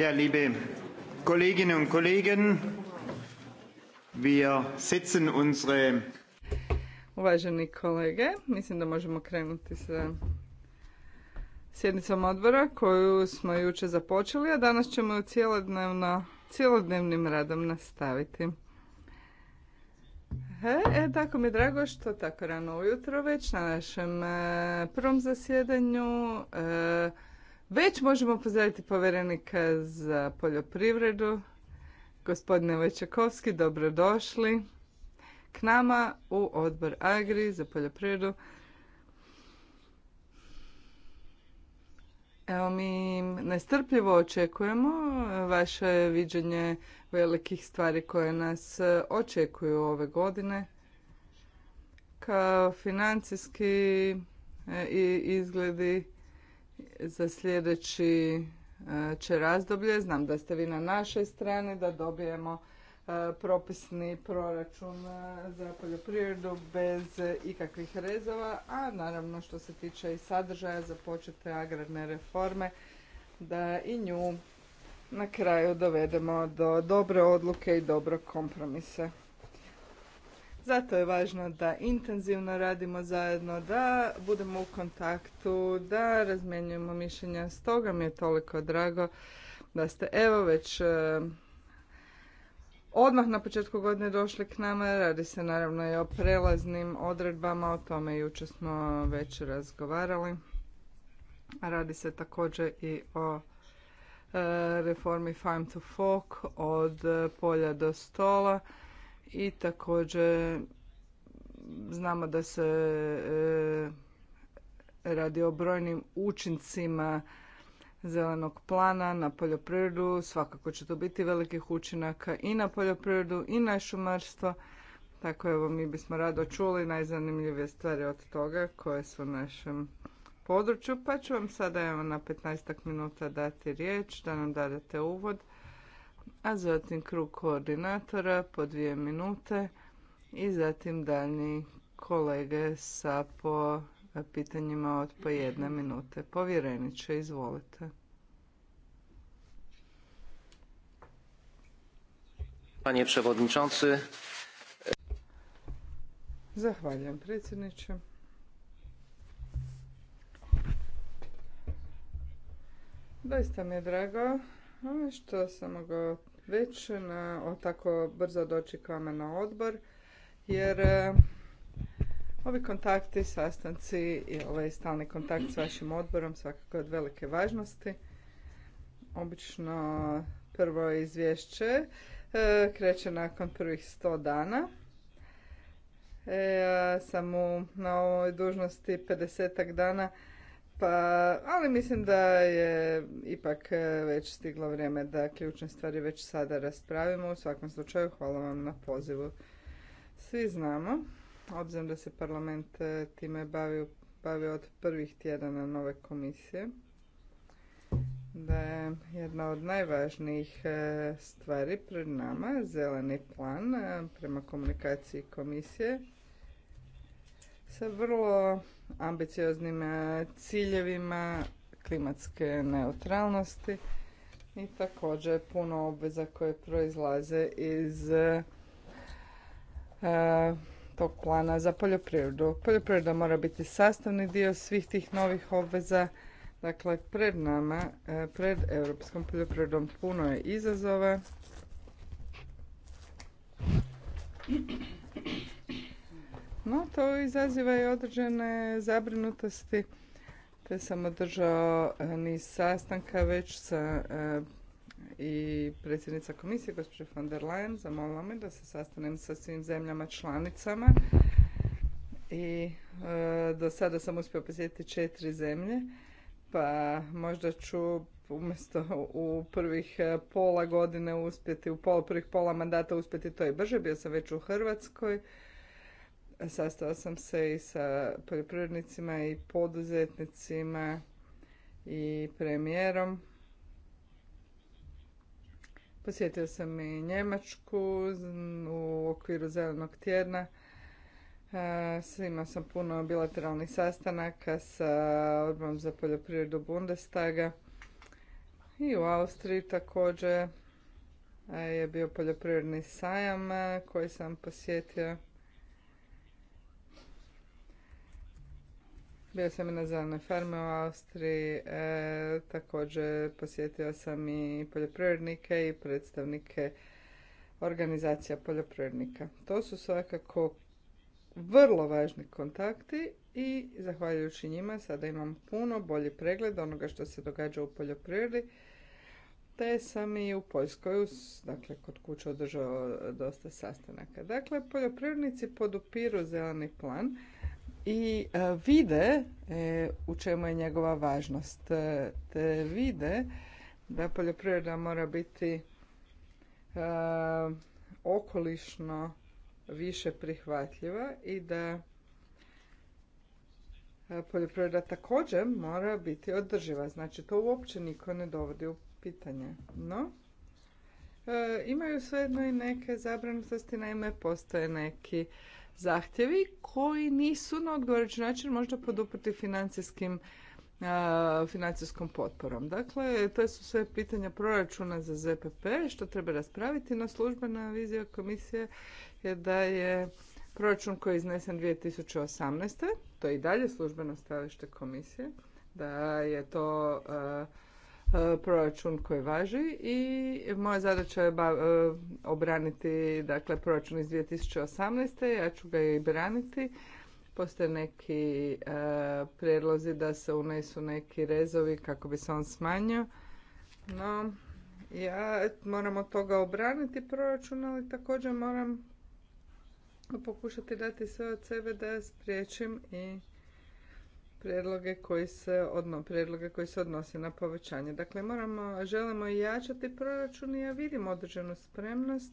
Ja, liebe Kolleginnen und Kollegen, wir setzen unsere Uvaženi kolege, mislim da možemo krenuti sa sjednicom odbora koju smo jučer započeli, a danas ćemo ju cjelodnevno, cjelodnevnim radom nastaviti. He, e, tako mi je drago što tako rano ujutro već na našem e, prvom zasjedanju e, već možemo pozdraviti povjerenika za poljoprivredu, gospodine Vojčakovski, dobrodošli k nama u odbor Agri za poljoprivredu. Evo mi nestrpljivo očekujemo vaše viđenje velikih stvari koje nas očekuju ove godine. Kao financijski e, i izgledi za sljedeći e, će razdoblje. Znam da ste vi na našoj strani, da dobijemo e, propisni proračun e, za poljoprivredu bez ikakvih rezova, a naravno što se tiče i sadržaja za počete agrarne reforme, da i nju na kraju dovedemo do dobre odluke i dobrog kompromise. Zato je važno da intenzivno radimo zajedno, da budemo u kontaktu, da razmjenjujemo mišljenja. Stoga mi je toliko drago da ste evo već e, odmah na početku godine došli k nama. Radi se naravno i o prelaznim odredbama, o tome jučer smo već razgovarali. Radi se također i o e, reformi Farm to Fork od e, polja do stola i također znamo da se e, radi o brojnim učincima zelenog plana na poljoprivredu. Svakako će to biti velikih učinaka i na poljoprivredu i na šumarstvo. Tako evo mi bismo rado čuli najzanimljivije stvari od toga koje su u našem području. Pa ću vam sada evo na 15 minuta dati riječ da nam dadete uvod a zatim krug koordinatora po dvije minute i zatim daljnji kolege sa po pitanjima od po jedne minute. Povjereniče, izvolite. Panie przewodniczący. Zahvaljujem predsjedniče. Doista mi je drago što sam mogao već na, o, tako brzo doći k vama na odbor, jer e, Ovi kontakti, sastanci i ovaj stalni kontakt s vašim odborom svakako je od velike važnosti. Obično prvo izvješće e, kreće nakon prvih sto dana. E, ja sam na ovoj dužnosti 50 dana pa, ali mislim da je ipak e, već stiglo vrijeme da ključne stvari već sada raspravimo. U svakom slučaju hvala vam na pozivu. Svi znamo, obzirom da se parlament e, time bavi od prvih tjedana nove komisije, da je jedna od najvažnijih e, stvari pred nama zeleni plan prema komunikaciji komisije sa vrlo ambicioznim e, ciljevima klimatske neutralnosti i također puno obveza koje proizlaze iz e, e, tog plana za poljoprivredu. Poljoprivreda mora biti sastavni dio svih tih novih obveza. Dakle, pred nama, pred europskom poljoprivredom puno je izazova. No, to izaziva i određene zabrinutosti. Te sam održao eh, niz sastanka već sa eh, i predsjednica komisije, gospođa von der Leyen, zamolila me da se sastanem sa svim zemljama članicama. I eh, do sada sam uspio posjetiti četiri zemlje, pa možda ću umjesto u prvih pola godine uspjeti, u prvih pola mandata uspjeti to i brže. Bio sam već u Hrvatskoj, Sastao sam se i sa poljoprivrednicima i poduzetnicima i premijerom. Posjetio sam i Njemačku u okviru zelenog tjedna. Imao sam puno bilateralnih sastanaka sa odborom za poljoprivredu Bundestaga i u Austriji također je bio poljoprivredni sajam koji sam posjetio. Bio sam i na zelenoj farme u Austriji, e, također posjetio sam i poljoprivrednike i predstavnike organizacija poljoprivrednika. To su svakako vrlo važni kontakti i zahvaljujući njima sada imam puno bolji pregled onoga što se događa u poljoprivredi. Te sam i u Poljskoj, dakle kod kuće održao dosta sastanaka. Dakle, poljoprivrednici podupiru zeleni plan, i e, vide e, u čemu je njegova važnost. E, te vide da poljoprivreda mora biti okolišno više prihvatljiva i da poljoprivreda također mora biti održiva. Znači to uopće niko ne dovodi u pitanje. No, imaju svejedno i neke zabranutosti, naime postoje neki zahtjevi koji nisu na odgovarajući način možda poduprti financijskim financijskom potporom. Dakle, to su sve pitanja proračuna za ZPP, što treba raspraviti, na službena vizija komisije je da je proračun koji je iznesen 2018. To je i dalje službeno stajalište komisije, da je to E, proračun koji važi i moja zadaća je e, obraniti dakle, proračun iz 2018. Ja ću ga i braniti. Postoje neki e, prijedlozi da se unesu neki rezovi kako bi se on smanjio. No, ja moram od toga obraniti proračun, ali također moram pokušati dati sve od sebe da spriječim i prijedloge koji se odno, koji se odnose na povećanje. Dakle, moramo, želimo jačati proračun i ja vidim određenu spremnost.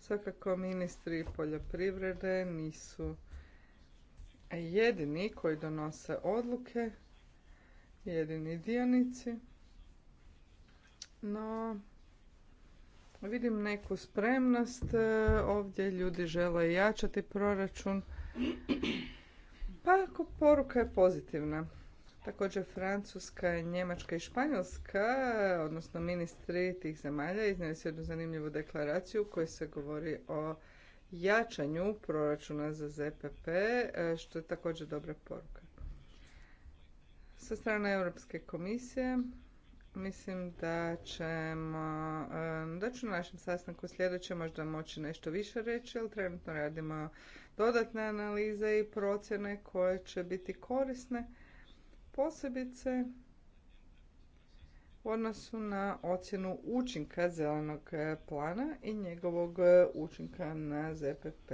Svakako ministri poljoprivrede nisu jedini koji donose odluke, jedini dionici. No, vidim neku spremnost. Ovdje ljudi žele jačati proračun pa poruka je pozitivna. Također Francuska, Njemačka i Španjolska, odnosno ministri tih zemalja, iznijeli su jednu zanimljivu deklaraciju koja se govori o jačanju proračuna za ZPP, e, što je također dobra poruka. Sa strane Europske komisije mislim da ćemo, e, da ću na našem sastanku sljedeće možda moći nešto više reći, ali trenutno radimo dodatne analize i procjene koje će biti korisne, posebice u odnosu na ocjenu učinka zelenog e, plana i njegovog e, učinka na ZPP.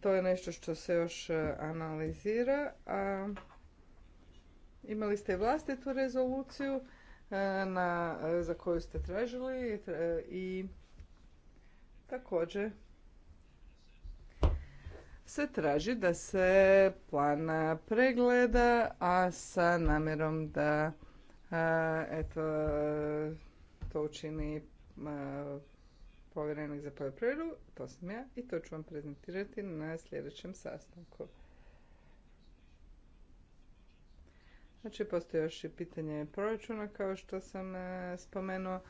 To je nešto što se još e, analizira. A imali ste i vlastitu rezoluciju za koju ste tražili i također se traži da se plan pregleda, a sa namjerom da eto, to učini povjerenik za poljoprivredu, to sam ja i to ću vam prezentirati na sljedećem sastanku. Znači, postoji još i pitanje proračuna, kao što sam e, spomenuo.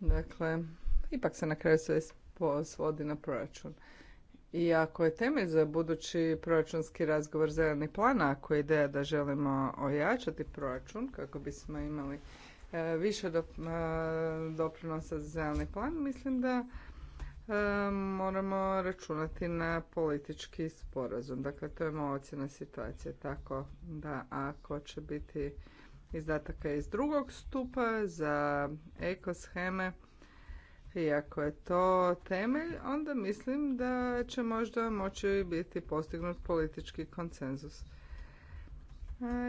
Dakle, ipak se na kraju sve svodi na proračun. I ako je temelj za budući proračunski razgovor zeleni plan, ako je ideja da želimo ojačati proračun kako bismo imali e, više e, doprinosa za zeleni plan, mislim da e, moramo računati na politički sporazum. Dakle, to je moja ocjena situacije. Tako da ako će biti izdataka iz drugog stupa za ekosheme, i ako je to temelj, onda mislim da će možda moći biti postignut politički konsenzus.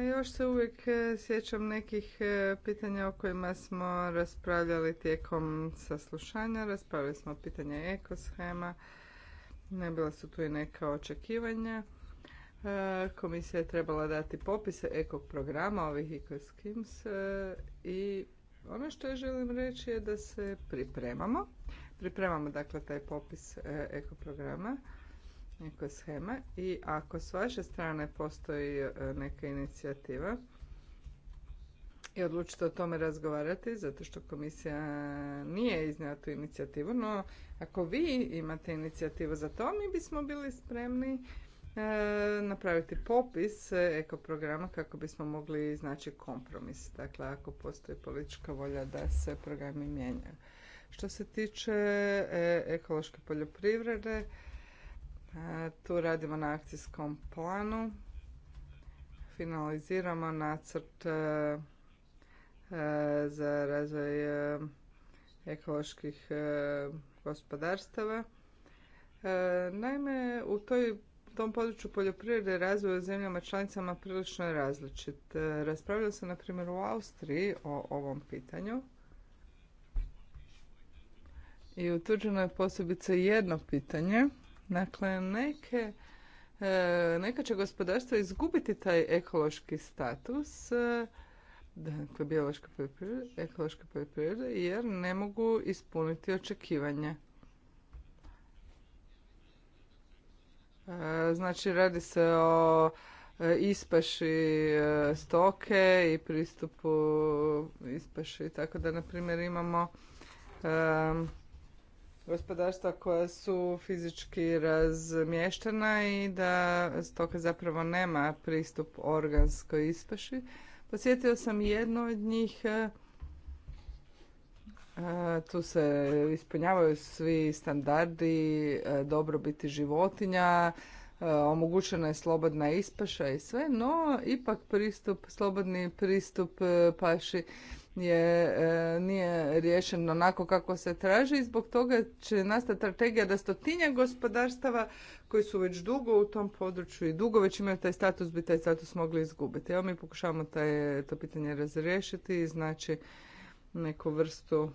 Još se uvijek e, sjećam nekih e, pitanja o kojima smo raspravljali tijekom saslušanja. Raspravili smo pitanje ekoshema, ne bila su tu i neka očekivanja. E, komisija je trebala dati popise ekog programa ovih ecoschemes i ono što želim reći je da se pripremamo. Pripremamo dakle taj popis e, ekoprograma, schema. i ako s vaše strane postoji e, neka inicijativa i odlučite o tome razgovarati zato što komisija nije iznijela tu inicijativu, no ako vi imate inicijativu za to mi bismo bili spremni E, napraviti popis ekoprograma kako bismo mogli znači kompromis. Dakle, ako postoji politička volja da se programi mijenjaju. Što se tiče e, ekološke poljoprivrede, e, tu radimo na akcijskom planu. Finaliziramo nacrt za razvoj ekoloških gospodarstava. Naime, u toj tom području poljoprivrede razvoja u zemljama članicama prilično je različit. E, raspravljalo se na primjer u Austriji o ovom pitanju i utvrđeno je posebice jedno pitanje. Dakle, neke, e, neka će gospodarstva izgubiti taj ekološki status e, dakle biološke poljoprivrede, ekološke poljoprivrede jer ne mogu ispuniti očekivanja. E, znači radi se o e, ispaši e, stoke i pristupu ispaši. Tako da, na primjer, imamo gospodarstva koja su fizički razmještena i da stoka zapravo nema pristup organskoj ispaši. Posjetio sam jednu od njih tu se ispunjavaju svi standardi e, dobrobiti životinja, e, omogućena je slobodna ispaša i sve, no ipak pristup, slobodni pristup e, paši je, nije riješen onako kako se traži i zbog toga će nastati strategija da stotinja gospodarstava koji su već dugo u tom području i dugo već imaju taj status, bi taj status mogli izgubiti. Evo mi pokušavamo taj, to pitanje razriješiti i znači neku vrstu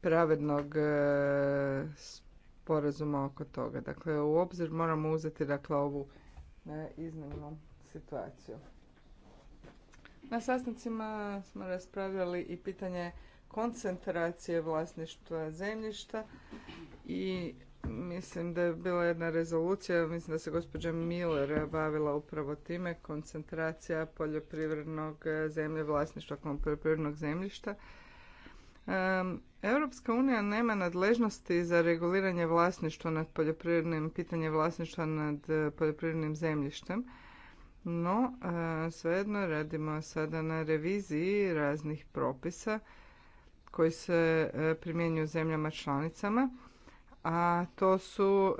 pravednog e, sporazuma oko toga. Dakle, u obzir moramo uzeti dakle, ovu e, iznimnu situaciju. Na sastancima smo raspravljali i pitanje koncentracije vlasništva zemljišta i mislim da je bila jedna rezolucija, mislim da se gospođa Miller bavila upravo time, koncentracija poljoprivrednog e, zemlje, vlasništva poljoprivrednog zemljišta Europska unija nema nadležnosti za reguliranje vlasništva nad poljoprivrednim, pitanje vlasništva nad eh, poljoprivrednim zemljištem, no eh, svejedno radimo sada na reviziji raznih propisa koji se eh, primjenjuju zemljama članicama, a to su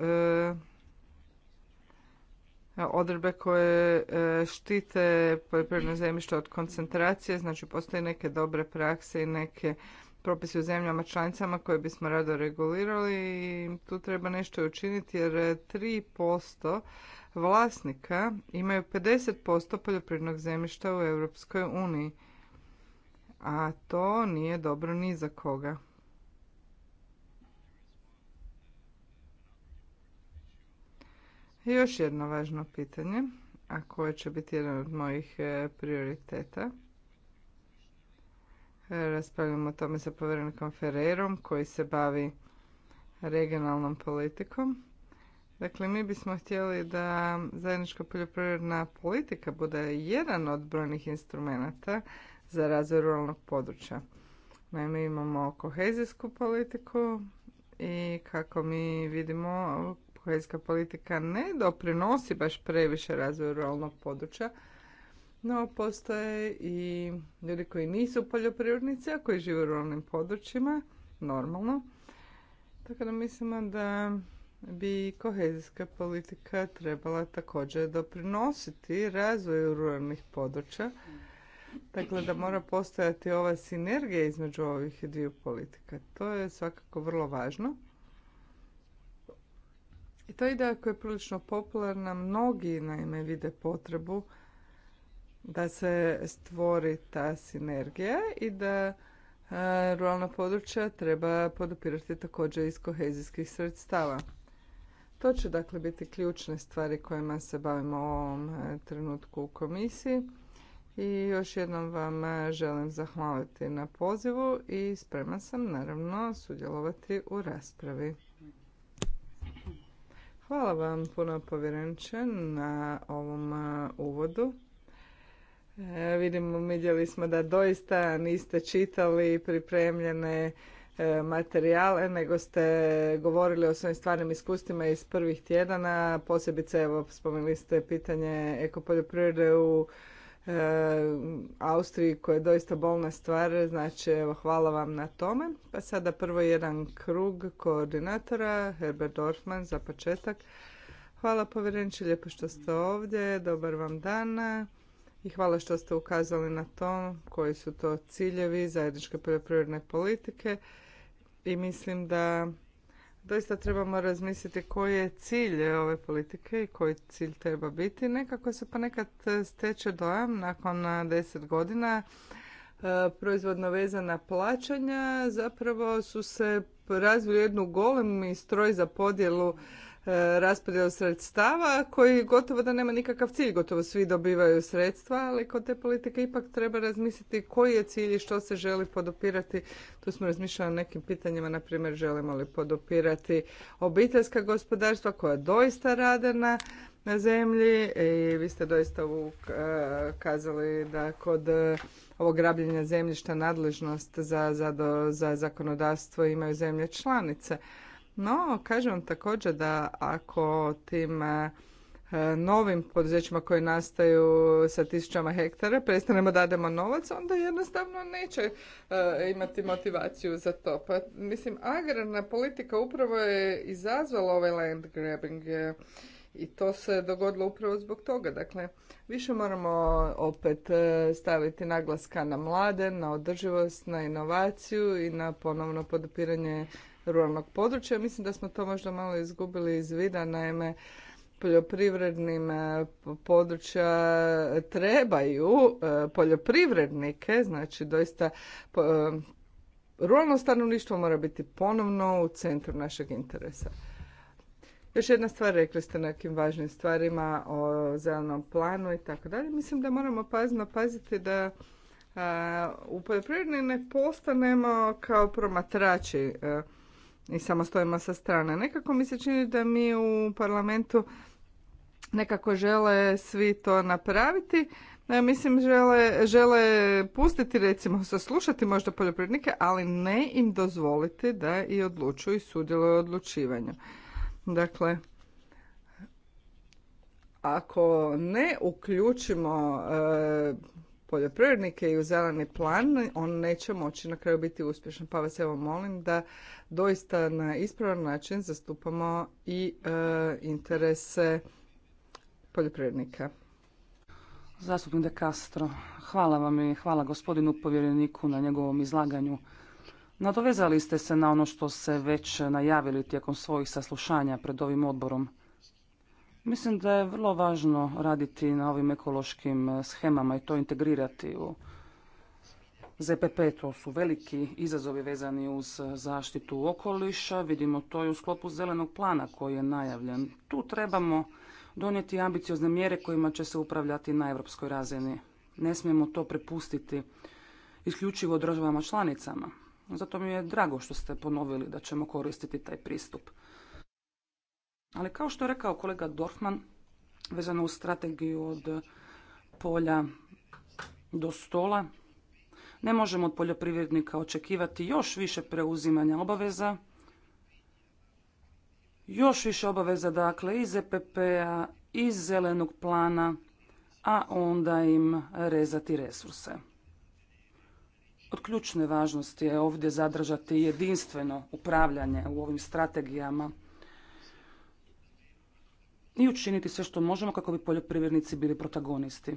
odredbe koje štite poljoprivredno zemljište od koncentracije, znači postoje neke dobre prakse i neke propisi u zemljama članicama koje bismo rado regulirali i tu treba nešto učiniti jer 3% vlasnika imaju 50% poljoprivrednog zemljišta u Europskoj uniji. A to nije dobro ni za koga. još jedno važno pitanje, a koje će biti jedan od mojih e, prioriteta Raspravljamo o tome sa povjerenikom Ferrerom koji se bavi regionalnom politikom. Dakle, mi bismo htjeli da zajednička poljoprivredna politika bude jedan od brojnih instrumenata za razvoj ruralnog područja. Naime, imamo kohezijsku politiku i kako mi vidimo, kohezijska politika ne doprinosi baš previše razvoju ruralnog područja, no, postoje i ljudi koji nisu poljoprivrednici, a koji žive u ruralnim područjima, normalno. Tako da mislimo da bi kohezijska politika trebala također doprinositi razvoju ruralnih područja. Dakle, da mora postojati ova sinergija između ovih dviju politika. To je svakako vrlo važno. I to ideja koja je prilično popularna, mnogi naime vide potrebu da se stvori ta sinergija i da e, ruralna područja treba podupirati također iz kohezijskih sredstava. To će dakle biti ključne stvari kojima se bavimo u ovom e, trenutku u komisiji. I još jednom vam e, želim zahvaliti na pozivu i spreman sam naravno sudjelovati u raspravi. Hvala vam puno povjerenče na ovom uvodu. E, vidimo, vidjeli smo da doista niste čitali pripremljene e, materijale, nego ste govorili o svojim stvarnim iskustvima iz prvih tjedana, posebice evo spomenuli ste pitanje ekopoljoprivrede u e, Austriji koja je doista bolna stvar, znači evo hvala vam na tome. Pa sada prvo jedan krug koordinatora, Herbert Dorfman za početak. Hvala povjerenče, lijepo što ste ovdje, dobar vam dan i hvala što ste ukazali na to koji su to ciljevi zajedničke poljoprivredne politike i mislim da doista trebamo razmisliti koji je cilj ove politike i koji cilj treba biti. Nekako se ponekad steče dojam nakon deset godina e, proizvodno vezana plaćanja zapravo su se razvili jednu golemi stroj za podjelu E, raspodjela sredstava koji gotovo da nema nikakav cilj, gotovo svi dobivaju sredstva, ali kod te politike ipak treba razmisliti koji je cilj i što se želi podopirati. Tu smo razmišljali o nekim pitanjima, na primjer želimo li podopirati obiteljska gospodarstva koja doista rade na zemlji i vi ste doista e, kazali da kod e, ovog grabljenja zemljišta nadležnost za, za, za zakonodavstvo imaju zemlje članice. No, kažem vam također da ako tim e, novim poduzećima koji nastaju sa tisućama hektara prestanemo dademo novac, onda jednostavno neće e, imati motivaciju za to. Pa, mislim, agrarna politika upravo je izazvala ovaj land grabbing e, i to se dogodilo upravo zbog toga. Dakle, više moramo opet staviti naglaska na mlade, na održivost, na inovaciju i na ponovno podupiranje ruralnog područja. Mislim da smo to možda malo izgubili iz vida, naime poljoprivrednim e, područja trebaju e, poljoprivrednike, znači doista e, ruralno stanovništvo mora biti ponovno u centru našeg interesa. Još jedna stvar, rekli ste nekim važnim stvarima o zelenom planu i tako dalje. Mislim da moramo pazno paziti da u poljoprivredni ne postanemo kao promatrači i samo stojimo sa strane. Nekako mi se čini da mi u parlamentu nekako žele svi to napraviti. E, mislim, žele, žele pustiti, recimo, saslušati možda poljoprivrednike, ali ne im dozvoliti da i odlučuju i sudjeluju u odlučivanju. Dakle, ako ne uključimo e, poljoprivrednike i u zeleni plan, on neće moći na kraju biti uspješan. Pa vas evo molim da doista na ispravan način zastupamo i e, interese poljoprivrednika. Zastupnik De Castro, hvala vam i hvala gospodinu povjereniku na njegovom izlaganju. Nadovezali ste se na ono što se već najavili tijekom svojih saslušanja pred ovim odborom. Mislim da je vrlo važno raditi na ovim ekološkim eh, schemama i to integrirati u ZPP. To su veliki izazovi vezani uz eh, zaštitu okoliša. Vidimo to i u sklopu zelenog plana koji je najavljen. Tu trebamo donijeti ambiciozne mjere kojima će se upravljati na europskoj razini. Ne smijemo to prepustiti isključivo državama članicama. Zato mi je drago što ste ponovili da ćemo koristiti taj pristup. Ali kao što je rekao kolega Dorfman, vezano u strategiju od polja do stola, ne možemo od poljoprivrednika očekivati još više preuzimanja obaveza, još više obaveza dakle iz EPP-a, iz zelenog plana, a onda im rezati resurse. Od ključne važnosti je ovdje zadržati jedinstveno upravljanje u ovim strategijama i učiniti sve što možemo kako bi poljoprivrednici bili protagonisti.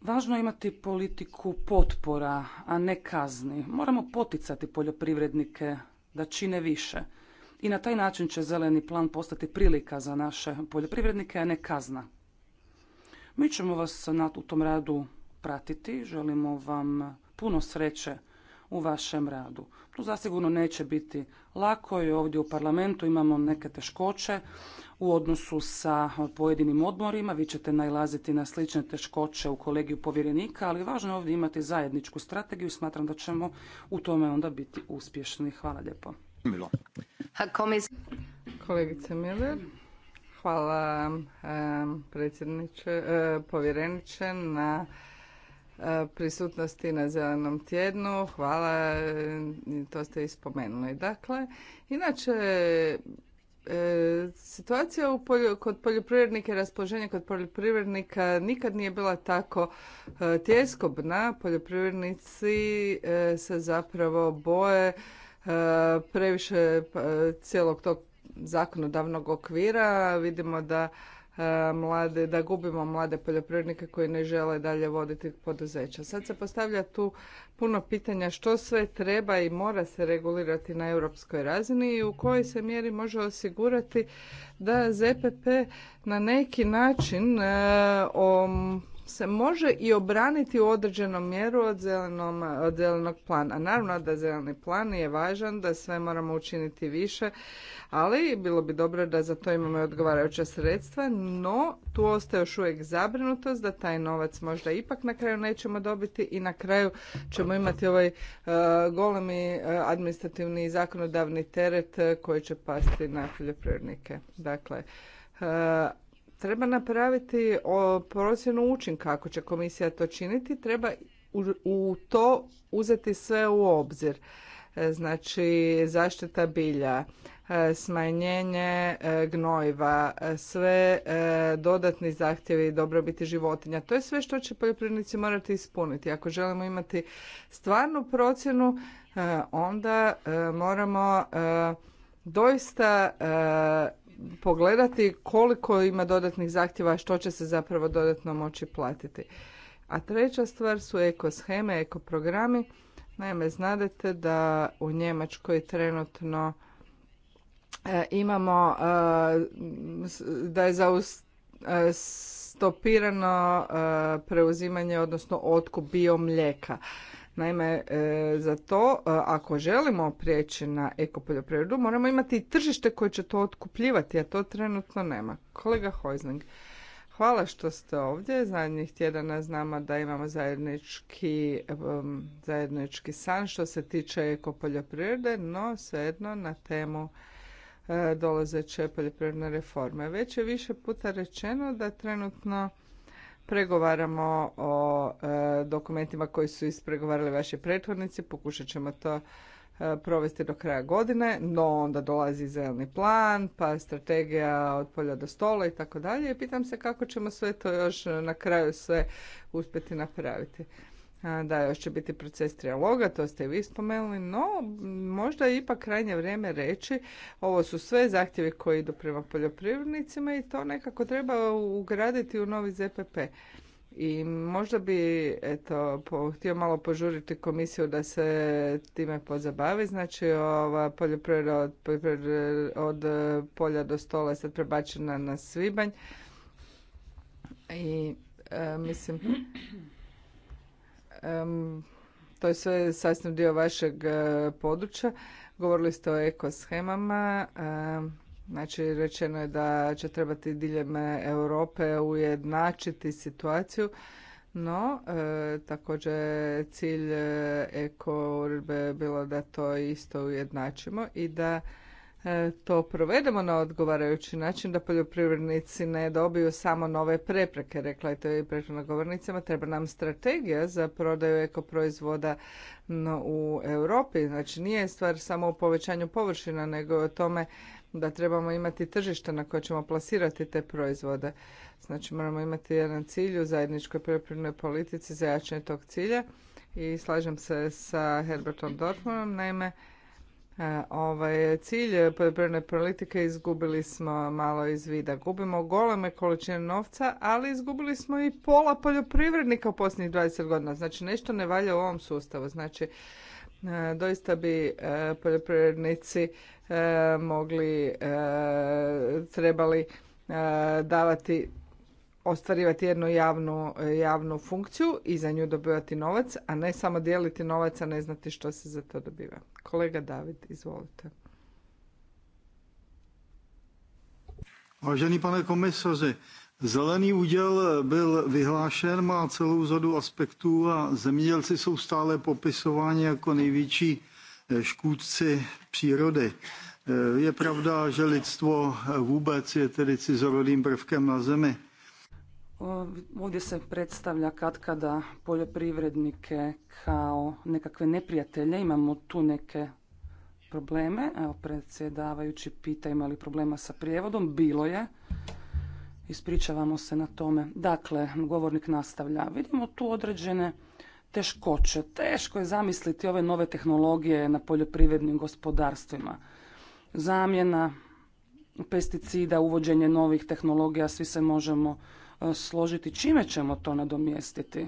Važno je imati politiku potpora, a ne kazni. Moramo poticati poljoprivrednike da čine više. I na taj način će zeleni plan postati prilika za naše poljoprivrednike, a ne kazna. Mi ćemo vas u tom radu pratiti. Želimo vam puno sreće u vašem radu. To zasigurno neće biti lako i ovdje u parlamentu imamo neke teškoće u odnosu sa pojedinim odborima. Vi ćete najlaziti na slične teškoće u kolegiju povjerenika, ali važno je ovdje imati zajedničku strategiju i smatram da ćemo u tome onda biti uspješni. Hvala lijepo. Kolegice Miller, hvala predsjedniče, povjereniče na E, prisutnosti na zelenom tjednu. Hvala, e, to ste i spomenuli. Dakle, inače, e, situacija kod poljoprivrednika, i raspoloženje kod poljoprivrednika nikad nije bila tako e, tjeskobna. Poljoprivrednici se zapravo boje previše pa, cijelog tog zakonodavnog okvira. Vidimo da E, mlade, da gubimo mlade poljoprivrednike koji ne žele dalje voditi poduzeća. Sad se postavlja tu puno pitanja što sve treba i mora se regulirati na europskoj razini i u kojoj se mjeri može osigurati da ZPP na neki način e, o se može i obraniti u određenom mjeru od, zelenom, od zelenog plana. Naravno da zeleni plan je važan, da sve moramo učiniti više, ali bilo bi dobro da za to imamo odgovarajuća sredstva, no tu ostaje još uvijek zabrinutost da taj novac možda ipak na kraju nećemo dobiti i na kraju ćemo imati ovaj uh, golemi e, administrativni i zakonodavni teret e, koji će pasti na poljoprivrednike. Dakle, Treba napraviti procjenu učinka kako će komisija to činiti, treba u to uzeti sve u obzir. E, znači zaštita bilja, e, smanjenje e, gnojiva, sve dodatni zahtjevi dobrobiti životinja. To je sve što će poljoprivrednici morati ispuniti. Ako želimo imati stvarnu procjenu, onda moramo doista pogledati koliko ima dodatnih zahtjeva, što će se zapravo dodatno moći platiti. A treća stvar su eko ekoprogrami. Naime, znadete da u Njemačkoj trenutno e, imamo e, da je zaustopirano e, preuzimanje, odnosno otkup mlijeka. Naime, e, za to e, ako želimo prijeći na ekopoljoprivredu moramo imati tržište koje će to otkupljivati, a to trenutno nema. Kolega Hojzling, hvala što ste ovdje. Zadnjih tjedana znamo da imamo zajednički, e, zajednički san što se tiče ekopoljoprivrede, no svejedno na temu dolazeće poljoprivredne reforme. Već je više puta rečeno da trenutno pregovaramo o e, dokumentima koji su ispregovarali vaši prethodnici, pokušat ćemo to e, provesti do kraja godine, no onda dolazi zeleni plan, pa strategija od polja do stola i tako dalje. pitam se kako ćemo sve to još na kraju sve uspjeti napraviti da još će biti proces trijaloga, to ste i vi spomenuli, no možda je ipak krajnje vrijeme reći, ovo su sve zahtjevi koji idu prema poljoprivrednicima i to nekako treba ugraditi u novi ZPP. I možda bi eto, po, htio malo požuriti komisiju da se time pozabavi. Znači, ova poljoprivred od, od polja do stola je sad prebačena na svibanj. I e, mislim to je sve sasvim dio vašeg e, područja. Govorili ste o ekoshemama, znači rečeno je da će trebati diljem e, Europe ujednačiti situaciju, no e, također cilj eko uredbe je bilo da to isto ujednačimo i da E, to provedemo na odgovarajući način da poljoprivrednici ne dobiju samo nove prepreke, rekla je to i prethodna govornicama, treba nam strategija za prodaju ekoproizvoda u Europi. Znači nije stvar samo u povećanju površina, nego o tome da trebamo imati tržište na koje ćemo plasirati te proizvode. Znači moramo imati jedan cilj u zajedničkoj poljoprivrednoj politici za jačanje tog cilja i slažem se sa Herbertom Dortmundom, naime E, ovaj cilj poljoprivredne politike izgubili smo malo iz vida. Gubimo goleme količine novca, ali izgubili smo i pola poljoprivrednika u posljednjih 20 godina. Znači nešto ne valja u ovom sustavu. Znači e, doista bi e, poljoprivrednici mogli trebali davati ostvarivati jednu javnu, e, javnu funkciju i za nju dobivati novac, a ne samo dijeliti novac, a ne znati što se za to dobiva. Kolega David, izvolite. Vážený pane komisaři, zelený úděl byl vyhlášen, má celou řadu aspektů a zemědělci jsou stále popisováni jako největší e, škůdci přírody. E, je pravda, že lidstvo vůbec je tedy cizorodým prvkem na zemi Ehm, ovdje se predstavlja katkada poljoprivrednike kao nekakve neprijatelje. Imamo tu neke probleme. Evo, predsjedavajući pita ima li problema sa prijevodom. Bilo je. Ispričavamo se na tome. Dakle, govornik nastavlja. Vidimo tu određene teškoće. Teško je zamisliti ove nove tehnologije na poljoprivrednim gospodarstvima. Zamjena pesticida, uvođenje novih tehnologija, svi se možemo E, složiti čime ćemo to nadomjestiti.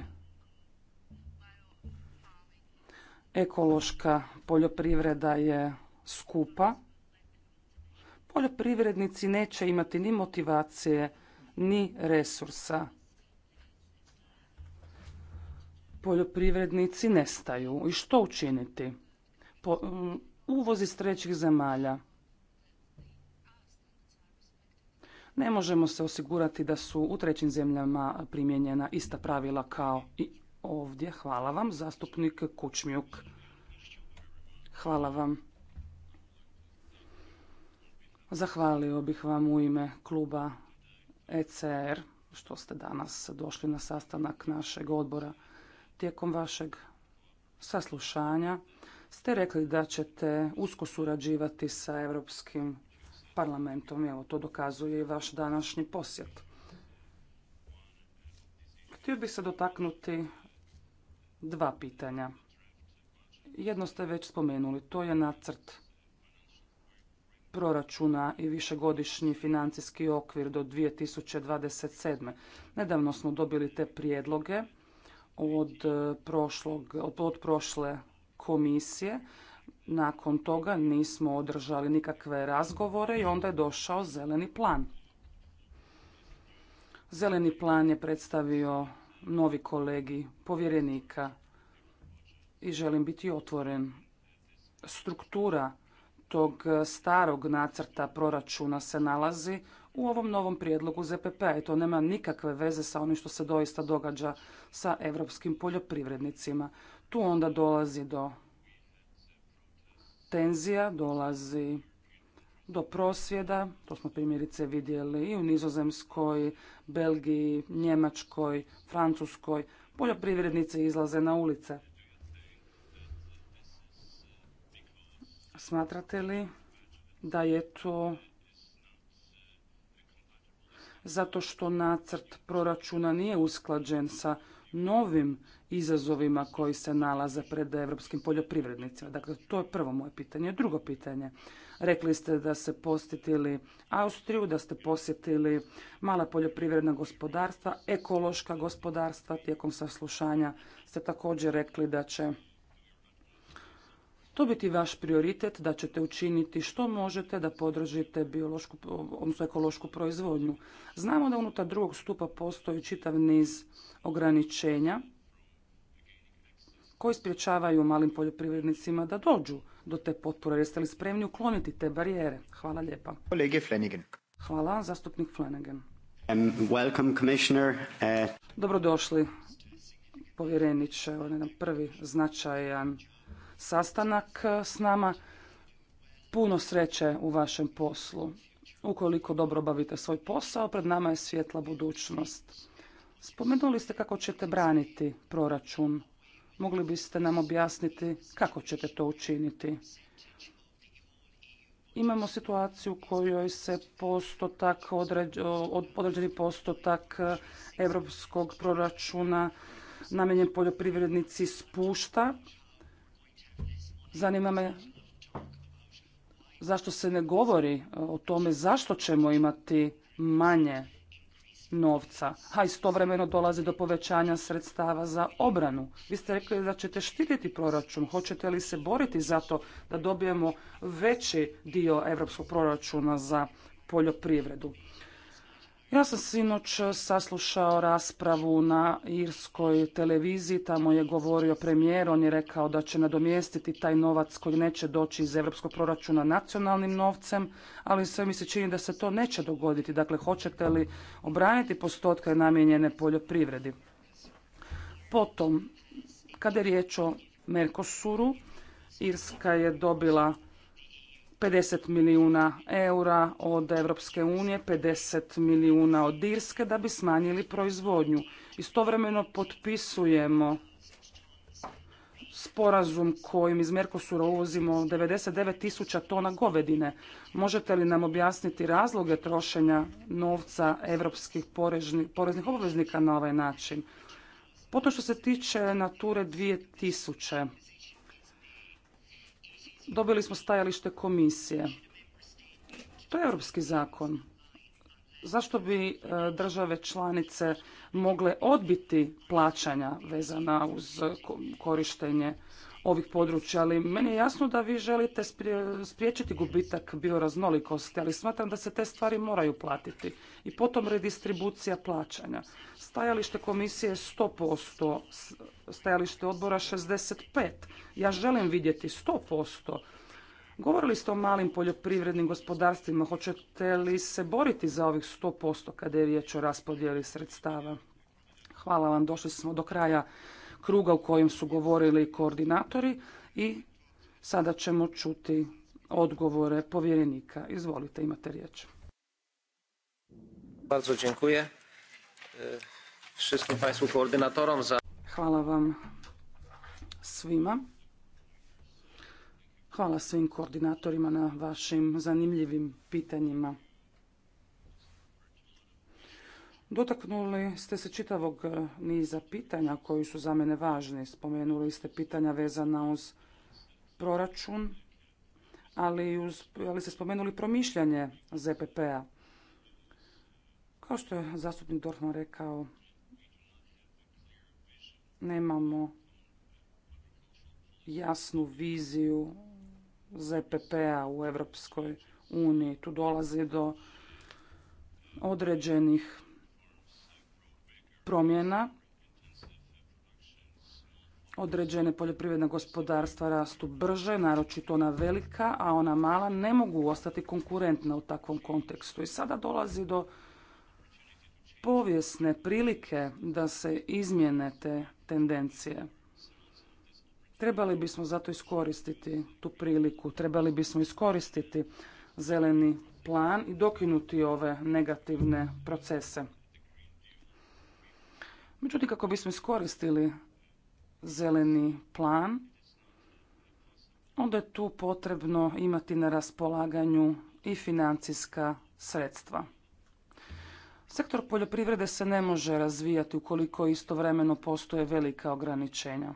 Ekološka poljoprivreda je skupa. Poljoprivrednici neće imati ni motivacije, ni resursa. Poljoprivrednici nestaju. I što učiniti? E, uvoz iz trećih zemalja. Ne možemo se osigurati da su u trećim zemljama primijenjena ista pravila kao i ovdje. Hvala vam, zastupnik Kučmjuk. Hvala vam. Zahvalio bih vam u ime kluba ECR što ste danas došli na sastanak našeg odbora. Tijekom vašeg saslušanja ste rekli da ćete usko surađivati sa Europskim parlamentom. Evo, to dokazuje i vaš današnji posjet. Htio bih se dotaknuti dva pitanja. Jedno ste već spomenuli, to je nacrt proračuna i višegodišnji financijski okvir do 2027. Nedavno smo dobili te prijedloge od, prošlog, od prošle komisije nakon toga nismo održali nikakve razgovore i onda je došao zeleni plan. Zeleni plan je predstavio novi kolegi povjerenika i želim biti otvoren. Struktura tog starog nacrta proračuna se nalazi u ovom novom prijedlogu ZPP-a i to nema nikakve veze sa onim što se doista događa sa evropskim poljoprivrednicima. Tu onda dolazi do tenzija, dolazi do prosvjeda, to smo primjerice vidjeli i u Nizozemskoj, Belgiji, Njemačkoj, Francuskoj, poljoprivrednici izlaze na ulice. Smatrate li da je to zato što nacrt proračuna nije usklađen sa novim izazovima koji se nalaze pred evropskim poljoprivrednicima? Dakle, to je prvo moje pitanje. Drugo pitanje, rekli ste da ste posjetili Austriju, da ste posjetili mala poljoprivredna gospodarstva, ekološka gospodarstva. Tijekom saslušanja ste također rekli da će to biti vaš prioritet da ćete učiniti što možete da podržite biološku, odnosno ekološku proizvodnju. Znamo da unutar drugog stupa postoji čitav niz ograničenja koji sprječavaju malim poljoprivrednicima da dođu do te potpore. Jeste li spremni ukloniti te barijere? Hvala lijepa. Kolege Flanagan. Hvala, zastupnik Flanagan. Um, uh, Dobrodošli, povjereniče. Ovo jedan prvi značajan sastanak e, s nama. Puno sreće u vašem poslu. Ukoliko dobro bavite svoj posao, pred nama je svjetla budućnost. Spomenuli ste kako ćete braniti proračun. Mogli biste nam objasniti kako ćete to učiniti? Imamo situaciju u kojoj se postotak, određeni postotak europskog proračuna namenjen poljoprivrednici spušta Zanima me zašto se ne govori e, o tome zašto ćemo imati manje novca, a istovremeno dolazi do povećanja sredstava za obranu. Vi ste rekli da ćete štititi proračun. Hoćete li se boriti za to da dobijemo veći dio evropskog proračuna za poljoprivredu? Ja sam sinoć saslušao raspravu na irskoj televiziji, tamo je govorio premijer, on je rekao da će nadomjestiti taj novac koji neće doći iz europskog proračuna nacionalnim novcem, ali sve mi se čini da se to neće dogoditi. Dakle, hoćete li obraniti postotke namijenjene poljoprivredi? Potom, kada je riječ o Mercosuru, Irska je dobila 50 milijuna eura od Europske unije, 50 milijuna od Irske da bi smanjili proizvodnju. Istovremeno potpisujemo sporazum kojim iz Merkosura uvozimo 99 tisuća tona govedine. Možete li nam objasniti razloge trošenja novca evropskih poreznih obveznika na ovaj način? Potom što se tiče Nature 2000, dobili smo stajalište komisije. To je europski zakon. Zašto bi e, države članice mogle odbiti plaćanja vezana uz korištenje ovih područja, ali meni je jasno da vi želite spriječiti gubitak bioraznolikosti, ali smatram da se te stvari moraju platiti. I potom redistribucija plaćanja. Stajalište komisije 100%, stajalište odbora 65%. Ja želim vidjeti 100%. Govorili ste o malim poljoprivrednim gospodarstvima, hoćete li se boriti za ovih 100% kada je riječ o raspodjeli sredstava? Hvala vam, došli smo do kraja kruga u kojem su govorili koordinatori i sada ćemo čuti odgovore povjerenika. Izvolite, imate riječ. Bardzo dziękuję e, wszystkim za... Hvala vam svima. Hvala svim koordinatorima na vašim zanimljivim pitanjima. Dotaknuli ste se čitavog e, niza pitanja koji su za mene važni. Spomenuli ste pitanja vezana uz proračun, ali, uz, ste spomenuli promišljanje ZPP-a. Kao što je zastupnik Dorfman rekao, nemamo jasnu viziju ZPP-a u Europskoj uniji. Tu dolazi do određenih promjena. Određene poljoprivredne gospodarstva rastu brže, naročito ona velika, a ona mala ne mogu ostati konkurentna u takvom kontekstu. I sada dolazi do povijesne prilike da se izmjene te tendencije. Trebali bismo zato iskoristiti tu priliku, trebali bismo iskoristiti zeleni plan i dokinuti ove negativne procese. Međutim, kako bismo iskoristili zeleni plan, onda je tu potrebno imati na raspolaganju i financijska sredstva. Sektor poljoprivrede se ne može razvijati ukoliko istovremeno postoje velika ograničenja.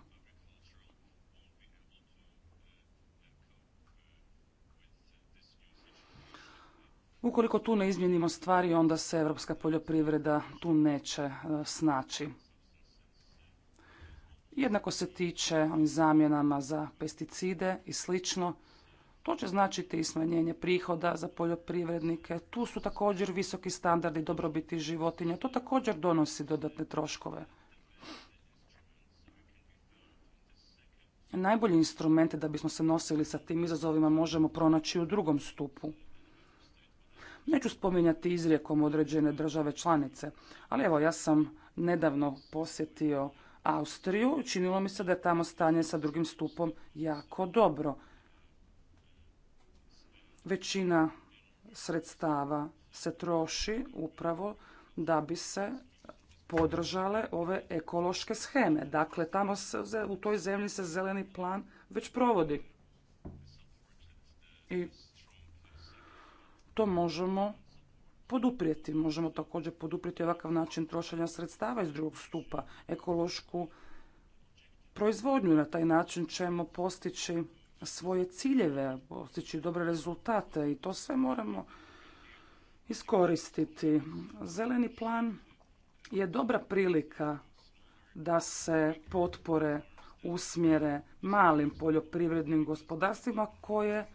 Ukoliko tu ne izmjenimo stvari, onda se evropska poljoprivreda tu neće e, snaći. Jednako se tiče onim zamjenama za pesticide i slično. To će značiti i smanjenje prihoda za poljoprivrednike. Tu su također visoki standardi dobrobiti životinja. To također donosi dodatne troškove. Najbolji instrumente da bismo se nosili sa tim izazovima možemo pronaći u drugom stupu. Neću spominjati izrijekom određene države članice, ali evo ja sam nedavno posjetio Austriju. Činilo mi se da je tamo stanje sa drugim stupom jako dobro. Većina sredstava se troši upravo da bi se podržale ove ekološke scheme. Dakle, tamo se, u toj zemlji se zeleni plan već provodi. I možemo poduprijeti. Možemo također poduprijeti ovakav način trošenja sredstava iz drugog stupa, ekološku proizvodnju. Na taj način ćemo postići svoje ciljeve, postići dobre rezultate i to sve moramo iskoristiti. Zeleni plan je dobra prilika da se potpore usmjere malim poljoprivrednim gospodarstvima koje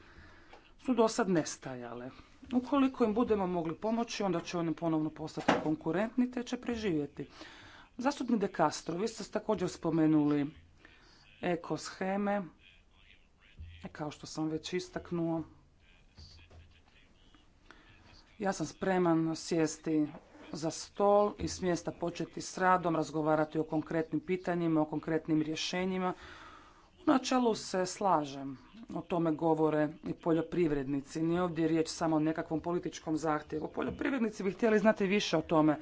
su do sad nestajale. Ukoliko im budemo mogli pomoći, onda će oni ponovno postati konkurentni te će preživjeti. Zastupni De Castro, vi ste također spomenuli ekosheme, e, kao što sam već istaknuo. Ja sam spreman sjesti za stol i s mjesta početi s radom, razgovarati o konkretnim pitanjima, o konkretnim rješenjima. U načelu se slažem o tome govore i poljoprivrednici. Nije ovdje riječ samo o nekakvom političkom zahtjevu. Poljoprivrednici bi htjeli znati više o tome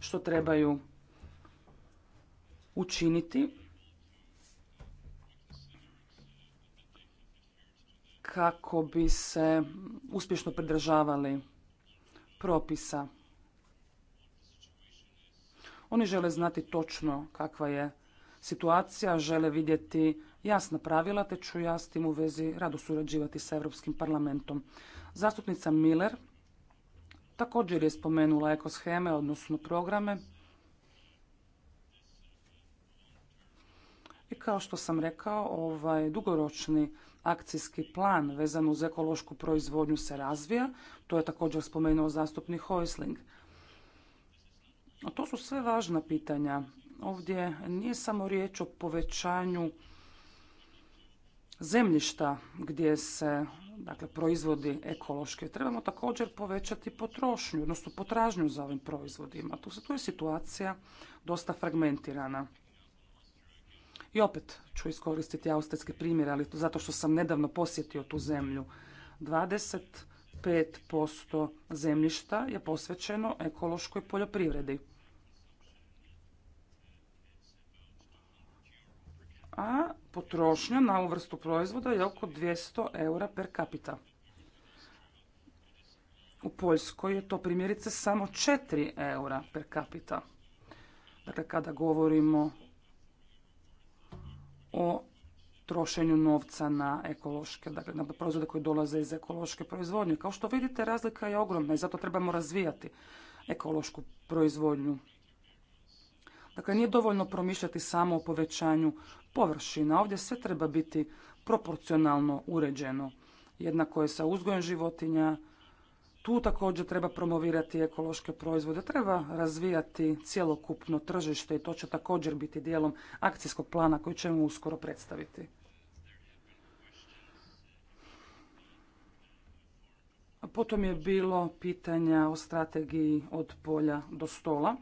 što trebaju učiniti kako bi se uspješno pridržavali propisa. Oni žele znati točno kakva je situacija, žele vidjeti jasna pravila, te ću ja s tim u vezi rado surađivati sa Europskim parlamentom. Zastupnica Miller također je spomenula ekosheme, odnosno programe. I kao što sam rekao, ovaj dugoročni akcijski plan vezan uz ekološku proizvodnju se razvija. To je također spomenuo zastupnik Hoisling. To su sve važna pitanja. Ovdje nije samo riječ o povećanju zemljišta gdje se dakle, proizvodi ekološki. Trebamo također povećati potrošnju, odnosno potražnju za ovim proizvodima. Tu, tu je situacija dosta fragmentirana. I opet ću iskoristiti austrijski primjer, ali to zato što sam nedavno posjetio tu zemlju. 25% zemljišta je posvećeno ekološkoj poljoprivredi. a potrošnja na ovu vrstu proizvoda je oko 200 eura per capita. U Poljskoj je to primjerice samo 4 eura per capita. Dakle, kada govorimo o trošenju novca na ekološke, dakle na proizvode koji dolaze iz ekološke proizvodnje. Kao što vidite, razlika je ogromna i zato trebamo razvijati ekološku proizvodnju. Dakle, nije dovoljno promišljati samo o povećanju površina. Ovdje sve treba biti proporcionalno uređeno. Jednako je sa uzgojem životinja. Tu također treba promovirati ekološke proizvode, treba razvijati cjelokupno tržište i to će također biti dijelom akcijskog plana koji ćemo uskoro predstaviti. Potom je bilo pitanja o strategiji od polja do stola.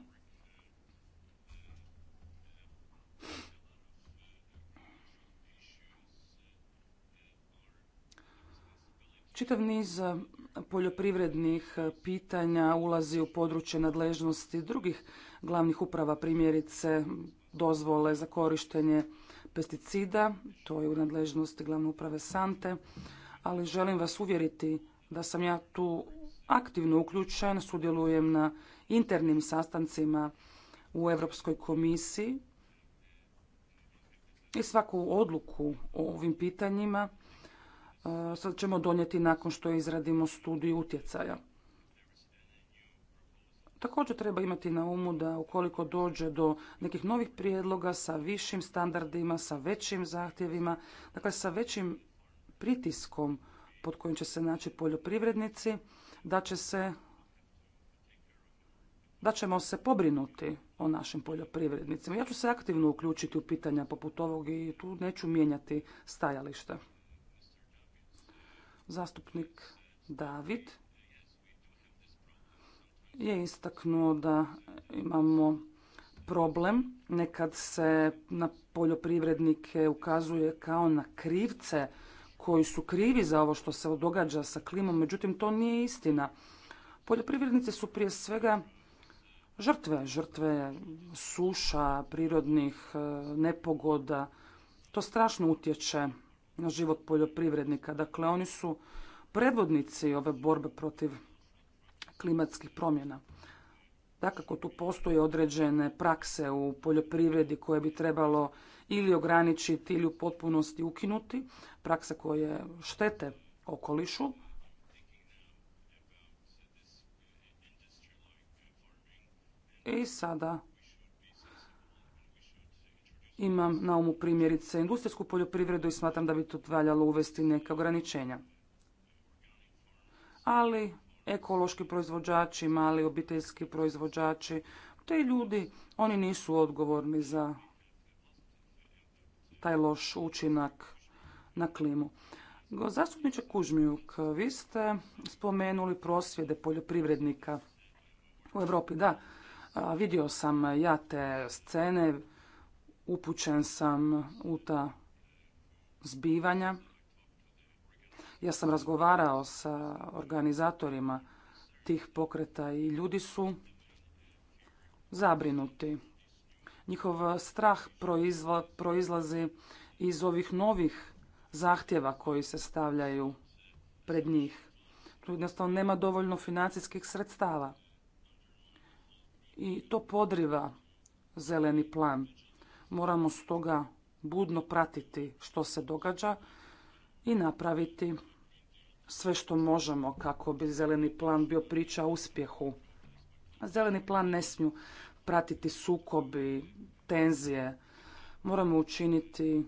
Čitav niz e, poljoprivrednih e, pitanja ulazi u područje nadležnosti drugih glavnih uprava, primjerice dozvole za korištenje pesticida, to je u nadležnosti glavne uprave Sante, ali želim vas uvjeriti da sam ja tu aktivno uključen, sudjelujem na internim sastancima u Europskoj komisiji i svaku odluku o ovim pitanjima E, sad ćemo donijeti nakon što izradimo studiju utjecaja. Također treba imati na umu da ukoliko dođe do nekih novih prijedloga sa višim standardima, sa većim zahtjevima, dakle sa većim pritiskom pod kojim će se naći poljoprivrednici, da će se da ćemo se pobrinuti o našim poljoprivrednicima. Ja ću se aktivno uključiti u pitanja poput ovog i tu neću mijenjati stajališta. Zastupnik David je istaknuo da imamo problem. Nekad se na poljoprivrednike ukazuje kao na krivce koji su krivi za ovo što se događa sa klimom, međutim to nije istina. Poljoprivrednice su prije svega žrtve, žrtve suša, prirodnih eh, nepogoda. To strašno utječe na život poljoprivrednika. Dakle, oni su predvodnici ove borbe protiv klimatskih promjena. Dakako, tu postoje određene prakse u poljoprivredi koje bi trebalo ili ograničiti ili u potpunosti ukinuti, prakse koje štete okolišu. I sada imam na umu primjerice industrijsku poljoprivredu i smatram da bi tu valjalo uvesti neke ograničenja. Ali ekološki proizvođači, mali obiteljski proizvođači, te ljudi, oni nisu odgovorni za taj loš učinak na klimu. Zastupniče Kužmijuk, vi ste spomenuli prosvjede poljoprivrednika u Europi. Da, vidio sam ja te scene, upućen sam u ta zbivanja. Ja sam razgovarao sa organizatorima tih pokreta i ljudi su zabrinuti. Njihov strah proizlazi iz ovih novih zahtjeva koji se stavljaju pred njih. Tu jednostavno nema dovoljno financijskih sredstava. I to podriva zeleni plan. Moramo stoga budno pratiti što se događa i napraviti sve što možemo kako bi zeleni plan bio priča o uspjehu. Zeleni plan ne smiju pratiti sukobi, tenzije. Moramo učiniti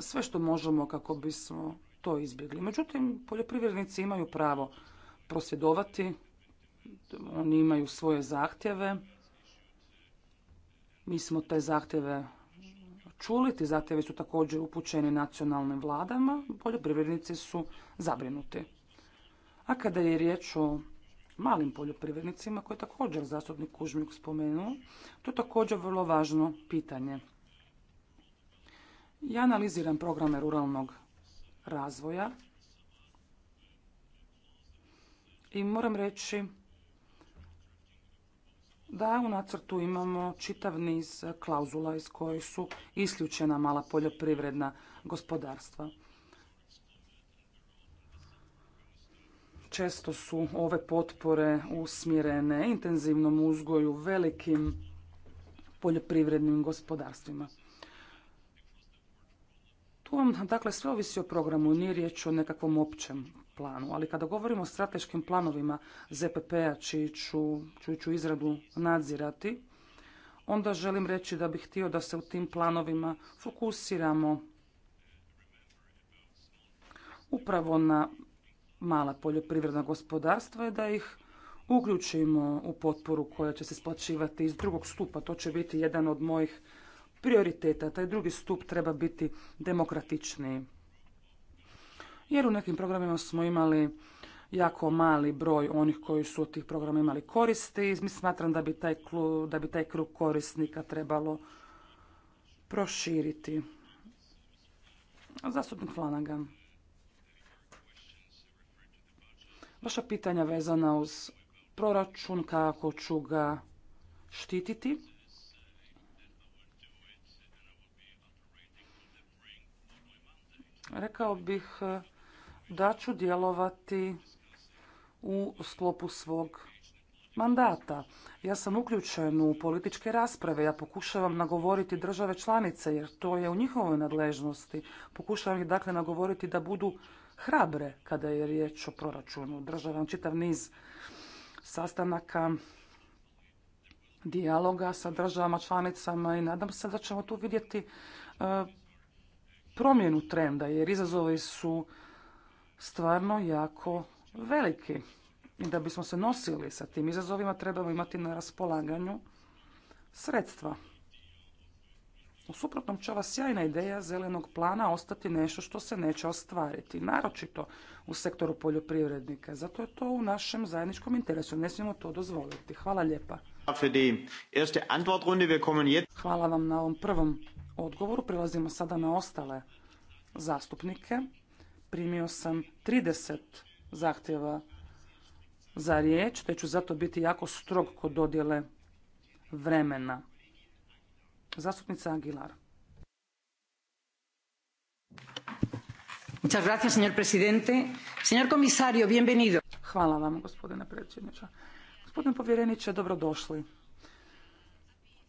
sve što možemo kako bismo to izbjegli. Međutim, poljoprivrednici imaju pravo prosvjedovati, oni imaju svoje zahtjeve. Mi smo te zahtjeve čuli, ti zahtjevi su također upućeni nacionalnim vladama, poljoprivrednici su zabrinuti. A kada je riječ o malim poljoprivrednicima, koje je također zastupnik Kužmjuk spomenuo, to je također vrlo važno pitanje. Ja analiziram programe ruralnog razvoja i moram reći da u nacrtu imamo čitav niz klauzula iz koje su isključena mala poljoprivredna gospodarstva. Često su ove potpore usmjerene intenzivnom uzgoju velikim poljoprivrednim gospodarstvima. Tu vam dakle sve ovisi o programu, nije riječ o nekakvom općem planu, ali kada govorimo o strateškim planovima ZPP-a čiju ću, izradu nadzirati, onda želim reći da bih htio da se u tim planovima fokusiramo upravo na mala poljoprivredna gospodarstva i da ih uključimo u potporu koja će se isplaćivati iz drugog stupa. To će biti jedan od mojih prioriteta. Taj drugi stup treba biti demokratičniji jer u nekim programima smo imali jako mali broj onih koji su od tih programa imali koristi. Mi smatram da bi taj, da bi taj krug korisnika trebalo proširiti. Zastupnik Flanagan. Vaša pitanja vezana uz proračun, kako ću ga štititi. Rekao bih da ću djelovati u sklopu svog mandata. Ja sam uključen u političke rasprave, ja pokušavam nagovoriti države članice jer to je u njihovoj nadležnosti. Pokušavam ih dakle nagovoriti da budu hrabre kada je riječ o proračunu. Državam čitav niz sastanaka, dijaloga sa državama članicama i nadam se da ćemo tu vidjeti e, promjenu trenda jer izazovi su stvarno jako veliki. I da bismo se nosili sa tim izazovima trebamo imati na raspolaganju sredstva. U suprotnom će ova sjajna ideja zelenog plana ostati nešto što se neće ostvariti, naročito u sektoru poljoprivrednika. Zato je to u našem zajedničkom interesu, ne smijemo to dozvoliti. Hvala lijepa. Hvala vam na ovom prvom odgovoru. Prelazimo sada na ostale zastupnike primio sam 30 zahtjeva za riječ, te ću zato biti jako strog kod dodjele vremena. Zastupnica Aguilar. Muchas gracias, señor presidente. Señor comisario, bienvenido. Hvala vam, gospodine predsjedniče. Gospodine povjereniče, dobrodošli.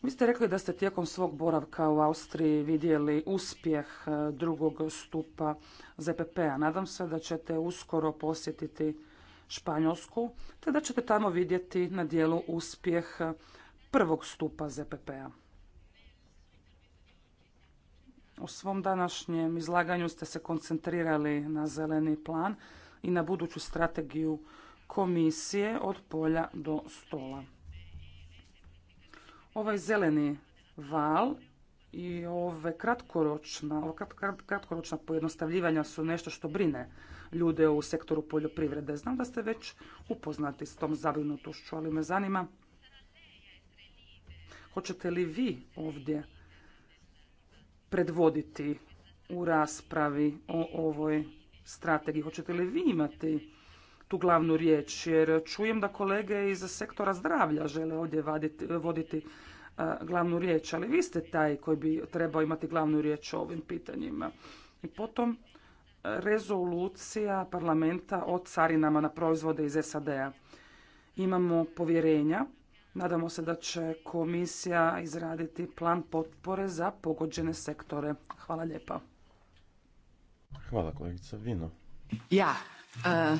Vi ste rekli da ste tijekom svog boravka u Austriji vidjeli uspjeh e, drugog stupa ZPP-a. Nadam se da ćete uskoro posjetiti Španjolsku, te da ćete tamo vidjeti na dijelu uspjeh prvog stupa ZPP-a. U svom današnjem izlaganju ste se koncentrirali na zeleni plan i na buduću strategiju komisije od polja do stola. Ovaj zeleni val i ove kratkoročna, ova kratkoročna pojednostavljivanja su nešto što brine ljude u sektoru poljoprivrede. Znam da ste već upoznati s tom zabrinutošću, ali me zanima hoćete li vi ovdje predvoditi u raspravi o ovoj strategiji? Hoćete li vi imati tu glavnu riječ, jer čujem da kolege iz sektora zdravlja žele ovdje voditi e, glavnu riječ, ali vi ste taj koji bi trebao imati glavnu riječ o ovim pitanjima. I potom e, rezolucija parlamenta o carinama na proizvode iz SAD-a. Imamo povjerenja, nadamo se da će komisija izraditi plan potpore za pogođene sektore. Hvala lijepa. Hvala kolegica Vino. Ja, e,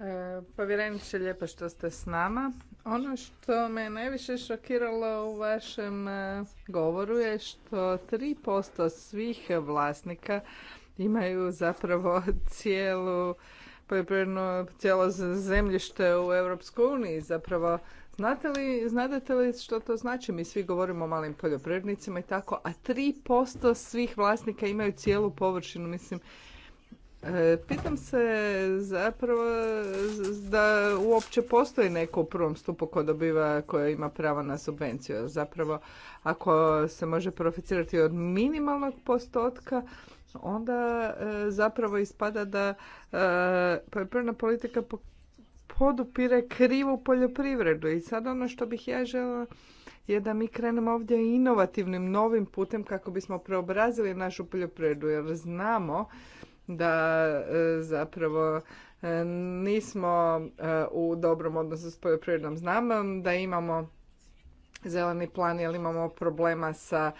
E, povjereniče, lijepo što ste s nama. Ono što me najviše šokiralo u vašem e, govoru je što 3% svih vlasnika imaju zapravo cijelu poljoprivredno cijelo zemljište u Europskoj uniji. Zapravo, znate li, li što to znači? Mi svi govorimo o malim poljoprivrednicima i tako, a 3% svih vlasnika imaju cijelu površinu. Mislim, E, pitam se zapravo da uopće postoji neko u prvom stupu ko dobiva, koja ima pravo na subvenciju. Zapravo ako se može proficirati od minimalnog postotka, onda e, zapravo ispada da e, poljoprivredna politika podupire krivu poljoprivredu. I sad ono što bih ja žela je da mi krenemo ovdje inovativnim novim putem kako bismo preobrazili našu poljoprivredu jer znamo da e, zapravo e, nismo e, u dobrom odnosu s poljoprivrednom. Znam da imamo zeleni plan jer imamo problema sa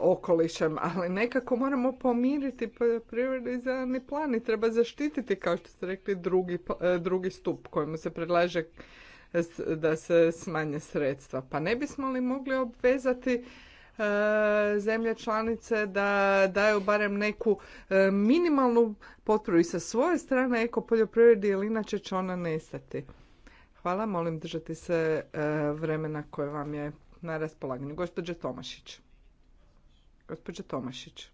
okolišem, ali nekako moramo pomiriti poljoprivredu i zeleni plan i treba zaštititi, kao što ste rekli, drugi, e, drugi stup kojemu se predlaže da se smanje sredstva. Pa ne bismo li mogli obvezati E, zemlje članice da daju barem neku e, minimalnu potporu i sa svoje strane eko poljoprivredi jer inače će ona nestati. Hvala, molim držati se e, vremena koje vam je na raspolaganju. Gospođa Tomašić. Gospođa Tomašić.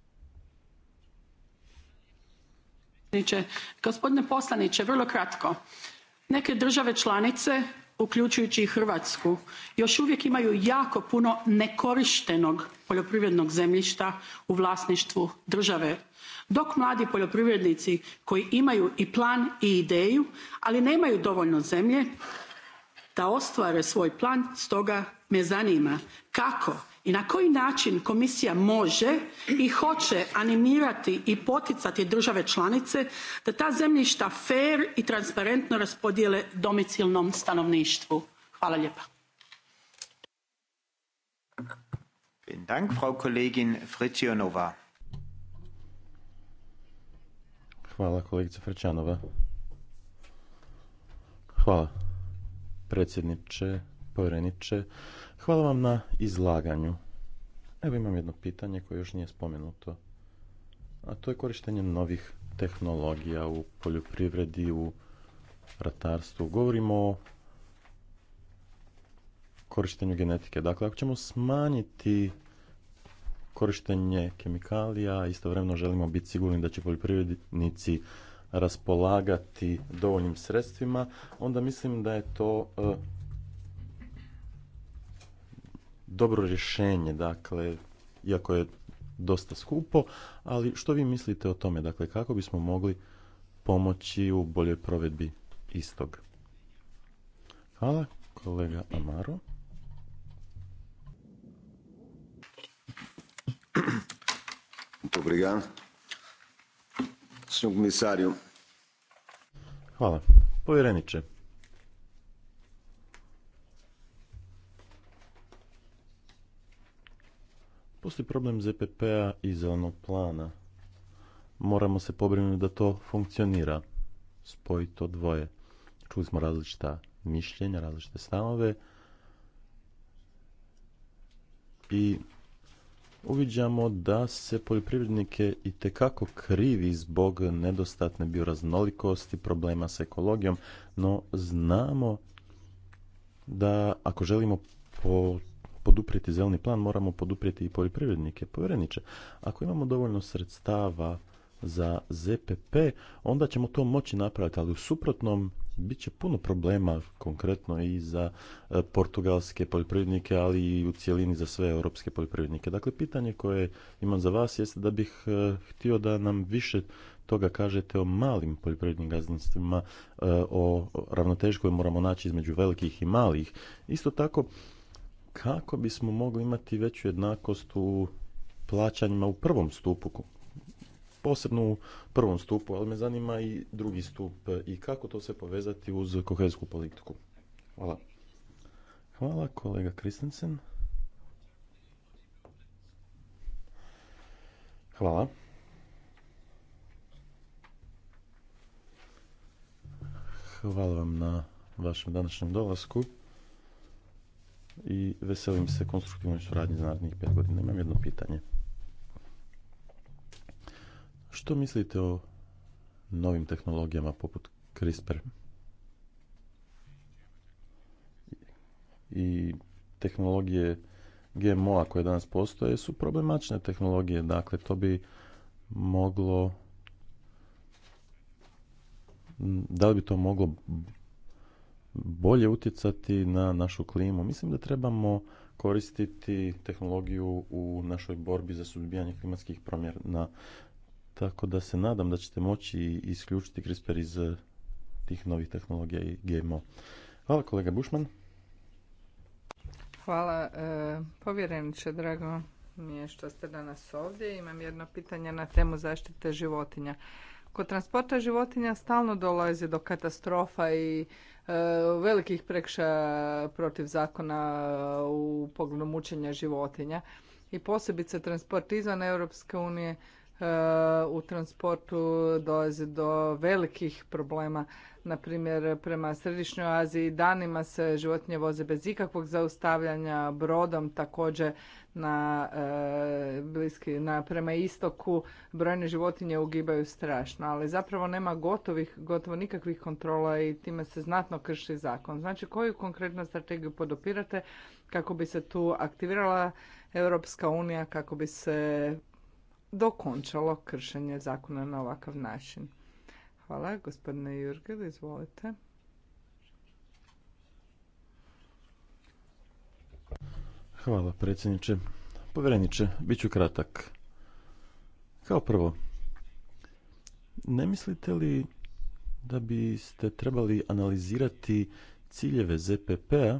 Gospodine poslaniče, vrlo kratko. Neke države članice uključujući i hrvatsku još uvijek imaju jako puno nekorištenog poljoprivrednog zemljišta u vlasništvu države dok mladi poljoprivrednici koji imaju i plan i ideju ali nemaju dovoljno zemlje da ostvare svoj plan stoga me zanima kako i na koji način komisija može i hoće animirati i poticati države članice da ta zemljišta fer i transparentno raspodijele domicilnom stanovništvu? Hvala lijepa. Hvala kolegica Hvala predsjedniče, povjereniče. Hvala vam na izlaganju. Evo imam jedno pitanje koje još nije spomenuto, a to je korištenje novih tehnologija u poljoprivredi, u ratarstvu. Govorimo o korištenju genetike. Dakle, ako ćemo smanjiti korištenje kemikalija, istovremeno želimo biti sigurni da će poljoprivrednici raspolagati dovoljnim sredstvima, onda mislim da je to e, dobro rješenje, dakle, iako je dosta skupo, ali što vi mislite o tome, dakle, kako bismo mogli pomoći u boljoj provedbi istog? Hvala, kolega Amaro. Dobrigan. Hvala. Povjereniče, Postoji problem ZPP-a i zelenog plana. Moramo se pobrinuti da to funkcionira. Spoji to dvoje. Čuli smo različita mišljenja, različite stavove. I uviđamo da se poljoprivrednike i tekako krivi zbog nedostatne bioraznolikosti, problema s ekologijom, no znamo da ako želimo po poduprijeti zeleni plan, moramo poduprijeti i poljoprivrednike. Povjereniče, ako imamo dovoljno sredstava za ZPP, onda ćemo to moći napraviti, ali u suprotnom bit će puno problema konkretno i za e, portugalske poljoprivrednike, ali i u cijelini za sve europske poljoprivrednike. Dakle, pitanje koje imam za vas jeste da bih e, htio da nam više toga kažete o malim poljoprivrednim gazdinstvima, e, o ravnoteži koju moramo naći između velikih i malih. Isto tako, kako bismo mogli imati veću jednakost u plaćanjima u prvom stupu, posebno u prvom stupu, ali me zanima i drugi stup i kako to sve povezati uz kohezijsku politiku. Hvala. Hvala kolega Kristensen. Hvala. Hvala vam na vašem današnjem dolasku i veselim se konstruktivnoj suradnji za narednih pet godina. Imam jedno pitanje. Što mislite o novim tehnologijama poput CRISPR? I tehnologije GMO-a koje danas postoje su problematične tehnologije, dakle to bi moglo da li bi to moglo bolje utjecati na našu klimu. Mislim da trebamo koristiti tehnologiju u našoj borbi za suzbijanje klimatskih promjena. Tako da se nadam da ćete moći isključiti CRISPR iz eh, tih novih tehnologija i GMO. Hvala kolega Bušman. Hvala e, povjereniče, drago mi je što ste danas ovdje. Imam jedno pitanje na temu zaštite životinja. Kod transporta životinja stalno dolazi do katastrofa i e, velikih prekša protiv zakona e, u pogledu mučenja životinja i posebice transport izvan Europske unije E, u transportu dolazi do velikih problema. Na primjer, prema Središnjoj Aziji danima se životinje voze bez ikakvog zaustavljanja brodom, također na, e, bliski, na, prema istoku brojne životinje ugibaju strašno, ali zapravo nema gotovih, gotovo nikakvih kontrola i time se znatno krši zakon. Znači, koju konkretnu strategiju podopirate kako bi se tu aktivirala Europska unija, kako bi se dokončalo kršenje zakona na ovakav način. Hvala. Gospodine Jurgel, izvolite. Hvala predsjedniče. Povjereniče, bit ću kratak. Kao prvo, ne mislite li da biste trebali analizirati ciljeve ZPP-a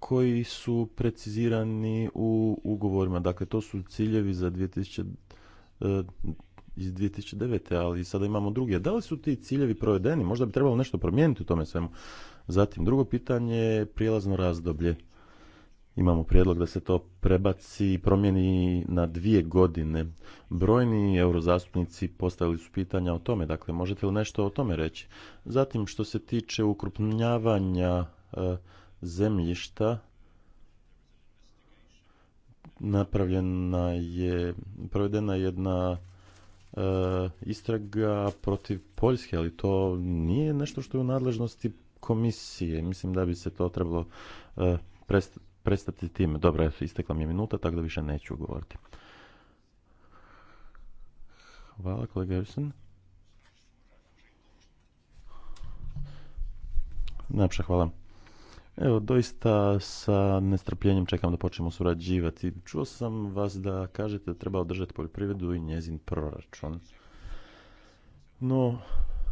koji su precizirani u ugovorima. Dakle, to su ciljevi za 2000, eh, iz 2009. ali sada imamo druge. Da li su ti ciljevi provedeni? Možda bi trebalo nešto promijeniti u tome svemu. Zatim, drugo pitanje je prijelazno razdoblje. Imamo prijedlog da se to prebaci i promijeni na dvije godine. Brojni eurozastupnici postavili su pitanja o tome, dakle možete li nešto o tome reći? Zatim što se tiče ukrupnjavanja eh, zemljišta napravljena je, provedena jedna e, istraga protiv Poljske, ali to nije nešto što je u nadležnosti komisije. Mislim da bi se to trebalo e, prestati time. Dobro, istekla mi je minuta, tako da više neću govoriti. Hvala, kolega Jusin. Najpša hvala. Evo, doista sa nestrpljenjem čekam da počnemo surađivati. Čuo sam vas da kažete da treba održati poljoprivredu i njezin proračun. No,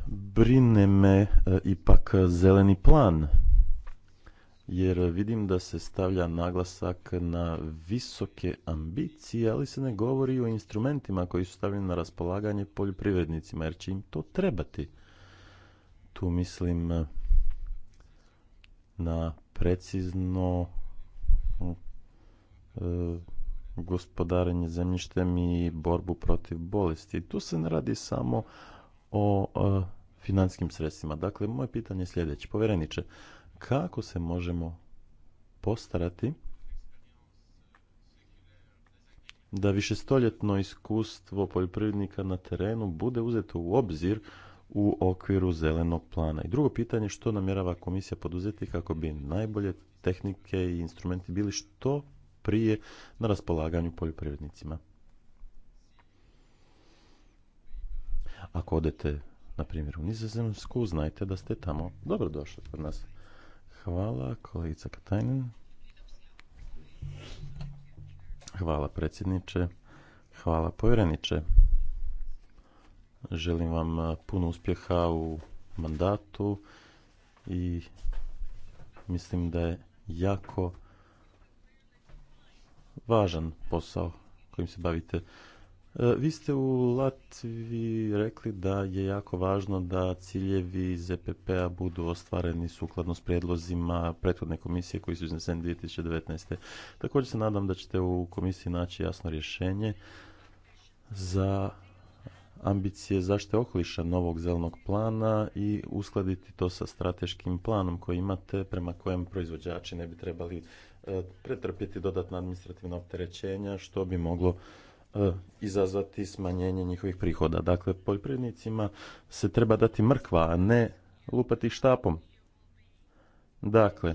brine me e, ipak zeleni plan, jer vidim da se stavlja naglasak na visoke ambicije, ali se ne govori o instrumentima koji su stavljeni na raspolaganje poljoprivrednicima, jer će im to trebati. Tu mislim e, na precizno e, gospodarenje zemljištem i borbu protiv bolesti. Tu se ne radi samo o e, financijskim sredstvima. Dakle, moje pitanje je sljedeće. Povjereniče, kako se možemo postarati da višestoljetno iskustvo poljoprivrednika na terenu bude uzeto u obzir u okviru zelenog plana. I drugo pitanje, što namjerava komisija poduzeti kako bi najbolje tehnike i instrumenti bili što prije na raspolaganju poljoprivrednicima? Ako odete, na primjer, u Nizozemsku, znajte da ste tamo dobro došli kod nas. Hvala, kolegica Katajnin. Hvala, predsjedniče. Hvala, povjereniče. Želim vam puno uspjeha u mandatu i mislim da je jako važan posao kojim se bavite. E, vi ste u Latviji rekli da je jako važno da ciljevi ZPP-a budu ostvareni sukladno s prijedlozima prethodne komisije koji su izneseni 2019. Također se nadam da ćete u komisiji naći jasno rješenje za ambicije zaštite okoliša novog zelenog plana i uskladiti to sa strateškim planom koji imate prema kojem proizvođači ne bi trebali e, pretrpjeti dodatna administrativna opterećenja što bi moglo e, izazvati smanjenje njihovih prihoda. Dakle, poljoprivrednicima se treba dati mrkva, a ne lupati štapom. Dakle,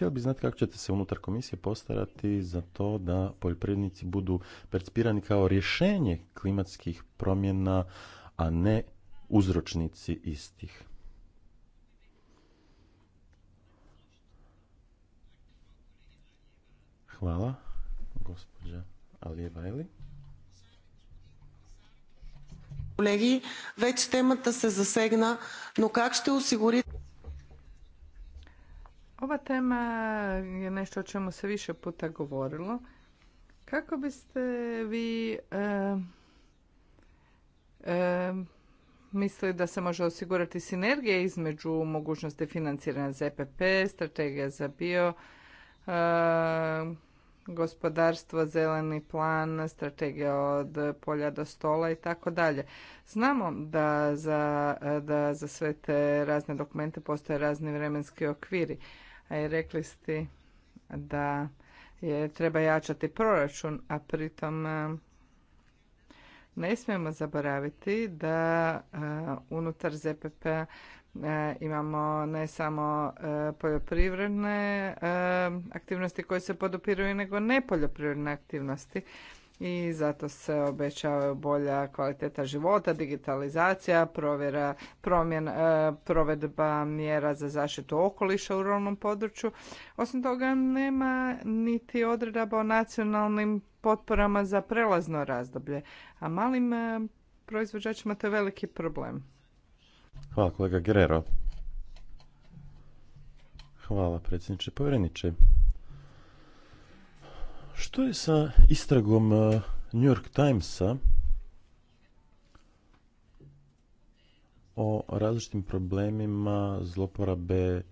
Htio bih znati kako ćete se unutar komisije postarati za to da poljoprivrednici budu percipirani kao rješenje klimatskih promjena, a ne uzročnici istih. Hvala, gospođa Alijeva Eli. Колеги, вече темата se засегна, no ova tema je nešto o čemu se više puta govorilo. Kako biste vi e, mislili da se može osigurati sinergija između mogućnosti financiranja ZPP, e strategija za bio, eh, gospodarstvo, zeleni plan, strategija od polja do stola i tako dalje. Znamo da za, da za sve te razne dokumente postoje razni vremenski okviri i rekli ste da je treba jačati proračun, a pritom e, ne smijemo zaboraviti da e, unutar ZPP e, imamo ne samo poljoprivredne aktivnosti koje se podupiruju, nego nepoljoprivredne aktivnosti i zato se obećavaju bolja kvaliteta života, digitalizacija, provjera, promjen, e, provedba mjera za zaštitu okoliša u ruralnom području. Osim toga nema niti odredaba o nacionalnim potporama za prelazno razdoblje, a malim e, proizvođačima to je veliki problem. Hvala kolega Guerrero. Hvala predsjedniče povjereniče. Što je sa istragom e, New York Timesa o različitim problemima zloporabe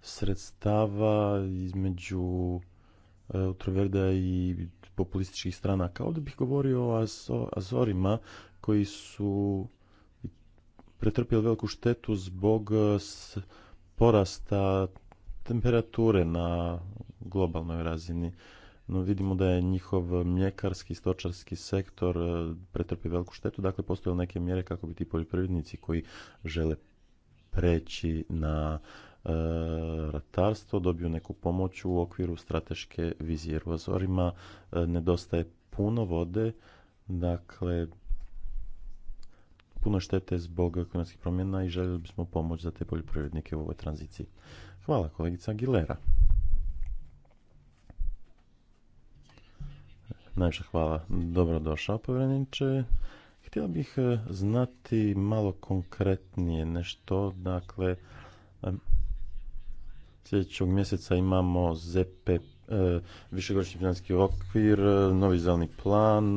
sredstava između e, Utroverda i populističkih Kao da bih govorio o Azorima koji su pretrpjeli veliku štetu zbog e, porasta temperature na globalnoj razini. No vidimo da je njihov mljekarski, stočarski sektor e, pretrpi veliku štetu, dakle postoje neke mjere kako bi ti poljoprivrednici koji žele preći na e, ratarstvo dobiju neku pomoć u okviru strateške vizije. U e, nedostaje puno vode, dakle puno štete zbog klimatskih promjena i željeli bismo pomoć za te poljoprivrednike u ovoj tranziciji. Hvala, kolegica Aguilera. Najviše hvala. Dobrodošao, povjereniče. Htio bih e, znati malo konkretnije nešto. Dakle, sljedećeg mjeseca imamo ZP, e, višegodišnji financijski okvir, e, novi plan,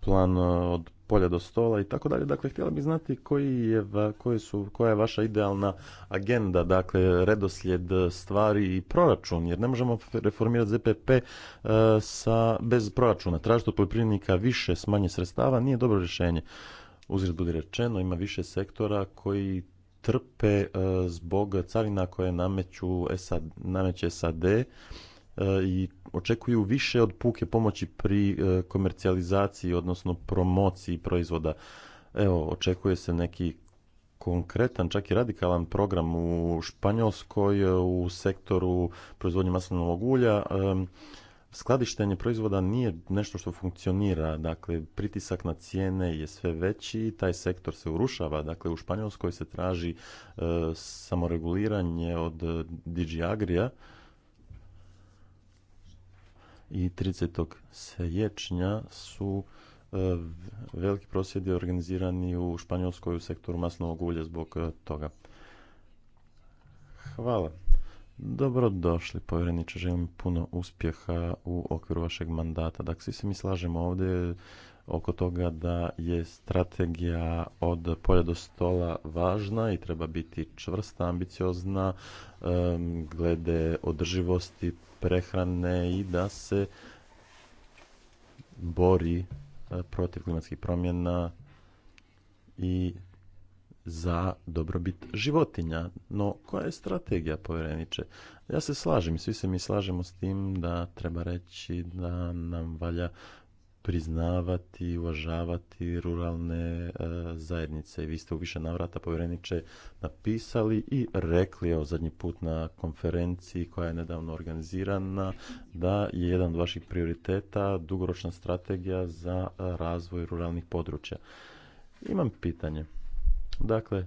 plan od polja do stola i tako dalje. Dakle, htjela bih znati koji je, koji su, koja je vaša idealna agenda, dakle, redoslijed stvari i proračun, jer ne možemo reformirati ZPP eh, sa, bez proračuna. Tražiti od poljoprivrednika više s manje sredstava nije dobro rješenje. Uzred budi rečeno, ima više sektora koji trpe eh, zbog carina koje nameću SAD, nameće SAD, E, i očekuju više od puke pomoći pri e, komercijalizaciji, odnosno promociji proizvoda. Evo, očekuje se neki konkretan, čak i radikalan program u Španjolskoj e, u sektoru proizvodnje maslinovog ulja. Skladištenje proizvoda nije nešto što funkcionira, dakle pritisak na cijene je sve veći, taj sektor se urušava, dakle u Španjolskoj se traži samoreguliranje od DG Agrija, i 30. siječnja su e, veliki prosvjedi organizirani u Španjolskoj u sektoru maslinovog ulja zbog e, toga. Hvala. Dobrodošli, povjereniče. Želim puno uspjeha u okviru vašeg mandata. Dakle, svi se mi slažemo ovdje oko toga da je strategija od polja do stola važna i treba biti čvrsta, ambiciozna e, glede održivosti prehrane i da se bori e, protiv klimatskih promjena i za dobrobit životinja. No, koja je strategija povjereniče? Ja se slažem, svi se mi slažemo s tim da treba reći da nam valja priznavati i uvažavati ruralne e, zajednice. Vi ste u više navrata povjereniče napisali i rekli, evo zadnji put na konferenciji koja je nedavno organizirana, da je jedan od vaših prioriteta dugoročna strategija za e, razvoj ruralnih područja. Imam pitanje. Dakle,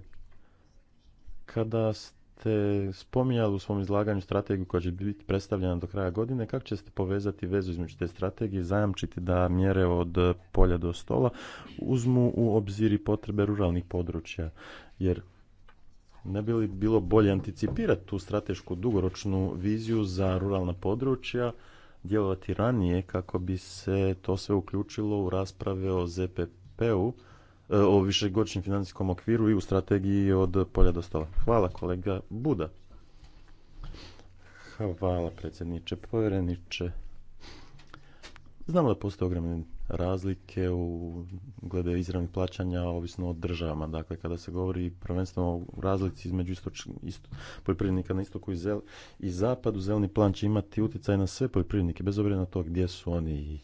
kada ste ste spominjali u svom izlaganju strategiju koja će biti predstavljena do kraja godine. Kako će povezati vezu između te strategije i zajamčiti da mjere od polja do stola uzmu u obziri potrebe ruralnih područja? Jer ne bi li bilo bolje anticipirati tu stratešku dugoročnu viziju za ruralna područja, djelovati ranije kako bi se to sve uključilo u rasprave o ZPP-u E, o višegodišnjem financijskom okviru i u strategiji od polja do stola. Hvala kolega Buda. Hvala predsjedniče, povjereniče. Znamo da postoje ogromne razlike u glede izravnih plaćanja ovisno o državama. Dakle, kada se govori prvenstveno o razlici između isto, poljoprivrednika na istoku i, zel, i zapadu, zeleni plan će imati utjecaj na sve poljoprivrednike, bez obzira na to gdje su oni i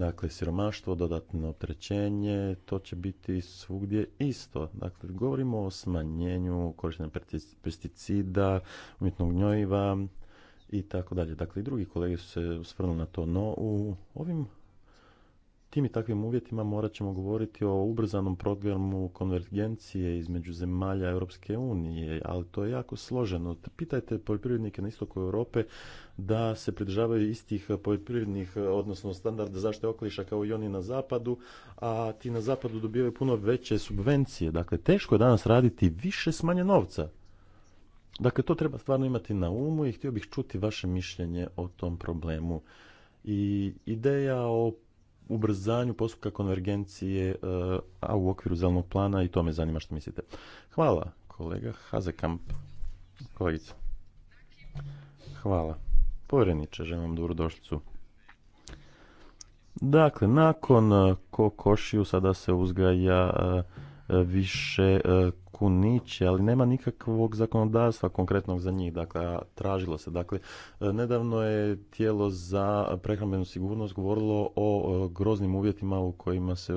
Dakle, siromaštvo, dodatno opterećenje, to će biti svugdje isto. Dakle, govorimo o smanjenju korištenja pesticida, umjetnog gnojiva i tako dalje. Dakle, i drugi kolege su se osvrnuli na to, no u ovim tim i takvim uvjetima morat ćemo govoriti o ubrzanom programu konvergencije između zemalja Europske unije, ali to je jako složeno. Pitajte poljoprivrednike na istoku Europe da se pridržavaju istih poljoprivrednih, odnosno standarda zaštite okoliša kao i oni na zapadu, a ti na zapadu dobivaju puno veće subvencije. Dakle, teško je danas raditi više s manje novca. Dakle, to treba stvarno imati na umu i htio bih čuti vaše mišljenje o tom problemu. I ideja o ubrzanju postupka konvergencije, e, a u okviru zelenog plana i to me zanima što mislite. Hvala kolega Hazekamp, kolegica. Hvala. Povjereniče, želim vam dobrodošlicu. Dakle, nakon e, kokošiju sada se uzgaja e, više e, kuniće, ali nema nikakvog zakonodavstva konkretnog za njih, dakle, tražilo se. Dakle, e, nedavno je tijelo za prehrambenu sigurnost govorilo o e, groznim uvjetima u kojima se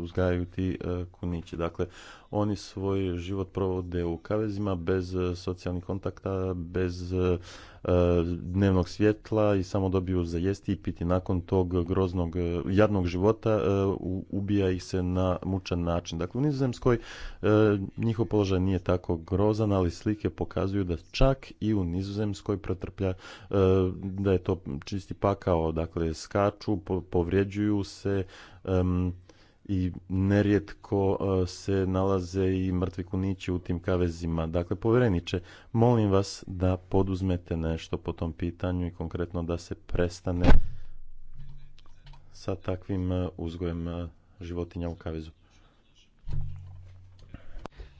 uzgajaju ti kunići. Dakle, oni svoj život provode u kavezima, bez socijalnih kontakta, bez E, dnevnog svjetla i samo dobiju za jesti i piti nakon tog groznog, e, jadnog života, e, ubija ih se na mučan način. Dakle, u Nizozemskoj njihov položaj nije tako grozan, ali slike pokazuju da čak i u Nizozemskoj pretrplja da je to čisti pakao, dakle skaču, povrijeđuju se, i nerijetko e, se nalaze i mrtvi kunići u tim kavezima. Dakle, povjereniče, molim vas da poduzmete nešto po tom pitanju i konkretno da se prestane sa takvim e, uzgojem e, životinja u kavezu.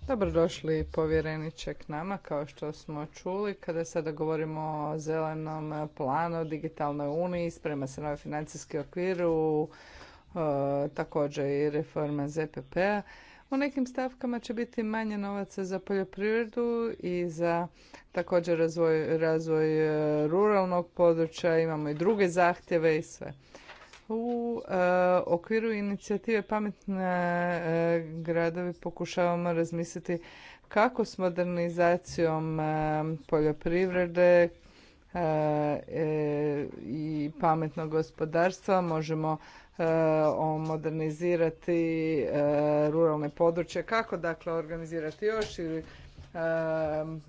Dobrodošli povjereniče k nama, kao što smo čuli. Kada sada govorimo o zelenom planu, digitalnoj uniji, sprema se novi financijski okvir u E, također i reforma ZPP-a. U nekim stavkama će biti manje novaca za poljoprivredu i za također razvoj, razvoj e, ruralnog područja, imamo i druge zahtjeve i sve. U e, okviru inicijative Pametne e, gradovi pokušavamo razmisliti kako s modernizacijom poljoprivrede i pametnog gospodarstva možemo E, modernizirati e, ruralne područje, kako dakle organizirati još ili e,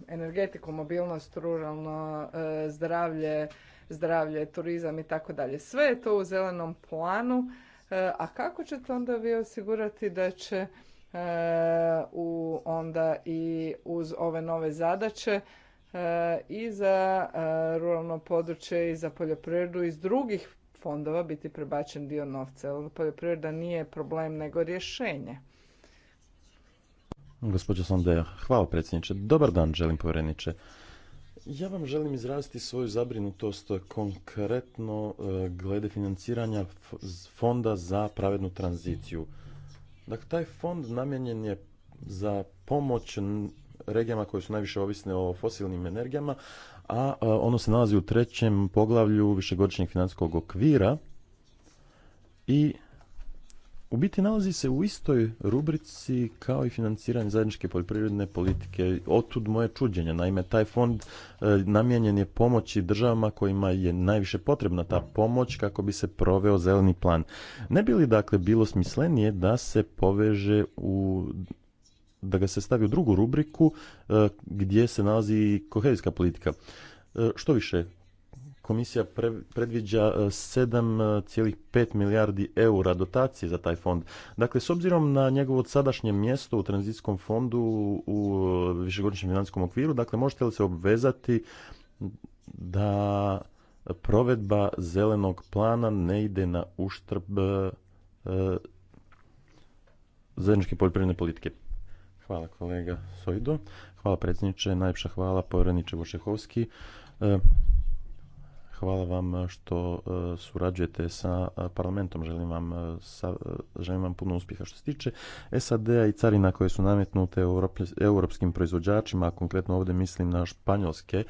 energetiku, mobilnost, ruralno zdravlje, zdravlje, turizam i tako dalje. Sve je to u zelenom planu, a kako ćete onda vi osigurati da će u onda i uz ove nove zadaće i za ruralno područje i za poljoprivredu iz drugih fondova biti prebačen dio novca. poljoprivreda nije problem nego rješenje. Gospodin Sondeja, hvala predsjedniče. Dobar dan, želim povjereniče. Ja vam želim izraziti svoju zabrinutost konkretno e, glede financiranja fonda za pravednu tranziciju. Dakle, taj fond namijenjen je za pomoć regijama koje su najviše ovisne o fosilnim energijama, a e, ono se nalazi u trećem poglavlju višegodišnjeg financijskog okvira i u biti nalazi se u istoj rubrici kao i financiranje zajedničke poljoprivredne politike. Otud moje čuđenje. Naime, taj fond e, namijenjen je pomoći državama kojima je najviše potrebna ta pomoć kako bi se proveo zeleni plan. Ne bi li dakle bilo smislenije da se poveže u da ga se stavi u drugu rubriku e, gdje se nalazi kohezijska politika. E, što više, komisija predviđa 7,5 e, milijardi eura dotacije za taj fond. Dakle, s obzirom na njegovo sadašnje mjesto u tranzicijskom fondu u višegodišnjem financijskom okviru, dakle, možete li se obvezati da provedba zelenog plana ne ide na uštrb zajedničke poljoprivredne politike? Hvala kolega Sojdo. Hvala predsjedniče, najljepša hvala povjereniče Vošehovski. E, hvala vam što e, surađujete sa e, parlamentom. Želim vam, želim vam puno uspjeha. Što se tiče SAD-a i carina koje su nametnute europskim proizvođačima, a konkretno ovdje mislim na španjolske,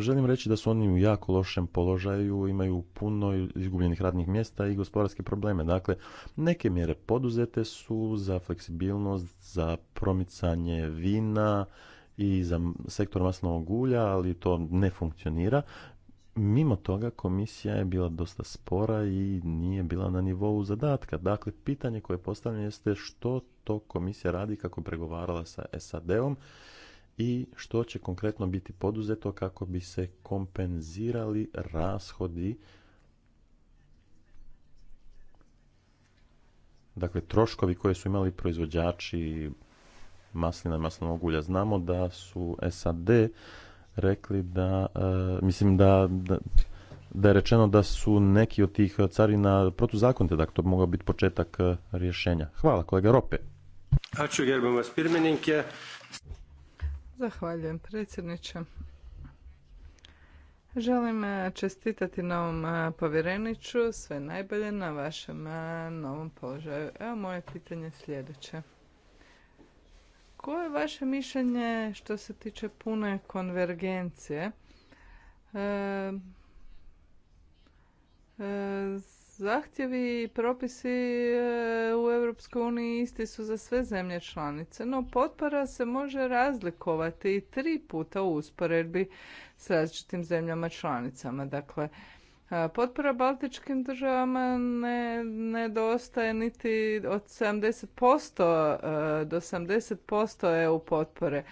želim reći da su oni u jako lošem položaju, imaju puno izgubljenih radnih mjesta i gospodarske probleme. Dakle, neke mjere poduzete su za fleksibilnost, za promicanje vina i za sektor masnog ulja, ali to ne funkcionira. Mimo toga komisija je bila dosta spora i nije bila na nivou zadatka. Dakle, pitanje koje postavljam jeste što to komisija radi kako pregovarala sa SAD-om i što će konkretno biti poduzeto kako bi se kompenzirali rashodi dakle troškovi koje su imali proizvođači maslina i maslinovog ulja. Znamo da su SAD rekli da, e, mislim da, da, je rečeno da su neki od tih carina protuzakonite, dakle to bi mogao biti početak e, rješenja. Hvala kolega Rope. Ačiū vas Zahvaljujem predsjedniče. Želim e, čestitati novom e, povjereniču, sve najbolje na vašem e, novom položaju. Evo moje pitanje sljedeće. Koje je vaše mišljenje što se tiče pune konvergencije? zahtjevi i propisi e, u Europskoj uniji isti su za sve zemlje članice, no potpora se može razlikovati i tri puta u usporedbi s različitim zemljama članicama. Dakle, e, potpora baltičkim državama nedostaje niti od 70% e, do 70% EU potpore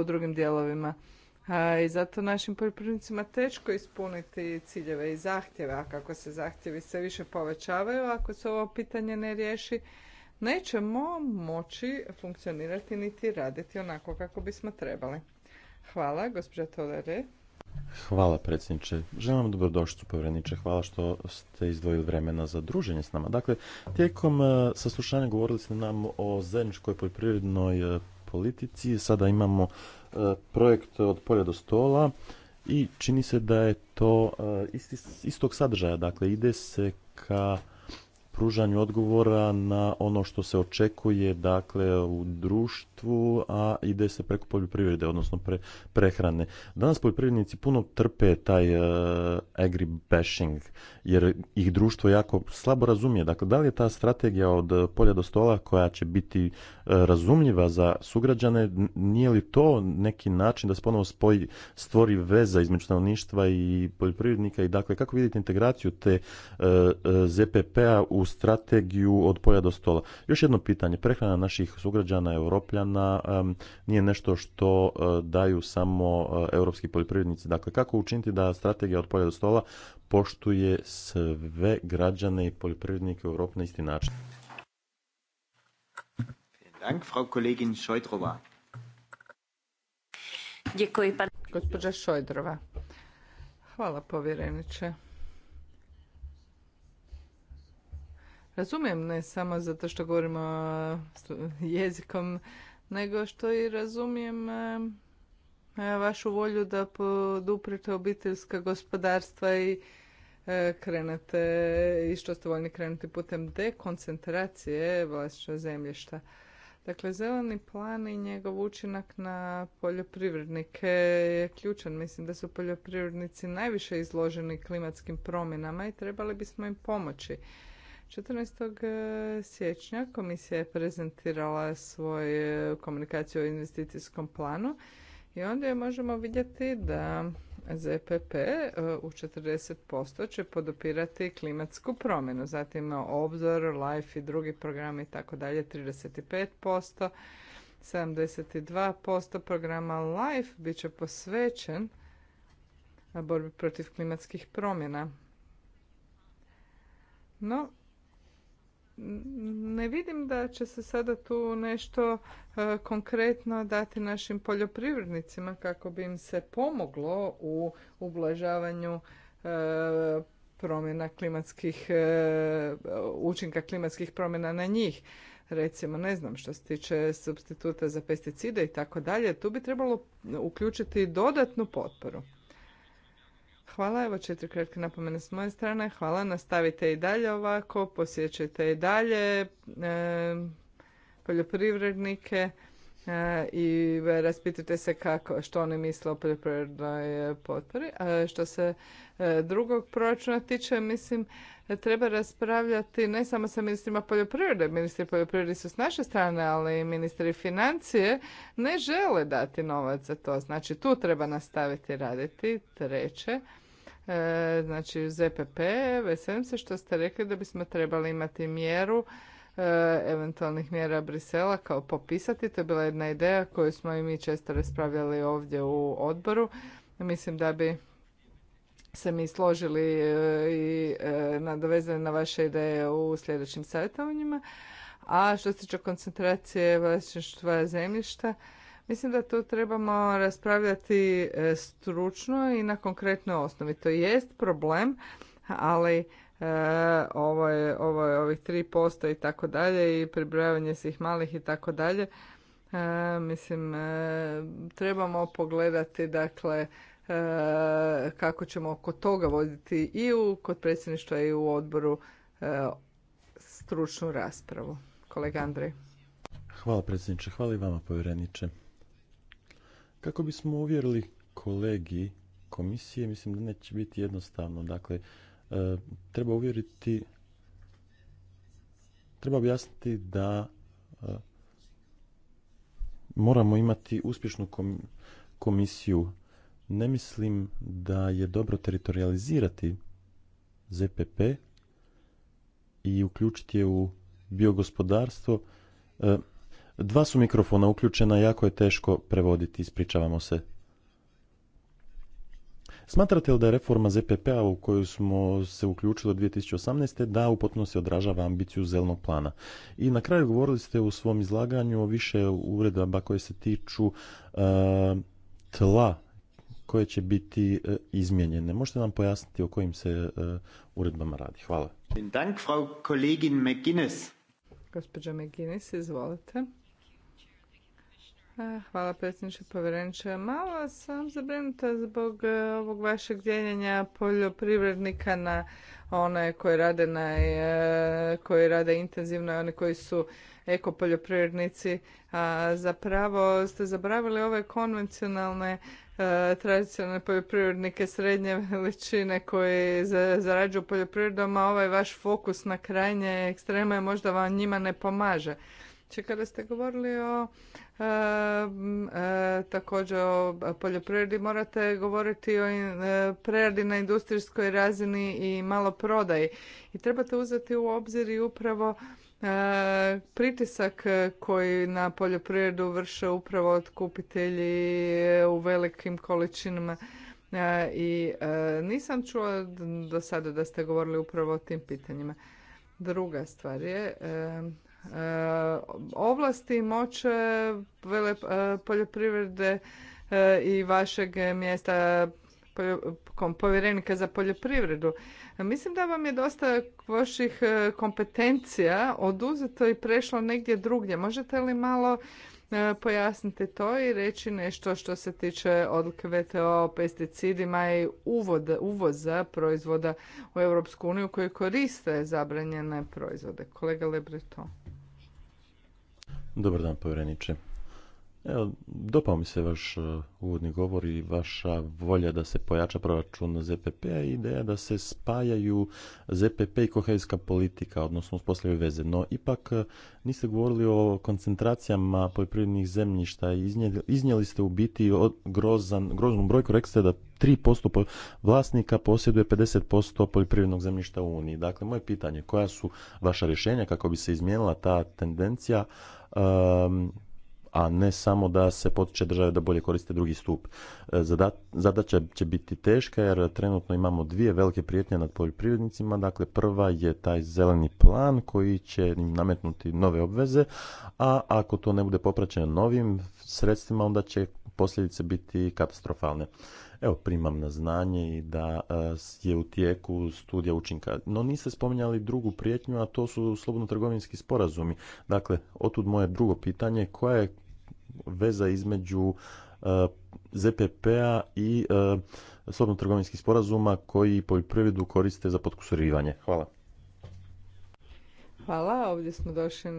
u drugim dijelovima i zato našim poljoprivrednicima teško ispuniti ciljeve i zahtjeve, a kako se zahtjevi sve više povećavaju, ako se ovo pitanje ne riješi, nećemo moći funkcionirati niti raditi onako kako bismo trebali. Hvala, gospođa Tolere. Hvala, predsjedniče. Želim vam dobrodošću, povredniče. Hvala što ste izdvojili vremena za druženje s nama. Dakle, tijekom e, saslušanja govorili ste nam o zajedničkoj poljoprivrednoj e, politici. Sada imamo E, projekt od polja do stola i čini se da je to e, istog sadržaja, dakle ide se ka pružanju odgovora na ono što se očekuje dakle u društvu, a ide se preko poljoprivrede, odnosno pre, prehrane. Danas poljoprivrednici puno trpe taj uh, e, agribashing, jer ih društvo jako slabo razumije. Dakle, da li je ta strategija od polja do stola koja će biti e, razumljiva za sugrađane, nije li to neki način da se ponovo spoji, stvori veza između stanovništva i poljoprivrednika i dakle, kako vidite integraciju te uh, e, ZPP-a u strategiju od polja do stola. Još jedno pitanje, prehrana naših sugrađana, europljana, nije nešto što e, daju samo e, europski poljoprivrednici. Dakle, kako učiniti da strategija od polja do stola poštuje sve građane i poljoprivrednike u Europi na isti način? Hvala povjereniče. razumijem, ne samo zato što govorimo jezikom, nego što i razumijem eh, eh, vašu volju da poduprete obiteljska gospodarstva i eh, krenete i što ste voljni krenuti putem dekoncentracije vlasništva zemljišta. Dakle, zeleni plan i njegov učinak na poljoprivrednike je ključan. Mislim da su poljoprivrednici najviše izloženi klimatskim promjenama i trebali bismo im pomoći. 14. siječnja komisija je prezentirala svoju komunikaciju o investicijskom planu i onda je možemo vidjeti da ZPP e, u 40% će podopirati klimatsku promjenu. Zatim obzor, life i drugi programi i tako dalje 35%. 72% programa LIFE bit će posvećen borbi protiv klimatskih promjena. No, ne vidim da će se sada tu nešto e, konkretno dati našim poljoprivrednicima kako bi im se pomoglo u ublažavanju e, promjena klimatskih, e, učinka klimatskih promjena na njih. Recimo, ne znam, što se tiče substituta za pesticide i tako dalje, tu bi trebalo uključiti dodatnu potporu. Hvala, evo četiri kratke napomene s moje strane. Hvala, nastavite i dalje ovako, posjećajte i dalje poljoprivrednike eh, i raspitajte se kako, što oni misle o poljoprivrednoj eh, potpori. A što se eh, drugog proračuna tiče, mislim, treba raspravljati ne samo sa ministrima poljoprivrede, ministri poljoprivrede su s naše strane, ali i ministri financije ne žele dati novac za to. Znači tu treba nastaviti raditi. Treće, E, znači ZPP, veselim se što ste rekli da bismo trebali imati mjeru e, eventualnih mjera Brisela kao popisati. To je bila jedna ideja koju smo i mi često raspravljali ovdje u odboru. Mislim da bi se mi složili e, i nadovezali na vaše ideje u sljedećim savjetovanjima. A što se tiče koncentracije vlasništva zemljišta, Mislim da to trebamo raspravljati e, stručno i na konkretnoj osnovi. To jest problem, ali e, ovo je, ovo je ovih 3% i tako dalje i pribrojavanje svih malih i tako dalje. E, mislim, trebamo pogledati dakle kako ćemo oko toga voditi i u, kod predsjedništva i u odboru stručnu raspravu. Kolega Andrej. Hvala predsjedniče, hvala i vama povjereniče. Kako bismo uvjerili kolegi komisije, mislim da neće biti jednostavno. Dakle, e, treba uvjeriti, treba objasniti da e, moramo imati uspješnu komisiju. Ne mislim da je dobro teritorijalizirati ZPP i uključiti je u biogospodarstvo. E, dva su mikrofona uključena, jako je teško prevoditi, ispričavamo se. Smatrate li da je reforma ZPP-a u koju smo se uključili od 2018. da u potpunosti odražava ambiciju zelenog plana? I na kraju govorili ste u svom izlaganju o više uredaba koje se tiču e, tla koje će biti e, izmijenjene. Možete nam pojasniti o kojim se e, uredbama radi? Hvala. Dank, Frau Kollegin Hvala predsjedniče povjereniče. Malo sam zabrinuta zbog e, ovog vašeg dijeljenja poljoprivrednika na one koji rade, na, e, koji rade intenzivno i one koji su ekopoljoprivrednici. A zapravo ste zaboravili ove konvencionalne e, tradicionalne poljoprivrednike srednje veličine koji zarađuju poljoprivredom, a ovaj vaš fokus na krajnje ekstreme možda vam njima ne pomaže. Znači kada ste govorili o e, također o poljoprivredi morate govoriti o e, preradi na industrijskoj razini i maloprodaji. I trebate uzeti u obzir i upravo e, pritisak koji na poljoprivredu vrše upravo otkupitelji e, u velikim količinama. E, I nisam čula do sada da ste govorili upravo o tim pitanjima. Druga stvar je E, ovlasti i moće e, poljoprivrede e, i vašeg mjesta povjerenika za poljoprivredu. Mislim da vam je dosta vaših kompetencija oduzeto i prešlo negdje drugdje. Možete li malo pojasniti to i reći nešto što se tiče odluke VTO o pesticidima i uvod, uvoza proizvoda u Europsku uniju koji koriste zabranjene proizvode. Kolega Lebreton. Dobar dan, povjereniče. Evo, dopao mi se vaš e, uvodni govor i vaša volja da se pojača proračun ZPP-a i ideja da se spajaju ZPP i kohezijska politika, odnosno uspostavljaju veze. No, ipak e, niste govorili o koncentracijama poljoprivrednih zemljišta i iznijeli, ste u biti grozan, groznu brojku. Rekli ste da 3% vlasnika posjeduje 50% poljoprivrednog zemljišta u Uniji. Dakle, moje pitanje, koja su vaša rješenja kako bi se izmijenila ta tendencija, a ne samo da se potiče države da bolje koriste drugi stup. E, Zadaća će biti teška jer trenutno imamo dvije velike prijetnje nad poljoprivrednicima. Dakle, prva je taj zeleni plan koji će im nametnuti nove obveze, a ako to ne bude popraćeno novim sredstvima, onda će posljedice biti katastrofalne. Evo, primam na znanje i da e, je u tijeku studija učinka. No niste spominjali drugu prijetnju, a to su slobodno-trgovinski sporazumi. Dakle, otud moje drugo pitanje, koja je veza između e, ZPP-a i e, slobodno-trgovinskih sporazuma koji poljoprivredu koriste za potkusurivanje? Hvala. Hvala, ovdje smo došli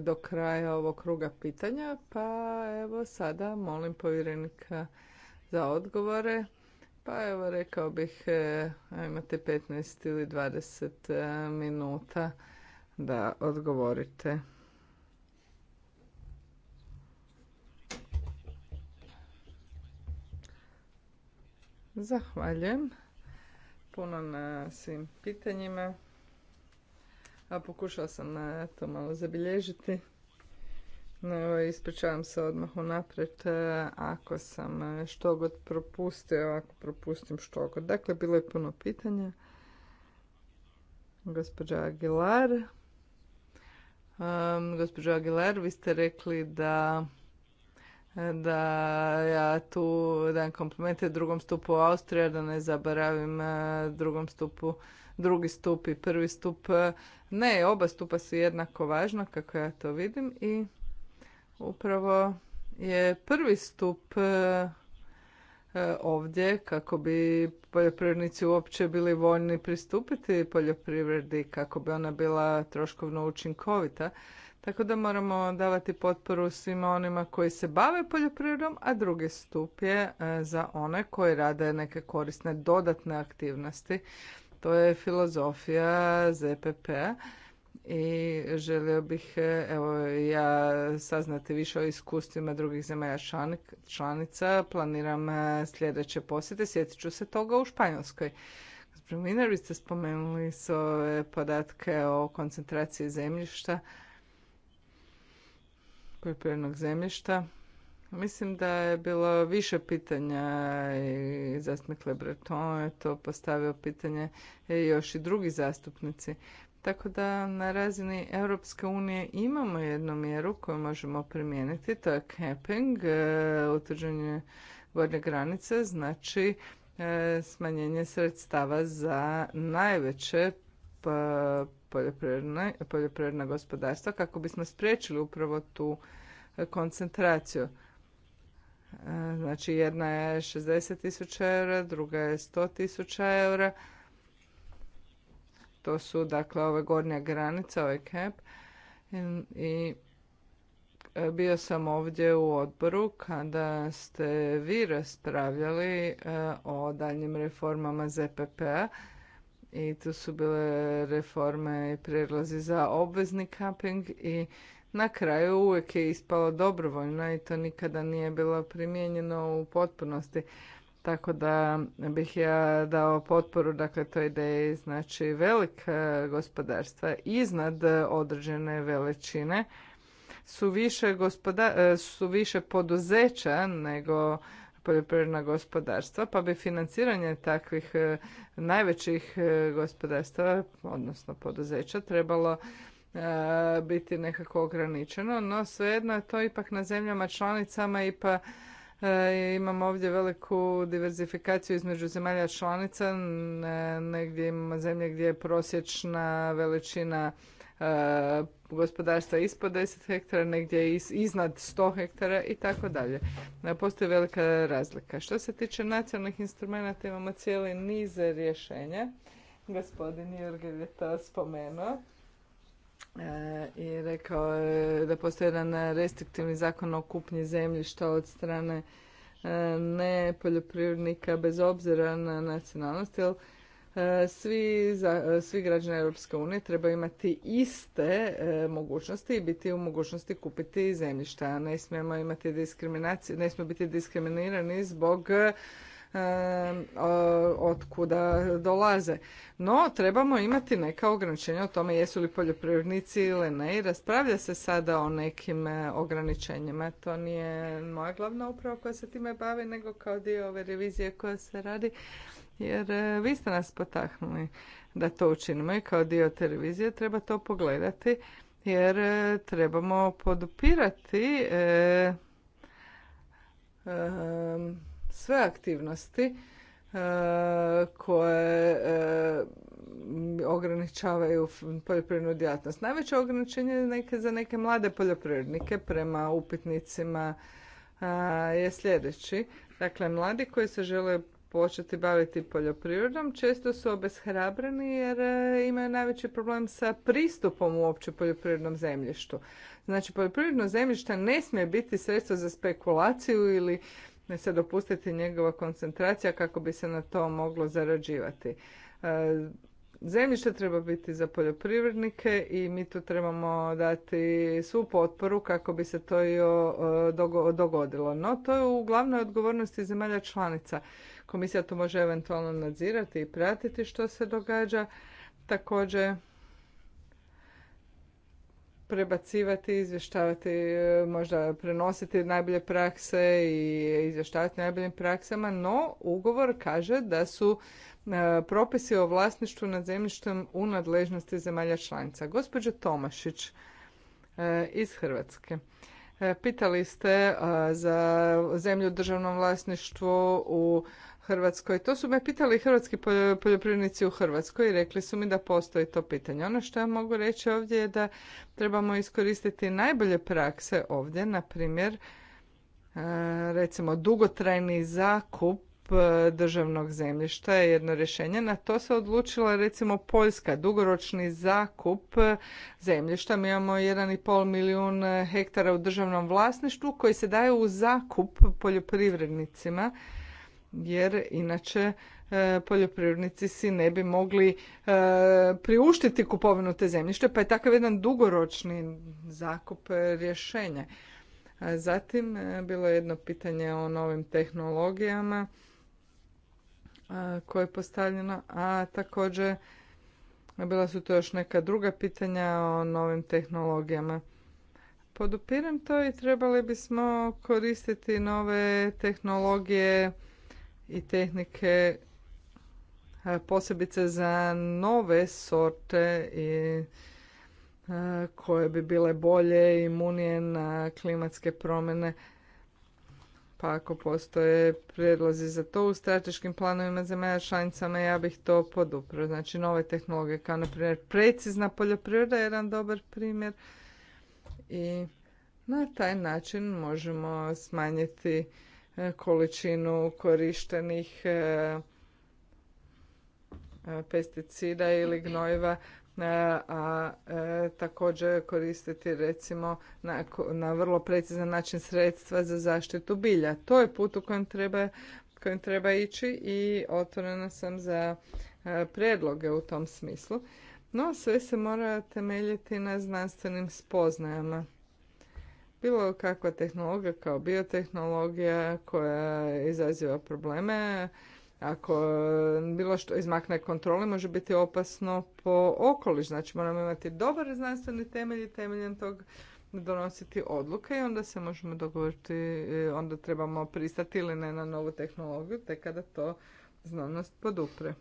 do kraja ovog kruga pitanja, pa evo sada molim povjerenika za odgovore. Pa evo rekao bih e, imate 15 ili 20 e, minuta da odgovorite. Zahvaljujem puno na svim pitanjima. A pokušao sam e, to malo zabilježiti. Evo, ispričavam se odmah unaprijed e, ako sam e, što god propustio, ako propustim što god. Dakle, bilo je puno pitanja. Gospođa Aguilar. Um, gospođo Aguilar, vi ste rekli da e, da ja tu dajem komplimente drugom stupu Austrija, da ne zaboravim drugom stupu, drugi stup i prvi stup. Ne, oba stupa su jednako važna kako ja to vidim i upravo je prvi stup e, e, ovdje kako bi poljoprivrednici uopće bili voljni pristupiti poljoprivredi kako bi ona bila troškovno učinkovita. Tako da moramo davati potporu svima onima koji se bave poljoprivredom, a drugi stup je e, za one koji rade neke korisne dodatne aktivnosti. To je filozofija ZPP-a i želio bih e, evo ja saznati više o iskustvima drugih zemalja članica. Planiram e, sljedeće posjete, sjetit ću se toga u Španjolskoj. Gospodin Miner, vi ste spomenuli ove podatke o koncentraciji zemljišta, poljoprivrednog zemljišta. Mislim da je bilo više pitanja i zastupnik Lebreton je to postavio pitanje i e, još i drugi zastupnici. Tako da na razini Europske unije imamo jednu mjeru koju možemo primijeniti, to je capping, e, utvrđenje gornje granice, znači e, smanjenje sredstava za najveće e, poljoprivredna gospodarstva kako bismo spriječili upravo tu koncentraciju. Znači jedna je 60 tisuća eura, druga je 100 tisuća eura to su dakle ove gornja granica, ovaj cap. I e, bio sam ovdje u odboru kada ste vi raspravljali e, o daljnjim reformama ZPP-a i tu su bile reforme i prijedlozi za obvezni kaping i na kraju uvijek je ispalo dobrovoljno i to nikada nije bilo primijenjeno u potpunosti. Tako da bih ja dao potporu dakle, toj ideji, znači velika e, gospodarstva iznad određene veličine su više, e, su više poduzeća nego poljoprivredna gospodarstva, pa bi financiranje takvih e, najvećih gospodarstva, odnosno poduzeća, trebalo biti nekako ograničeno, no svejedno je to ipak na zemljama članicama i pa E, imamo ovdje veliku diverzifikaciju između zemalja članica, negdje imamo zemlje gdje je prosječna veličina e, gospodarstva ispod 10 hektara, negdje iznad 100 hektara i tako dalje. E, postoji velika razlika. Što se tiče nacionalnih instrumenta imamo cijeli niz rješenja. Gospodin Jurgel je to spomenuo. E, i rekao je da postoji jedan restriktivni zakon o kupnji zemljišta od strane e, ne poljoprivrednika bez obzira na nacionalnost, jer e, svi, svi građani Europske unije trebaju imati iste mogućnosti i biti u mogućnosti kupiti zemljišta. Ne smijemo imati diskriminaciju, ne smijemo biti diskriminirani zbog otkuda dolaze. No, trebamo imati neka ograničenja o tome jesu li poljoprivrednici ili ne i raspravlja se sada o nekim e, ograničenjima. To nije moja glavna uprava koja se time bavi, nego kao dio ove revizije koja se radi. Jer e, vi ste nas potaknuli da to učinimo i kao dio televizije treba to pogledati jer e, trebamo podupirati sve aktivnosti e, koje e, ograničavaju poljoprivrednu djelatnost. Najveće ograničenje neke, za neke mlade poljoprivrednike prema upitnicima e, je sljedeći. Dakle, mladi koji se žele početi baviti poljoprivredom često su obeshrabreni jer imaju najveći problem sa pristupom uopće poljoprivrednom zemljištu. Znači, poljoprivredno zemljište ne smije biti sredstvo za spekulaciju ili ne se dopustiti njegova koncentracija kako bi se na to moglo zarađivati. E, zemljište treba biti za poljoprivrednike i mi tu trebamo dati svu potporu kako bi se to i e, dogodilo. No, to je u glavnoj odgovornosti zemalja članica. Komisija to može eventualno nadzirati i pratiti što se događa. Također, prebacivati, izvještavati, e, možda prenositi najbolje prakse i izvještavati najboljim praksama, no ugovor kaže da su e, propisi o vlasništvu nad zemljištem u nadležnosti zemalja članica. Gospođo Tomašić e, iz Hrvatske. Pitali ste za zemlju u državnom vlasništvu u Hrvatskoj. To su me pitali hrvatski poljoprivrednici u Hrvatskoj i rekli su mi da postoji to pitanje. Ono što ja mogu reći ovdje je da trebamo iskoristiti najbolje prakse ovdje, na primjer e, recimo dugotrajni zakup e, državnog zemljišta je jedno rješenje. Na to se odlučila recimo Poljska, dugoročni zakup e, zemljišta. Mi imamo 1,5 milijun hektara u državnom vlasništvu koji se daju u zakup poljoprivrednicima jer inače e, poljoprivrednici si ne bi mogli e, priuštiti kupovinu te zemljište, pa je takav jedan dugoročni zakup e, rješenje. Zatim, bilo je jedno pitanje o novim tehnologijama koje je postavljeno, a također bila su to još neka druga pitanja o novim tehnologijama. Podupiram to i trebali bismo koristiti nove tehnologije i tehnike posebice za nove sorte i koje bi bile bolje imunije na klimatske promjene. Pa ako postoje prijedlozi za to u strateškim planovima zemalja članicama, ja bih to podupro. Znači nove tehnologije kao na primjer precizna poljoprivreda je jedan dobar primjer i na taj način možemo smanjiti E, količinu korištenih e, e, pesticida ili gnojiva a, također koristiti recimo na, vrlo precizan način sredstva za zaštitu bilja. To je put u kojem treba, treba ići i otvorena sam za predloge u tom smislu. No, sve se mora temeljiti na znanstvenim spoznajama bilo kakva tehnologija kao biotehnologija koja izaziva probleme, ako bilo što izmakne kontroli može biti opasno po okoliš. Znači moramo imati dobar znanstveni temelj i temeljem tog donositi odluke i onda se možemo dogovoriti, eh, onda trebamo pristati ili ne na novu tehnologiju, te kada to znanost podupre.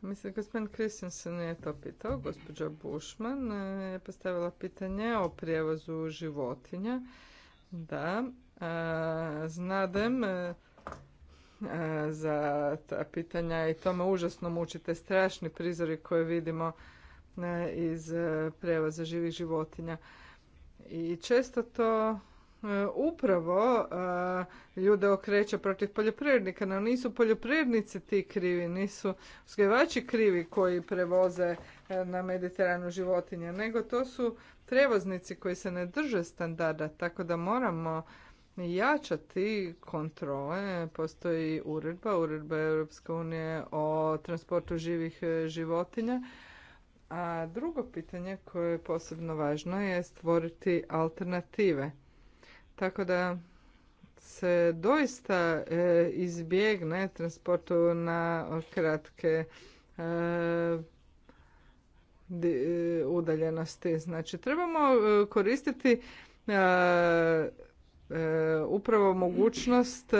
Mislim, gospodin Kristin je to pitao, gospođa Bušman e, je postavila pitanje o prijevozu životinja. Da, e, znadem e, za ta pitanja i to me užasno mučite strašni prizori koje vidimo iz prijevoza živih životinja. I često to E, upravo e, ljude okreće protiv poljoprivrednika, no nisu poljoprivrednici ti krivi, nisu uzgajivači krivi koji prevoze e, na mediteranu životinje, nego to su prevoznici koji se ne drže standarda, tako da moramo jačati kontrole. Postoji uredba, uredba Europske unije o transportu živih životinja. A drugo pitanje koje je posebno važno je stvoriti alternative. Tako da se doista e, izbjegne transportu na kratke e, e, udaljenosti. Znači trebamo koristiti upravo mogućnost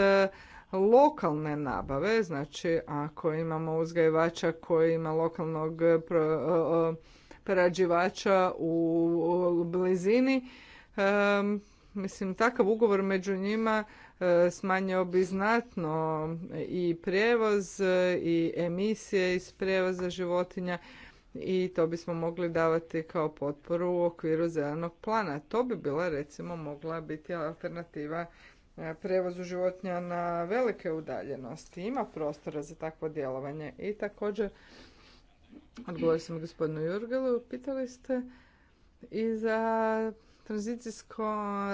lokalne nabave, znači ako imamo uzgajivača koji ima lokalnog prerađivača u blizini, Mislim, takav ugovor među njima e, smanjio bi znatno i prijevoz e, i emisije iz prijevoza životinja i to bismo mogli davati kao potporu u okviru zelenog plana. To bi bila recimo mogla biti alternativa e, prevozu životinja na velike udaljenosti. Ima prostora za takvo djelovanje i također odgovorio sam gospodinu Jurgelu, pitali ste i za tranzicijsko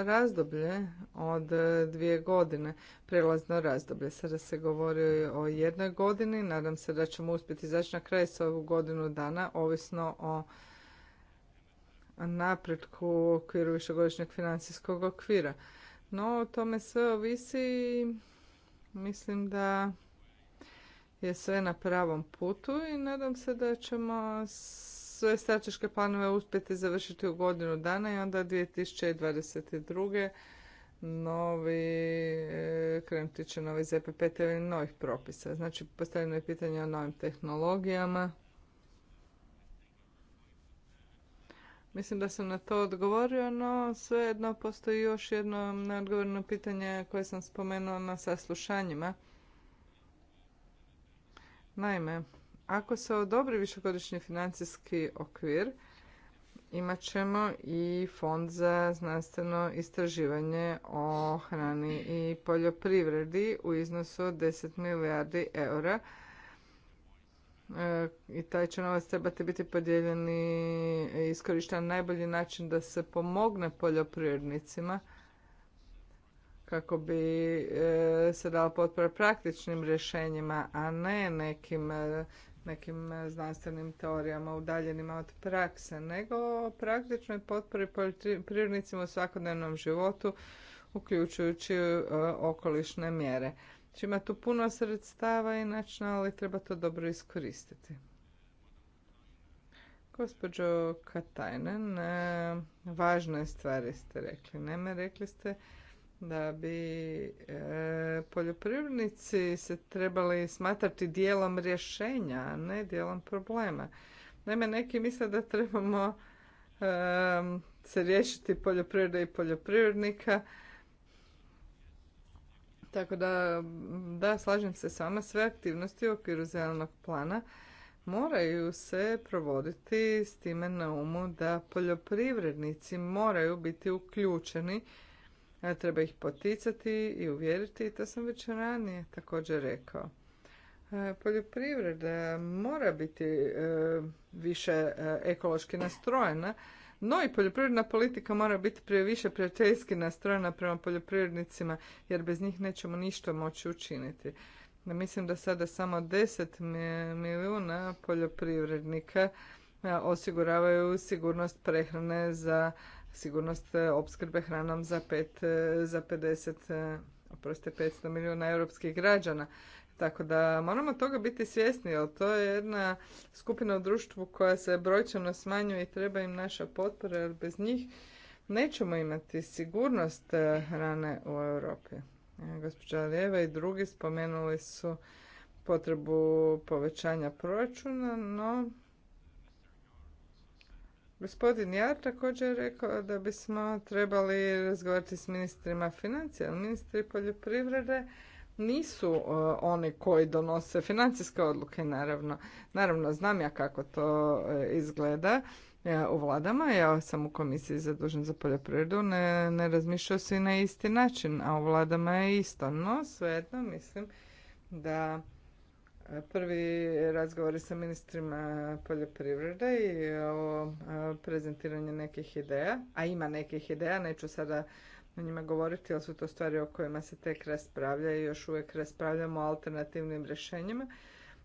razdoblje od e, dvije godine, prelazno razdoblje. Sada se govori o jednoj godini, nadam se da ćemo uspjeti izaći na kraj s ovu godinu dana, ovisno o napretku u okviru višegodišnjeg financijskog okvira. No, o tome sve ovisi i mislim da je sve na pravom putu i nadam se da ćemo svoje strateške planove uspjeti završiti u godinu dana i onda 2022. novi, e, krenuti će novi ZPP temeljem novih propisa. Znači, postavljeno je pitanje o novim tehnologijama. Mislim da sam na to odgovorio, no svejedno postoji još jedno neodgovorno pitanje koje sam spomenula na saslušanjima. Naime, ako se odobri višegodišnji financijski okvir, imat ćemo i fond za znanstveno istraživanje o hrani i poljoprivredi u iznosu od 10 milijardi eura e, i taj će novac trebati biti podijeljen i iskorišten na najbolji način da se pomogne poljoprivrednicima kako bi e, se dala potpora praktičnim rješenjima, a ne nekim e, nekim e, znanstvenim teorijama udaljenima od prakse, nego o praktičnoj potpori poljoprivrednicima u svakodnevnom životu, uključujući e, okolišne mjere. Znači ima tu puno sredstava inače, ali treba to dobro iskoristiti. Gospođo Katajnen, e, važne stvari ste rekli. Neme rekli ste da bi e, poljoprivrednici se trebali smatrati dijelom rješenja, a ne dijelom problema. Naime, neki misle da trebamo e, se riješiti poljoprivrede i poljoprivrednika. Tako da, da, slažem se s vama, sve aktivnosti u okviru zelenog plana moraju se provoditi s time na umu da poljoprivrednici moraju biti uključeni E, treba ih poticati i uvjeriti to sam već ranije također rekao. E, poljoprivreda mora biti e, više ekološki nastrojena, no i poljoprivredna politika mora biti prije više prijateljski nastrojena prema poljoprivrednicima, jer bez njih nećemo ništa moći učiniti. Mislim da sada samo 10 milijuna poljoprivrednika osiguravaju sigurnost prehrane za sigurnost e, opskrbe hranom za, pet, e, za 50, 500 e, milijuna europskih građana. Tako da moramo toga biti svjesni, jer to je jedna skupina u društvu koja se brojčano smanjuje i treba im naša potpora, jer bez njih nećemo imati sigurnost hrane u Europi. Gospođa Lijeva i drugi spomenuli su potrebu povećanja proračuna, no Gospodin Jar također je rekao da bismo trebali razgovarati s ministrima financija. Ministri poljoprivrede nisu e, oni koji donose financijske odluke, naravno. Naravno, znam ja kako to e, izgleda ja, e, u vladama. Ja sam u komisiji zadužen za poljoprivredu, ne, ne se i na isti način, a u vladama je isto. No, svejedno mislim da Prvi razgovori sa ministrima poljoprivrede i o prezentiranju nekih ideja, a ima nekih ideja, neću sada o njima govoriti, ali su to stvari o kojima se tek raspravlja i još uvijek raspravljamo o alternativnim rješenjima.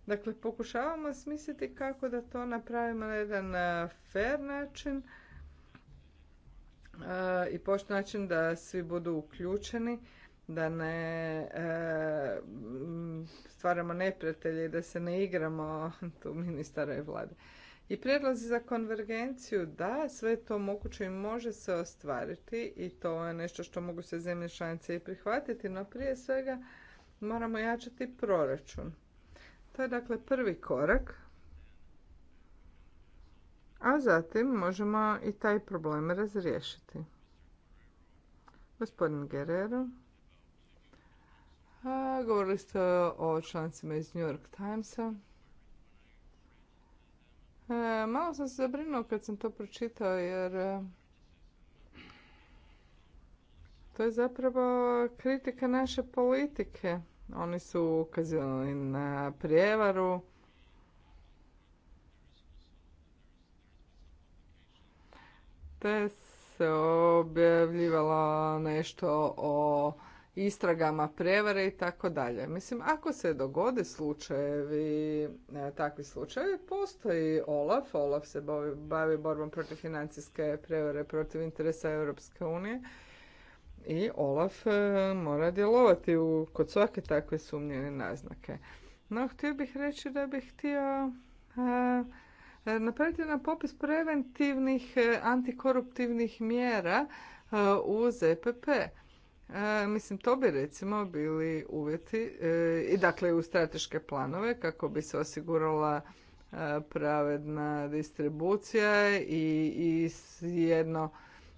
Dakle, pokušavamo smisliti kako da to napravimo na jedan fair način i pošto način da svi budu uključeni da ne e, stvaramo neprijatelje i da se ne igramo tu ministara i vlade. I prijedlozi za konvergenciju, da, sve to moguće i može se ostvariti i to je nešto što mogu se zemlje članice i prihvatiti, no prije svega moramo jačati proračun. To je dakle prvi korak. A zatim možemo i taj problem razriješiti. Gospodin Guerrero. Govorili ste o člancima iz New York Timesa. E, malo sam se zabrinuo kad sam to pročitao jer e, to je zapravo kritika naše politike. Oni su ukazivali na prijevaru. Te se objavljivalo nešto o istragama prevare i tako dalje. Mislim, ako se dogode slučajevi, e, takvi slučajevi, postoji OLAF. OLAF se bavi, borbom protiv financijske prevare, protiv interesa Europske unije. I OLAF e, mora djelovati u, kod svake takve sumnjene naznake. No, htio bih reći da bih htio e, napraviti na popis preventivnih antikoruptivnih mjera u ZPP. E, mislim, to bi recimo bili uvjeti e, i dakle u strateške planove kako bi se osigurala e, pravedna distribucija i, i jedno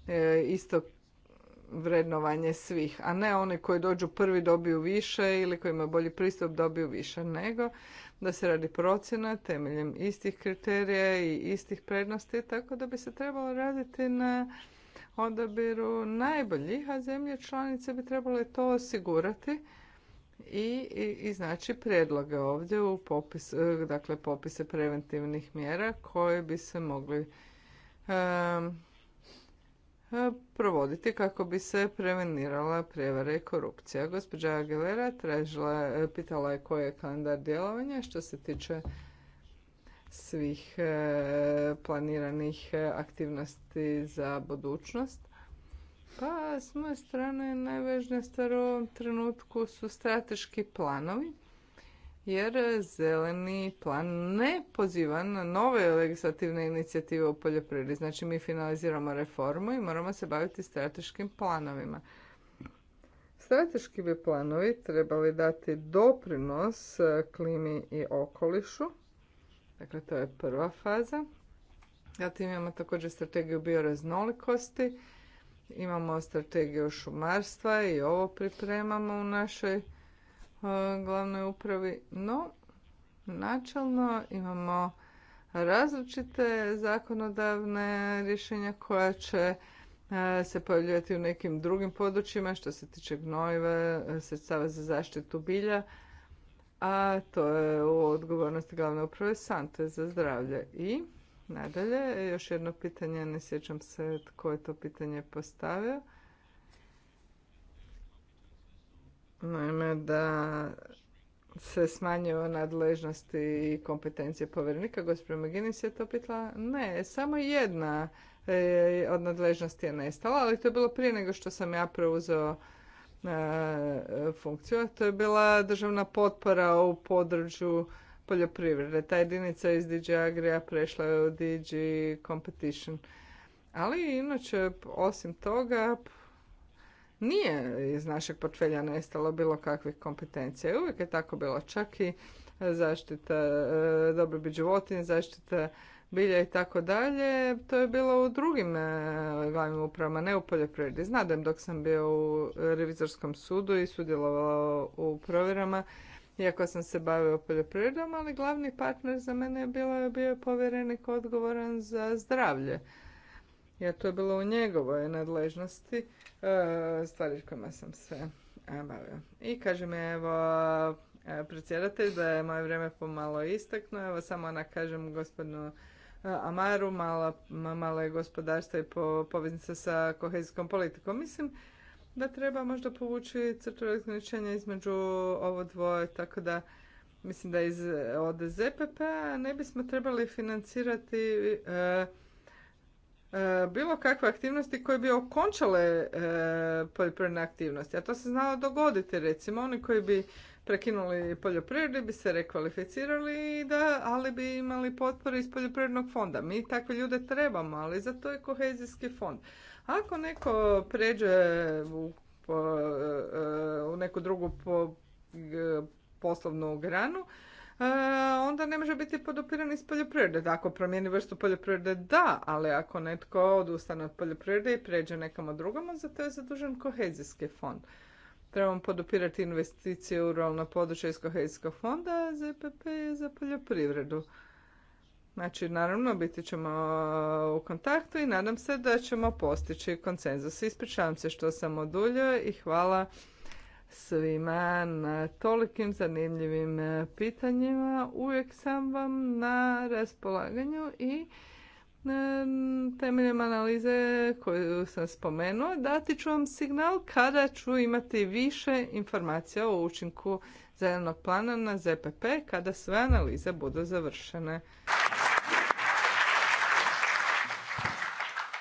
e, isto vrednovanje svih, a ne oni koji dođu prvi dobiju više ili koji imaju bolji pristup dobiju više, nego da se radi procjena temeljem istih kriterija i istih prednosti, tako da bi se trebalo raditi na odabiru najboljih, a zemlje članice bi trebale to osigurati i, i, znači predloge ovdje u popis, e, dakle popise preventivnih mjera koje bi se mogli e, e, provoditi kako bi se prevenirala prevara i korupcija. Gospođa Aguilera tražila, pitala je koji je kalendar djelovanja što se tiče svih e, planiranih e, aktivnosti za budućnost. Pa s moje strane najvažnija stvar u ovom trenutku su strateški planovi jer zeleni plan ne poziva na nove legislativne inicijative u poljoprivredi. Znači mi finaliziramo reformu i moramo se baviti strateškim planovima. Strateški bi planovi trebali dati doprinos e, klimi i okolišu, Dakle, to je prva faza. Zatim imamo također strategiju bioraznolikosti. Imamo strategiju šumarstva i ovo pripremamo u našoj e, glavnoj upravi. No, načelno imamo različite zakonodavne rješenja koja će e, se pojavljivati u nekim drugim područjima što se tiče gnojiva, e, sredstava za zaštitu bilja a to je u odgovornosti glavne uprave Sante za zdravlje. I nadalje, još jedno pitanje, ne sjećam se tko je to pitanje postavio. Naime, da se smanjuju nadležnosti i kompetencije povjerenika. Gospodin Maginis je to pitala. Ne, samo jedna e, od nadležnosti je nestala, ali to je bilo prije nego što sam ja preuzeo E, funkciju, a to je bila državna potpora u području poljoprivrede. Ta jedinica iz DJ Agrija prešla je u DG Competition. Ali inače, osim toga, nije iz našeg portfelja nestalo bilo kakvih kompetencija. Uvijek je tako bilo. Čak i e, zaštita e, dobrobit životinja, zaštita bilja i tako dalje, to je bilo u drugim e, glavnim upravama, ne u poljoprivredi. Znadem dok sam bio u revizorskom sudu i sudjelovala u provjerama, iako sam se bavio poljoprivredom, ali glavni partner za mene je bio povjerenik odgovoran za zdravlje. Jer to je bilo u njegovoj nadležnosti e, stvari kojima sam se e, bavio. I kaže mi evo predsjedatelj da je moje vrijeme pomalo istekno. Evo samo ona kažem gospodinu Eh, Amaru, mala, male gospodarstva i po, poveznica sa kohezijskom politikom. Mislim da treba možda povući crtu razgraničenja između ovo dvoje, tako da mislim da iz, od zpp ne bismo trebali financirati eh, eh, bilo kakve aktivnosti koje bi okončale poljoprivredne aktivnosti. A to se znalo dogoditi. Recimo, oni koji bi prekinuli poljoprivredu, bi se rekvalificirali, da, ali bi imali potpore iz poljoprivrednog fonda. Mi takve ljude trebamo, ali za to je kohezijski fond. Ako neko pređe u, e, u neku drugu poslovnu granu, e, onda ne može biti podupiran iz poljoprivrede. Ako promijeni vrstu poljoprivrede, da, ali ako netko odustane od poljoprivrede i pređe nekamo drugom, za to je zadužen kohezijski fond trebamo podupirati investicije u ruralna područja iz kohezijskog fonda, ZPP za poljoprivredu. Znači, naravno, biti ćemo uh, u kontaktu i nadam se da ćemo postići konsenzus. Ispričavam se što sam oduljio i hvala svima na tolikim zanimljivim uh, pitanjima. Uvijek sam vam na raspolaganju i temeljem analize koju sam spomenuo, dati ću vam signal kada ću imati više informacija o učinku zelenog plana na ZPP kada sve analize budu završene.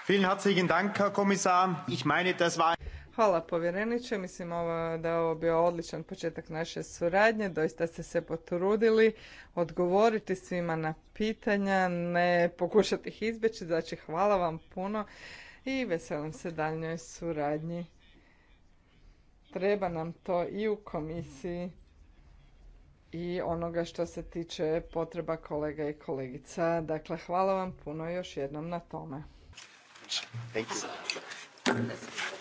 Vielen herzlichen Dank, Herr Kommissar. Ich meine, das war Hvala povjereniče, mislim ovo, da je ovo bio odličan početak naše suradnje, doista ste se potrudili odgovoriti svima na pitanja, ne pokušati ih izbjeći, znači hvala vam puno i veselim se daljnjoj suradnji. Treba nam to i u komisiji i onoga što se tiče potreba kolega i kolegica. Dakle, hvala vam puno još jednom na tome. Thank you.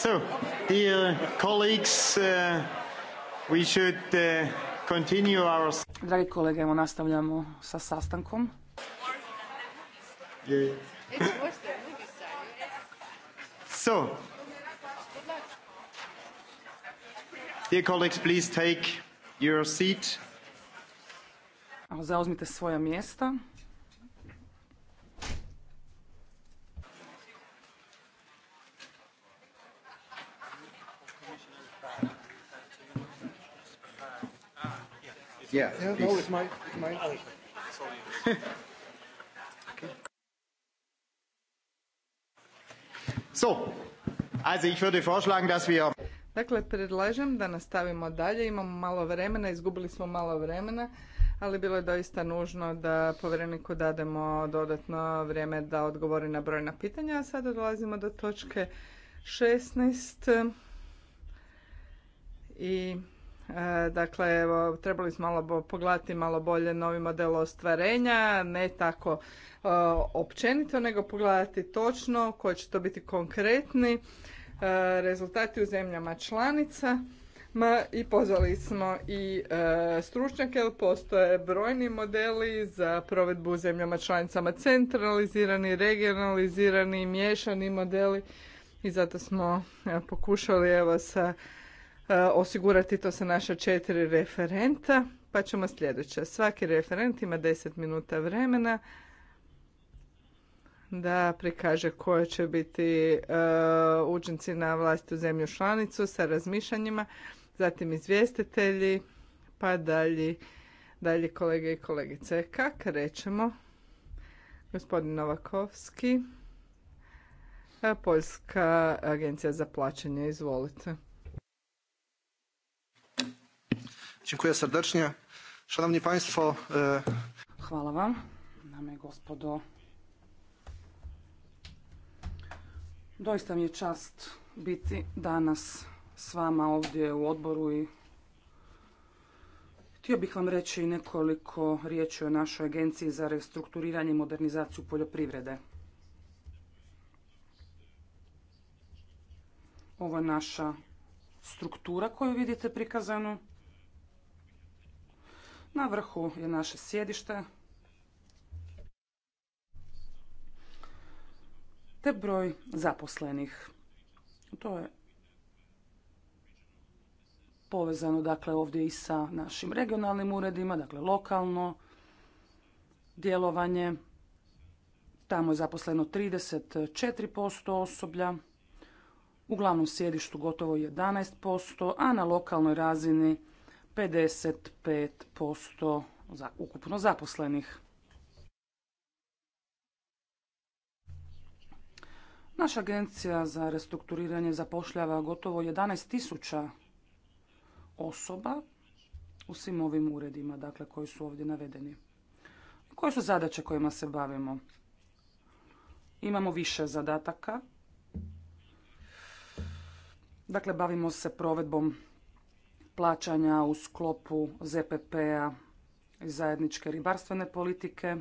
So, dear colleagues, uh, we should uh, continue our... Dragi kolege, evo nastavljamo sa sastankom. so, dear colleagues, please take your seat. Zauzmite svoja mjesta. Yeah, no, it's my, So, also ich würde vorschlagen, dass wir... Dakle, predlažem da nastavimo dalje. Imamo malo vremena, izgubili smo malo vremena, ali bilo je doista nužno da povjereniku dademo dodatno vrijeme da odgovori na brojna pitanja. A sada dolazimo do točke 16 i E, dakle, evo, trebali smo malo pogledati malo bolje novi model ostvarenja, ne tako e, općenito, nego pogledati točno koji će to biti konkretni e, rezultati u zemljama članica. Ma i pozvali smo i stručnjake, jer postoje brojni modeli za provedbu u zemljama članicama centralizirani, regionalizirani, miješani modeli i zato smo pokušali evo sa E, osigurati to sa naša četiri referenta, pa ćemo sljedeće. Svaki referent ima 10 minuta vremena da prikaže koje će biti e, učinci na vlastitu zemlju članicu sa razmišljanjima, zatim izvjestitelji, pa dalje, kolege i kolegice. Kak rećemo? Gospodin Novakovski, e, Poljska agencija za plaćanje, izvolite. Dziękuję serdecznie. Szanowni Państwo. E, Hvala vam, dame gospodo. Doista mi je čast biti danas s vama ovdje u odboru i htio bih vam reći nekoliko riječi o našoj agenciji za restrukturiranje i modernizaciju poljoprivrede. Ovo je naša struktura koju vidite prikazanu. Na vrhu je naše sjedište. Te broj zaposlenih. To je povezano dakle ovdje i sa našim regionalnim uredima, dakle lokalno djelovanje. Tamo je zaposleno 34% osoblja, u glavnom sjedištu gotovo 11%, a na lokalnoj razini 55% za ukupno zaposlenih. Naša agencija za restrukturiranje zapošljava gotovo 11.000 osoba u svim ovim uredima dakle, koji su ovdje navedeni. Koje su zadaće kojima se bavimo? Imamo više zadataka. Dakle, bavimo se provedbom plaćanja u sklopu ZPP-a i zajedničke ribarstvene politike.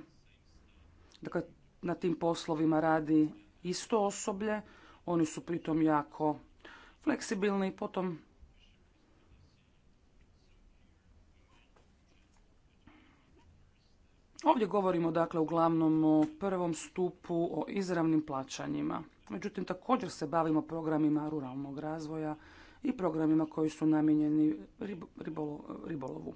Dakle, na tim poslovima radi isto osoblje, oni su pritom jako fleksibilni i potom Ovdje govorimo dakle uglavnom o prvom stupu, o izravnim plaćanjima. Međutim, također se bavimo programima ruralnog razvoja, i programima koji su namijenjeni ribolovu.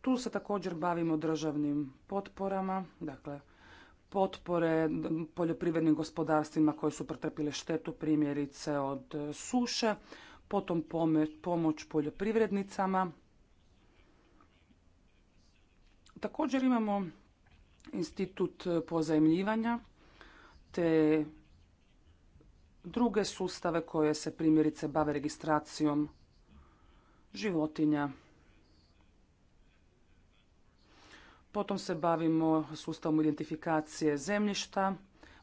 Tu se također bavimo državnim potporama, dakle potpore poljoprivrednim gospodarstvima koje su pretrpili štetu primjerice od suše, potom pomoć poljoprivrednicama. Također imamo institut pozajemljivanja te druge sustave koje se primjerice bave registracijom životinja. Potom se bavimo sustavom identifikacije zemljišta,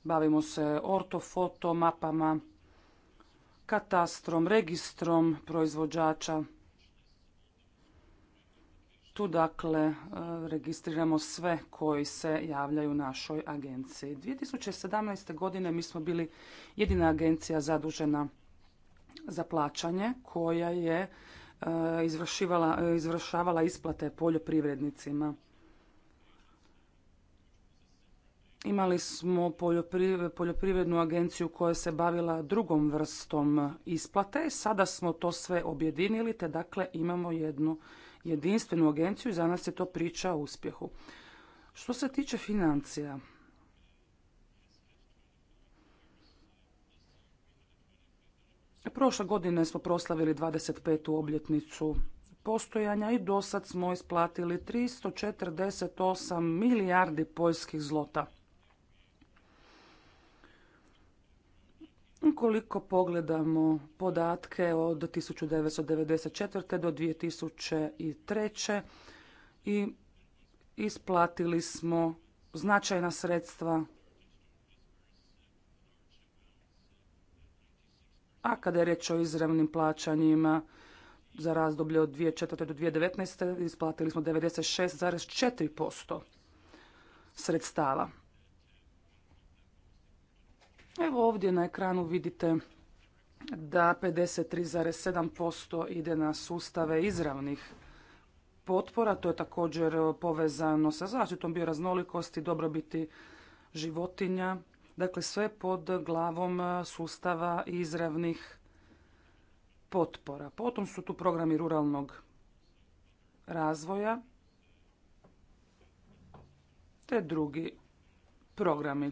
bavimo se ortofoto mapama, katastrom, registrom proizvođača. Tu dakle e, registriramo sve koji se javljaju našoj agenciji. 2017. godine mi smo bili jedina agencija zadužena za plaćanje koja je e, e, izvršavala isplate poljoprivrednicima. Imali smo poljoprivrednu agenciju koja se bavila drugom vrstom isplate. Sada smo to sve objedinili te dakle imamo jednu jedinstvenu agenciju i za nas je to priča o uspjehu. Što se tiče financija, Prošle godine smo proslavili 25. obljetnicu postojanja i dosad smo isplatili 348 milijardi poljskih zlota. Ukoliko pogledamo podatke od 1994. do 2003. i isplatili smo značajna sredstva a kada je riječ o izravnim plaćanjima za razdoblje od 2004. do 2019. isplatili smo 96,4% sredstava. Evo ovdje na ekranu vidite da 53,7% ide na sustave izravnih potpora. To je također povezano sa zaštitom bioraznolikosti, dobrobiti životinja. Dakle, sve pod glavom sustava izravnih potpora. Potom su tu programi ruralnog razvoja te drugi programi.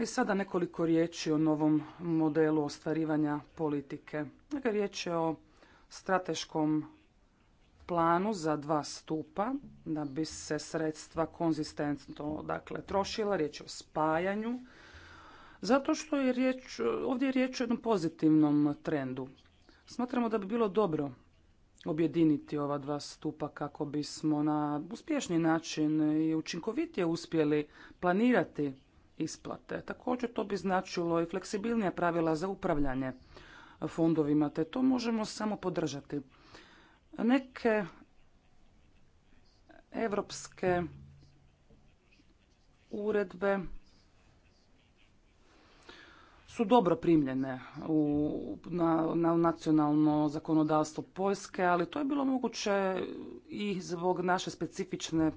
I sada nekoliko riječi o novom modelu ostvarivanja politike. Dakle, riječ je o strateškom planu za dva stupa da bi se sredstva konzistentno dakle, trošila. Riječ je o spajanju. Zato što je riječ, ovdje je riječ o jednom pozitivnom trendu. Smatramo da bi bilo dobro objediniti ova dva stupa kako bismo na uspješni način i učinkovitije uspjeli planirati isplate. Također to bi značilo i fleksibilnija pravila za upravljanje fondovima, te to možemo samo podržati. Neke evropske uredbe su dobro primljene u, na, na nacionalno zakonodavstvo Poljske, ali to je bilo moguće i zbog naše specifične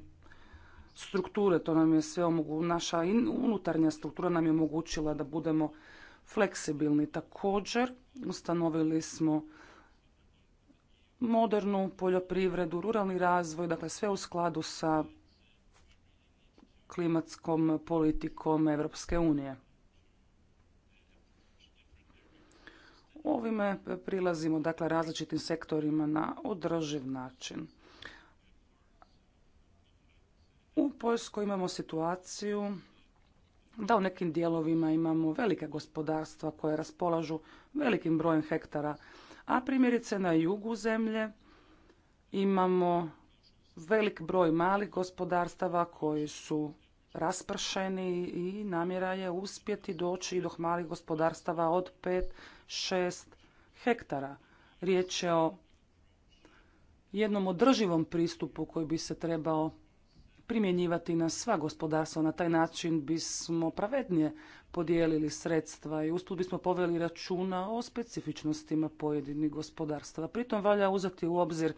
strukture, to nam je sve omogu... naša unutarnja struktura nam je omogućila da budemo fleksibilni. Također ustanovili smo modernu poljoprivredu, ruralni razvoj, dakle sve u skladu sa klimatskom politikom Europske unije. Ovime prilazimo dakle različitim sektorima na održiv način. U Poljskoj imamo situaciju da u nekim dijelovima imamo velika gospodarstva koje raspolažu velikim brojem hektara, a primjerice na jugu zemlje imamo velik broj malih gospodarstava koji su raspršeni i namjera je uspjeti doći do malih gospodarstava od 5-6 hektara. Riječ je o jednom održivom pristupu koji bi se trebao primjenjivati na sva gospodarstva. Na taj način bismo pravednije podijelili sredstva i usput bismo poveli računa o specifičnostima pojedinih gospodarstva. Pritom valja uzeti u obzir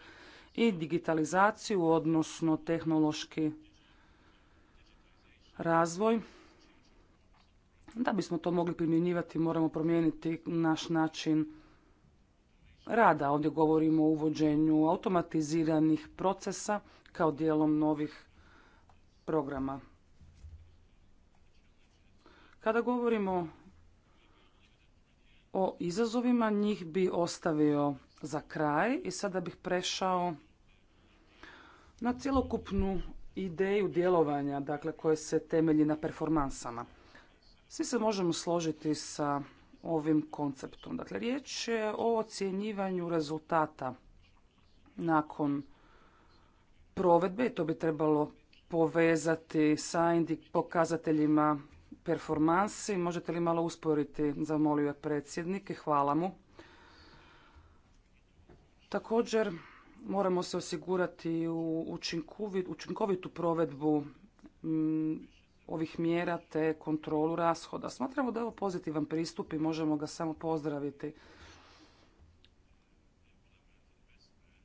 i digitalizaciju, odnosno tehnološki razvoj. Da bismo to mogli primjenjivati moramo promijeniti naš način rada. Ovdje govorimo o uvođenju automatiziranih procesa kao dijelom novih programa. Kada govorimo o izazovima, njih bi ostavio za kraj i sada bih prešao na cjelokupnu ideju djelovanja, dakle koje se temelji na performansama. Svi se možemo složiti sa ovim konceptom. Dakle, riječ je o ocjenjivanju rezultata nakon provedbe i to bi trebalo povezati sa pokazateljima performansi. Možete li malo usporiti, zamolio je predsjednik i hvala mu. Također moramo se osigurati u učinkovitu provedbu mm, ovih mjera te kontrolu rashoda. Smatramo da je ovo pozitivan pristup i možemo ga samo pozdraviti.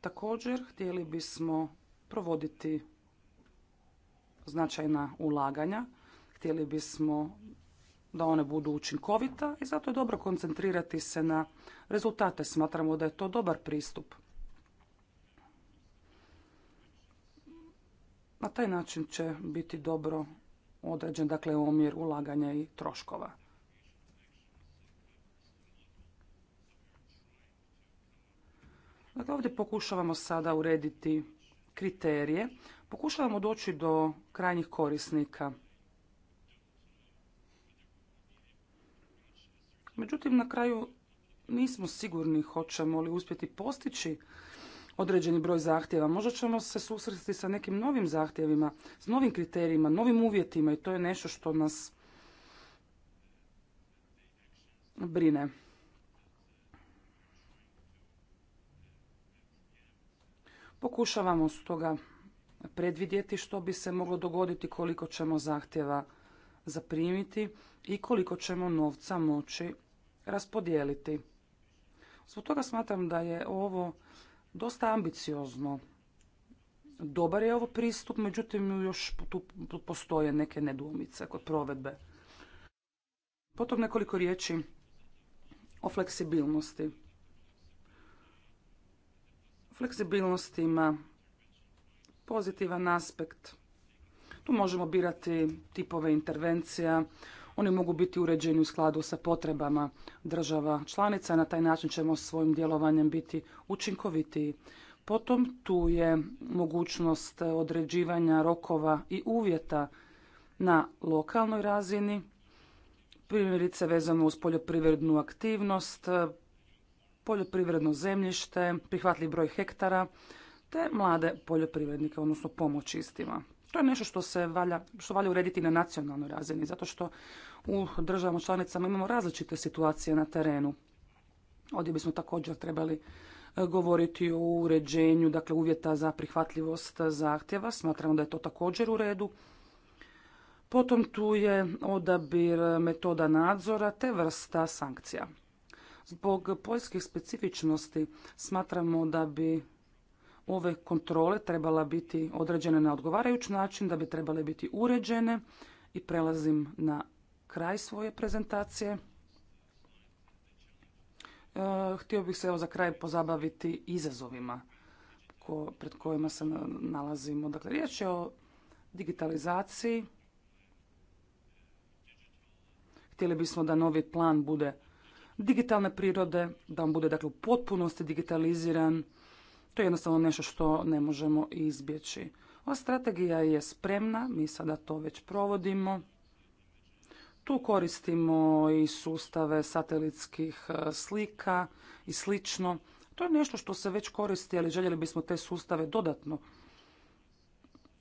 Također htjeli bismo provoditi značajna ulaganja. Htjeli bismo da one budu učinkovita i zato je dobro koncentrirati se na rezultate. Smatramo da je to dobar pristup. Na taj način će biti dobro određen dakle, omjer ulaganja i troškova. Dakle, ovdje pokušavamo sada urediti kriterije Pokušavamo doći do krajnjih korisnika. Međutim, na kraju nismo sigurni hoćemo li uspjeti postići određeni broj zahtjeva. Možda ćemo se susresti sa nekim novim zahtjevima, s novim kriterijima, novim uvjetima i to je nešto što nas brine. Pokušavamo stoga predvidjeti što bi se moglo dogoditi, koliko ćemo zahtjeva zaprimiti i koliko ćemo novca moći raspodijeliti. Zbog toga smatram da je ovo dosta ambiciozno. Dobar je ovo pristup, međutim još tu postoje neke nedoumice kod provedbe. Potom nekoliko riječi o fleksibilnosti. Fleksibilnost ima pozitivan aspekt. Tu možemo birati tipove intervencija, oni mogu biti uređeni u skladu sa potrebama država članica, na taj način ćemo svojim djelovanjem biti učinkovitiji. Potom tu je mogućnost određivanja rokova i uvjeta na lokalnoj razini, primjerice vezano uz poljoprivrednu aktivnost, poljoprivredno zemljište, prihvatljiv broj hektara, te mlade poljoprivrednike, odnosno pomoć istima. To je nešto što se valja, što valja urediti na nacionalnoj razini, zato što u državama članicama imamo različite situacije na terenu. Ovdje bismo također trebali e, govoriti o uređenju, dakle uvjeta za prihvatljivost zahtjeva. Smatramo da je to također u redu. Potom tu je odabir metoda nadzora te vrsta sankcija. Zbog poljskih specifičnosti smatramo da bi ove kontrole trebala biti određene na odgovarajuć način, da bi trebale biti uređene i prelazim na kraj svoje prezentacije. E, htio bih se evo za kraj pozabaviti izazovima ko, pred kojima se nalazimo. Dakle, riječ je o digitalizaciji. Htjeli bismo da novi plan bude digitalne prirode, da on bude dakle u potpunosti digitaliziran, to je jednostavno nešto što ne možemo izbjeći. Ova strategija je spremna, mi sada to već provodimo. Tu koristimo i sustave satelitskih e, slika i slično. To je nešto što se već koristi, ali željeli bismo te sustave dodatno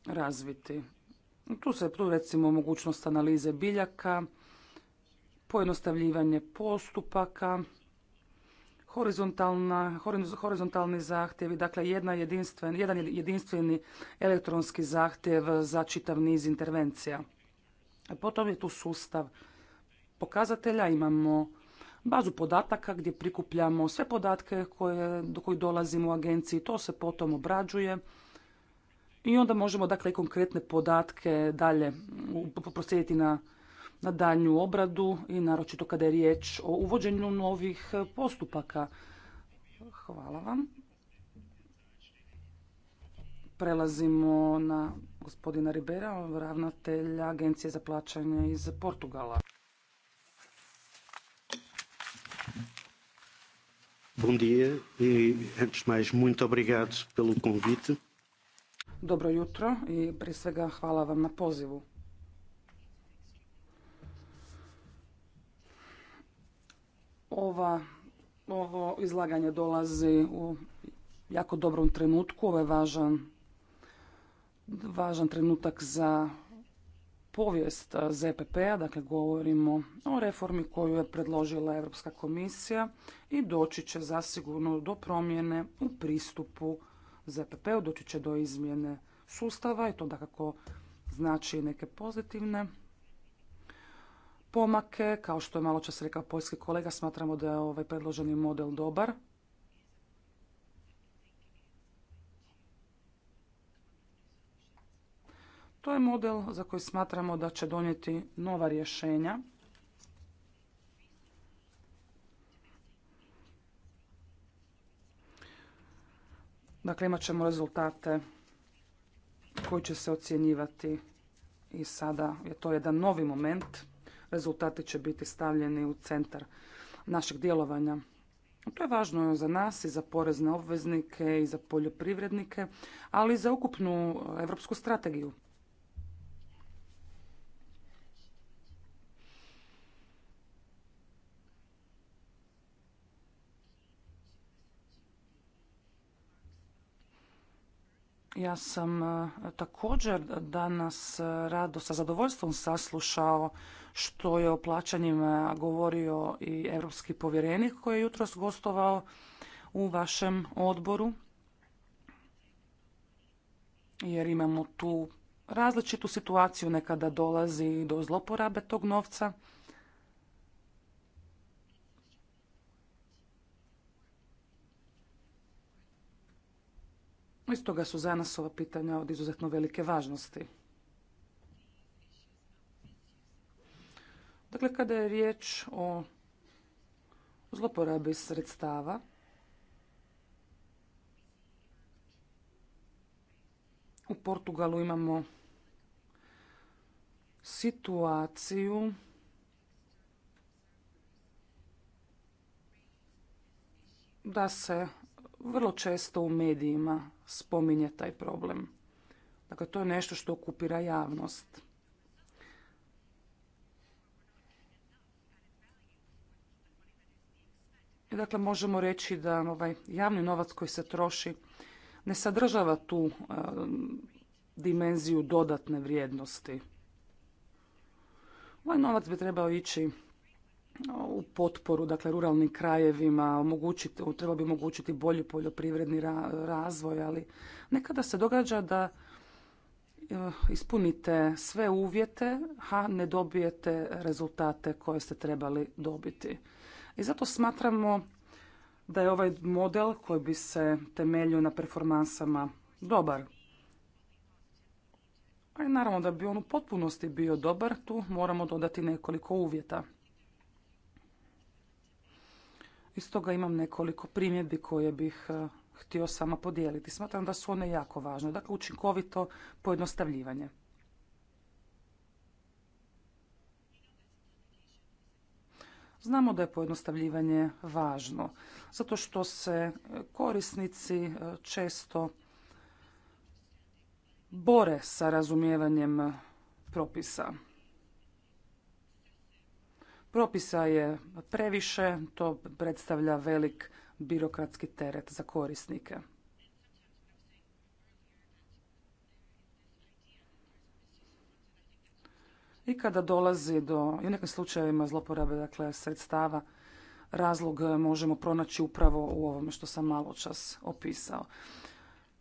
razviti. Tu se tu recimo mogućnost analize biljaka, pojednostavljivanje postupaka, horizontalni zahtjevi, dakle jedna jedinstven, jedan jedinstveni elektronski zahtjev za čitav niz intervencija. Potom je tu sustav pokazatelja, imamo bazu podataka gdje prikupljamo sve podatke do kojih dolazimo u agenciji, to se potom obrađuje i onda možemo dakle i konkretne podatke dalje proslijediti na na daljnju obradu i naročito kada je riječ o uvođenju novih postupaka. Hvala vam. Prelazimo na gospodina Ribera, ravnatelja Agencije za plaćanje iz Portugala. Bom dia e, muito obrigado pelo convite. Dobro jutro i prije svega hvala vam na pozivu. Ova, ovo izlaganje dolazi u jako dobrom trenutku. Ovo je važan, važan trenutak za povijest eh, ZPP-a, dakle govorimo o reformi koju je predložila Europska komisija i doći će zasigurno do promjene u pristupu ZPP-u, doći će do izmjene sustava i to dakako znači neke pozitivne pomake. Kao što je malo čas rekao poljski kolega, smatramo da je ovaj predloženi model dobar. To je model za koji smatramo da će donijeti nova rješenja. Dakle, imat ćemo rezultate koji će se ocjenjivati i sada je to jedan novi moment rezultati će biti stavljeni u centar našeg djelovanja. To je važno za nas i za porezne obveznike i za poljoprivrednike, ali i za ukupnu europsku eh, strategiju. Ja sam e, također danas e, rado sa zadovoljstvom saslušao što je o plaćanjima govorio i europski povjerenik koji je jutros gostovao u vašem odboru. Jer imamo tu različitu situaciju, nekada dolazi do zloporabe tog novca. Iz toga su za nas ova pitanja od izuzetno velike važnosti. Dakle, kada je riječ o zloporabi sredstava, u Portugalu imamo situaciju da se vrlo često u medijima spominje taj problem. Dakle, to je nešto što okupira javnost. I dakle, možemo reći da ovaj javni novac koji se troši ne sadržava tu e, dimenziju dodatne vrijednosti. Ovaj novac bi trebao ići u potporu dakle ruralnim krajevima, omogućiti, treba bi omogućiti bolji poljoprivredni razvoj, ali nekada se događa da eh, ispunite sve uvjete, a ne dobijete rezultate koje ste trebali dobiti. I zato smatramo da je ovaj model koji bi se temeljio na performansama dobar. Ali naravno da bi on u potpunosti bio dobar, tu moramo dodati nekoliko uvjeta. Iz toga imam nekoliko primjedbi koje bih e, htio samo podijeliti. Smatram da su one jako važne. Dakle, učinkovito pojednostavljivanje. Znamo da je pojednostavljivanje važno, zato što se e, korisnici e, često bore sa razumijevanjem propisa. Propisa je previše, to predstavlja velik birokratski teret za korisnike. I kada dolazi do, i u nekim slučajevima zloporabe dakle, sredstava, razlog možemo pronaći upravo u ovome što sam malo čas opisao.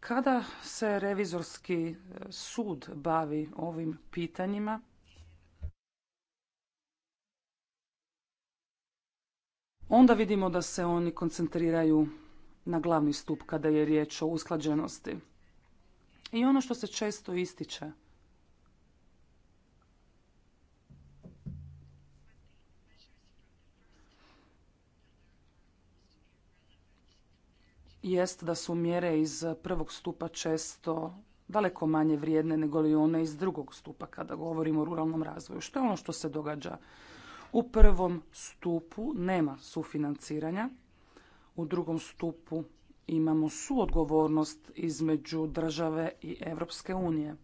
Kada se revizorski sud bavi ovim pitanjima, onda vidimo da se oni koncentriraju na glavni stup kada je riječ o usklađenosti. I ono što se često ističe jest da su mjere iz prvog stupa često daleko manje vrijedne nego li one iz drugog stupa kada govorimo o ruralnom razvoju. Što je ono što se događa u prvom stupu nema sufinanciranja, u drugom stupu imamo suodgovornost između države i Europske unije.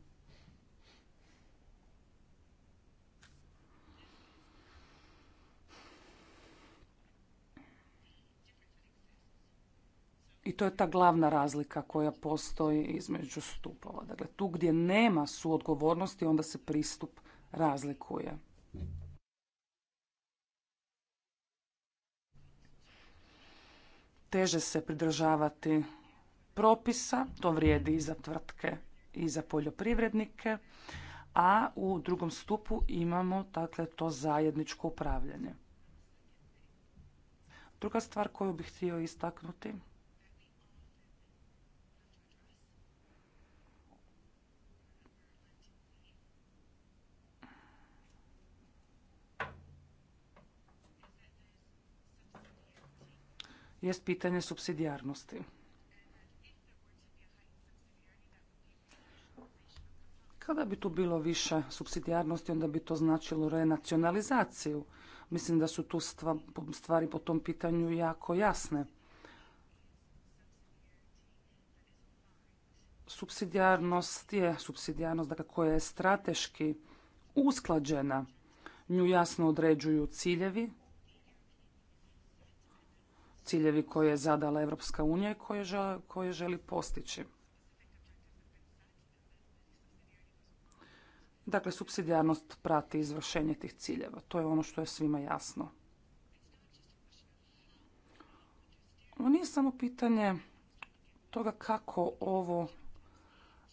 I to je ta glavna razlika koja postoji između stupova. Dakle, tu gdje nema suodgovornosti, onda se pristup razlikuje. teže se pridržavati propisa, to vrijedi i za tvrtke i za poljoprivrednike, a u drugom stupu imamo dakle to zajedničko upravljanje. Druga stvar koju bih htio istaknuti je pitanje subsidijarnosti. Kada bi tu bilo više subsidijarnosti, onda bi to značilo renacionalizaciju. Mislim da su tu stvari po tom pitanju jako jasne. Subsidijarnost je subsidijarnost dakle, koja je strateški usklađena. Nju jasno određuju ciljevi, ciljevi koje je zadala Europska unija i koje želi postići. Dakle, subsidijarnost prati izvršenje tih ciljeva. To je ono što je svima jasno. Ovo nije samo pitanje toga kako ovo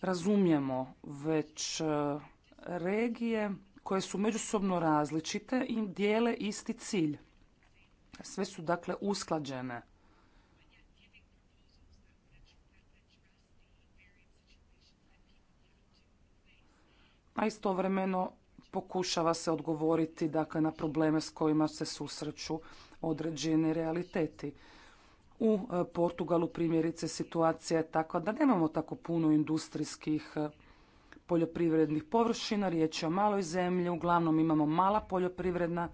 razumijemo, već e, regije koje su međusobno različite i dijele isti cilj. Sve su dakle usklađene. A istovremeno pokušava se odgovoriti dakle, na probleme s kojima se susreću određeni realiteti. U e, Portugalu primjerice situacija je takva da nemamo tako puno industrijskih e, poljoprivrednih površina, riječ je o maloj zemlji, uglavnom imamo mala poljoprivredna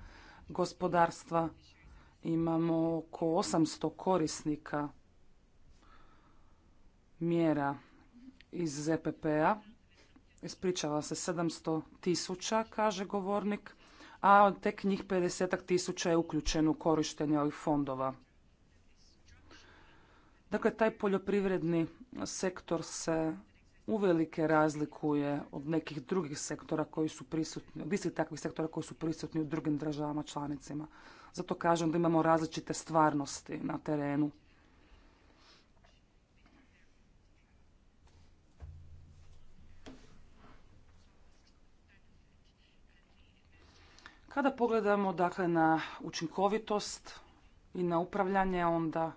gospodarstva Imamo oko 800 korisnika mjera iz ZPP-a. E Ispričava se 700 tisuća, kaže govornik, a tek njih 50 tisuća je uključeno u korištenje ovih fondova. Dakle, taj poljoprivredni sektor se uvelike razlikuje od nekih drugih sektora koji su prisutni, od istih takvih sektora koji su prisutni u drugim državama članicima. Zato kažem da imamo različite stvarnosti na terenu. Kada pogledamo dakle na učinkovitost i na upravljanje onda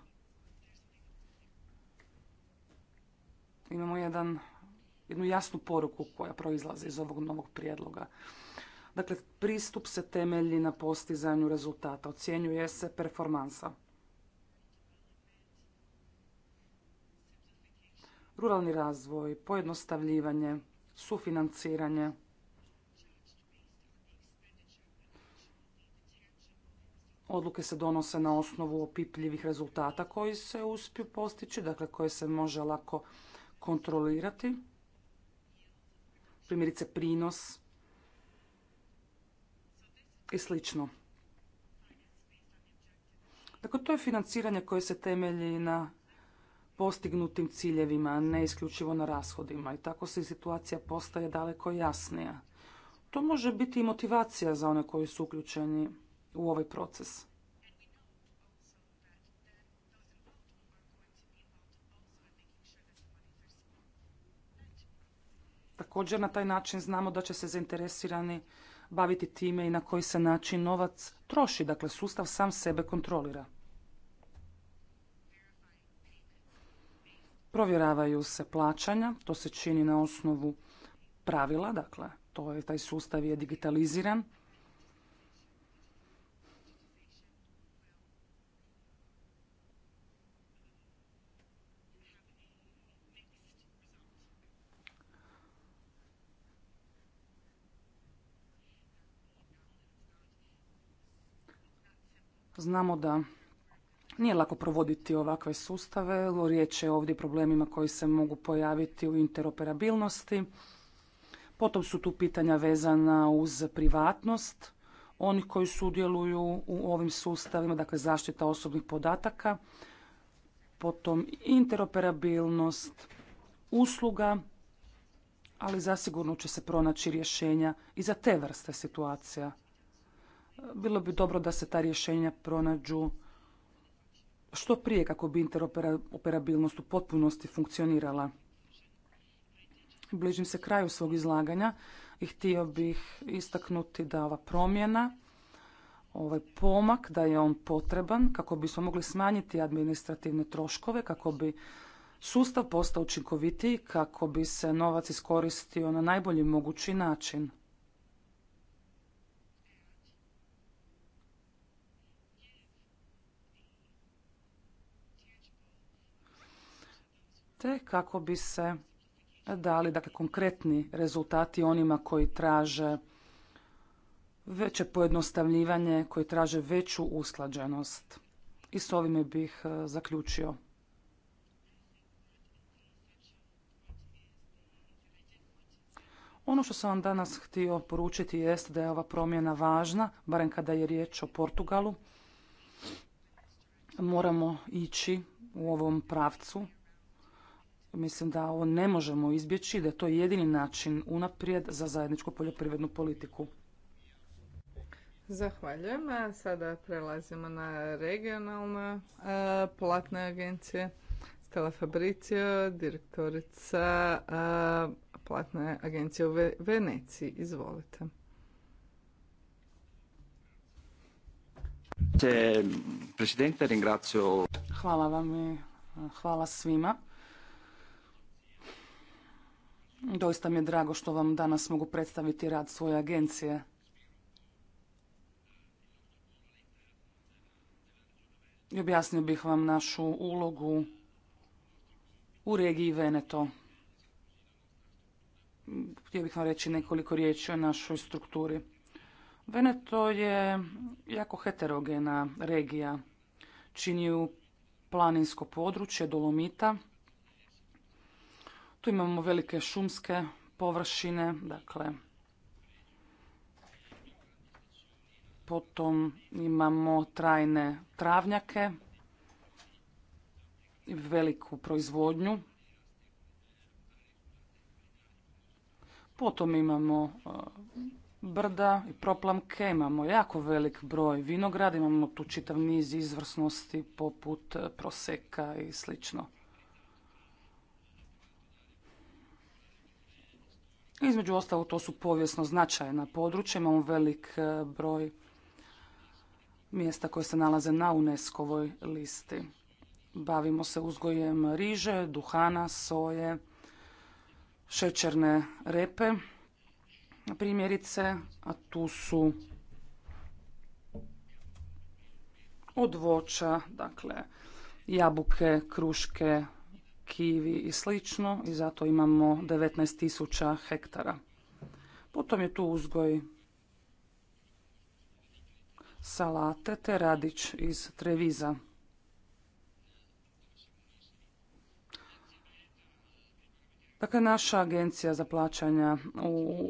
imamo jedan jednu jasnu poruku koja proizlazi iz ovog novog prijedloga. Dakle, pristup se temelji na postizanju rezultata, ocjenjuje se performansa. Ruralni razvoj, pojednostavljivanje, sufinanciranje, Odluke se donose na osnovu opipljivih rezultata koji se uspiju postići, dakle koje se može lako kontrolirati primjerice prinos i slično. Dakle, to je financiranje koje se temelji na postignutim ciljevima, a ne isključivo na rashodima. I tako se situacija postaje daleko jasnija. To može biti i motivacija za one koji su uključeni u ovaj proces. Također na taj način znamo da će se zainteresirani baviti time i na koji se način novac troši. Dakle, sustav sam sebe kontrolira. Provjeravaju se plaćanja, to se čini na osnovu pravila, dakle, to je, taj sustav je digitaliziran. Znamo da nije lako provoditi ovakve sustave, riječ je ovdje o problemima koji se mogu pojaviti u interoperabilnosti. Potom su tu pitanja vezana uz privatnost, onih koji sudjeluju u ovim sustavima, dakle zaštita osobnih podataka, potom interoperabilnost, usluga, ali zasigurno će se pronaći rješenja i za te vrste situacija. Bilo bi dobro da se ta rješenja pronađu što prije kako bi interoperabilnost u potpunosti funkcionirala. Bližim se kraju svog izlaganja i htio bih istaknuti da ova promjena, ovaj pomak, da je on potreban kako bismo mogli smanjiti administrativne troškove, kako bi sustav postao učinkovitiji, kako bi se novac iskoristio na najbolji mogući način. te kako bi se dali dakle, konkretni rezultati onima koji traže veće pojednostavljivanje, koji traže veću usklađenost. I s ovime bih e, zaključio. Ono što sam vam danas htio poručiti jest da je ova promjena važna, barem kada je riječ o Portugalu. Moramo ići u ovom pravcu Mislim da ovo ne možemo izbjeći, da je to jedini način unaprijed za zajedničku poljoprivrednu politiku. Zahvaljujem. sada prelazimo na regionalne e, platne agencije. Stella Fabricio, direktorica e, platne agencije u Veneciji. Izvolite. Hvala vam i e, hvala svima. Doista mi je drago što vam danas mogu predstaviti rad svoje agencije. I objasnio bih vam našu ulogu u regiji Veneto. Htio bih vam reći nekoliko riječi o našoj strukturi. Veneto je jako heterogena regija. Čini ju planinsko područje Dolomita – imamo velike šumske površine, dakle potom imamo trajne travnjake, i veliku proizvodnju. Potom imamo e, brda i proplamke, imamo jako velik broj vinograda, imamo tu čitav niz izvrsnosti poput e, proseka i slično. Između ostalo to su povijesno značajna područja, imamo velik e, broj mjesta koje se nalaze na UNESCO-voj listi. Bavimo se uzgojem riže, duhana, soje, šećerne repe, primjerice, a tu su od voća, dakle, jabuke, kruške, kivi i slično i zato imamo 19.000 hektara. Potom je tu uzgoj salate te radić iz treviza. Dakle, naša agencija za plaćanja u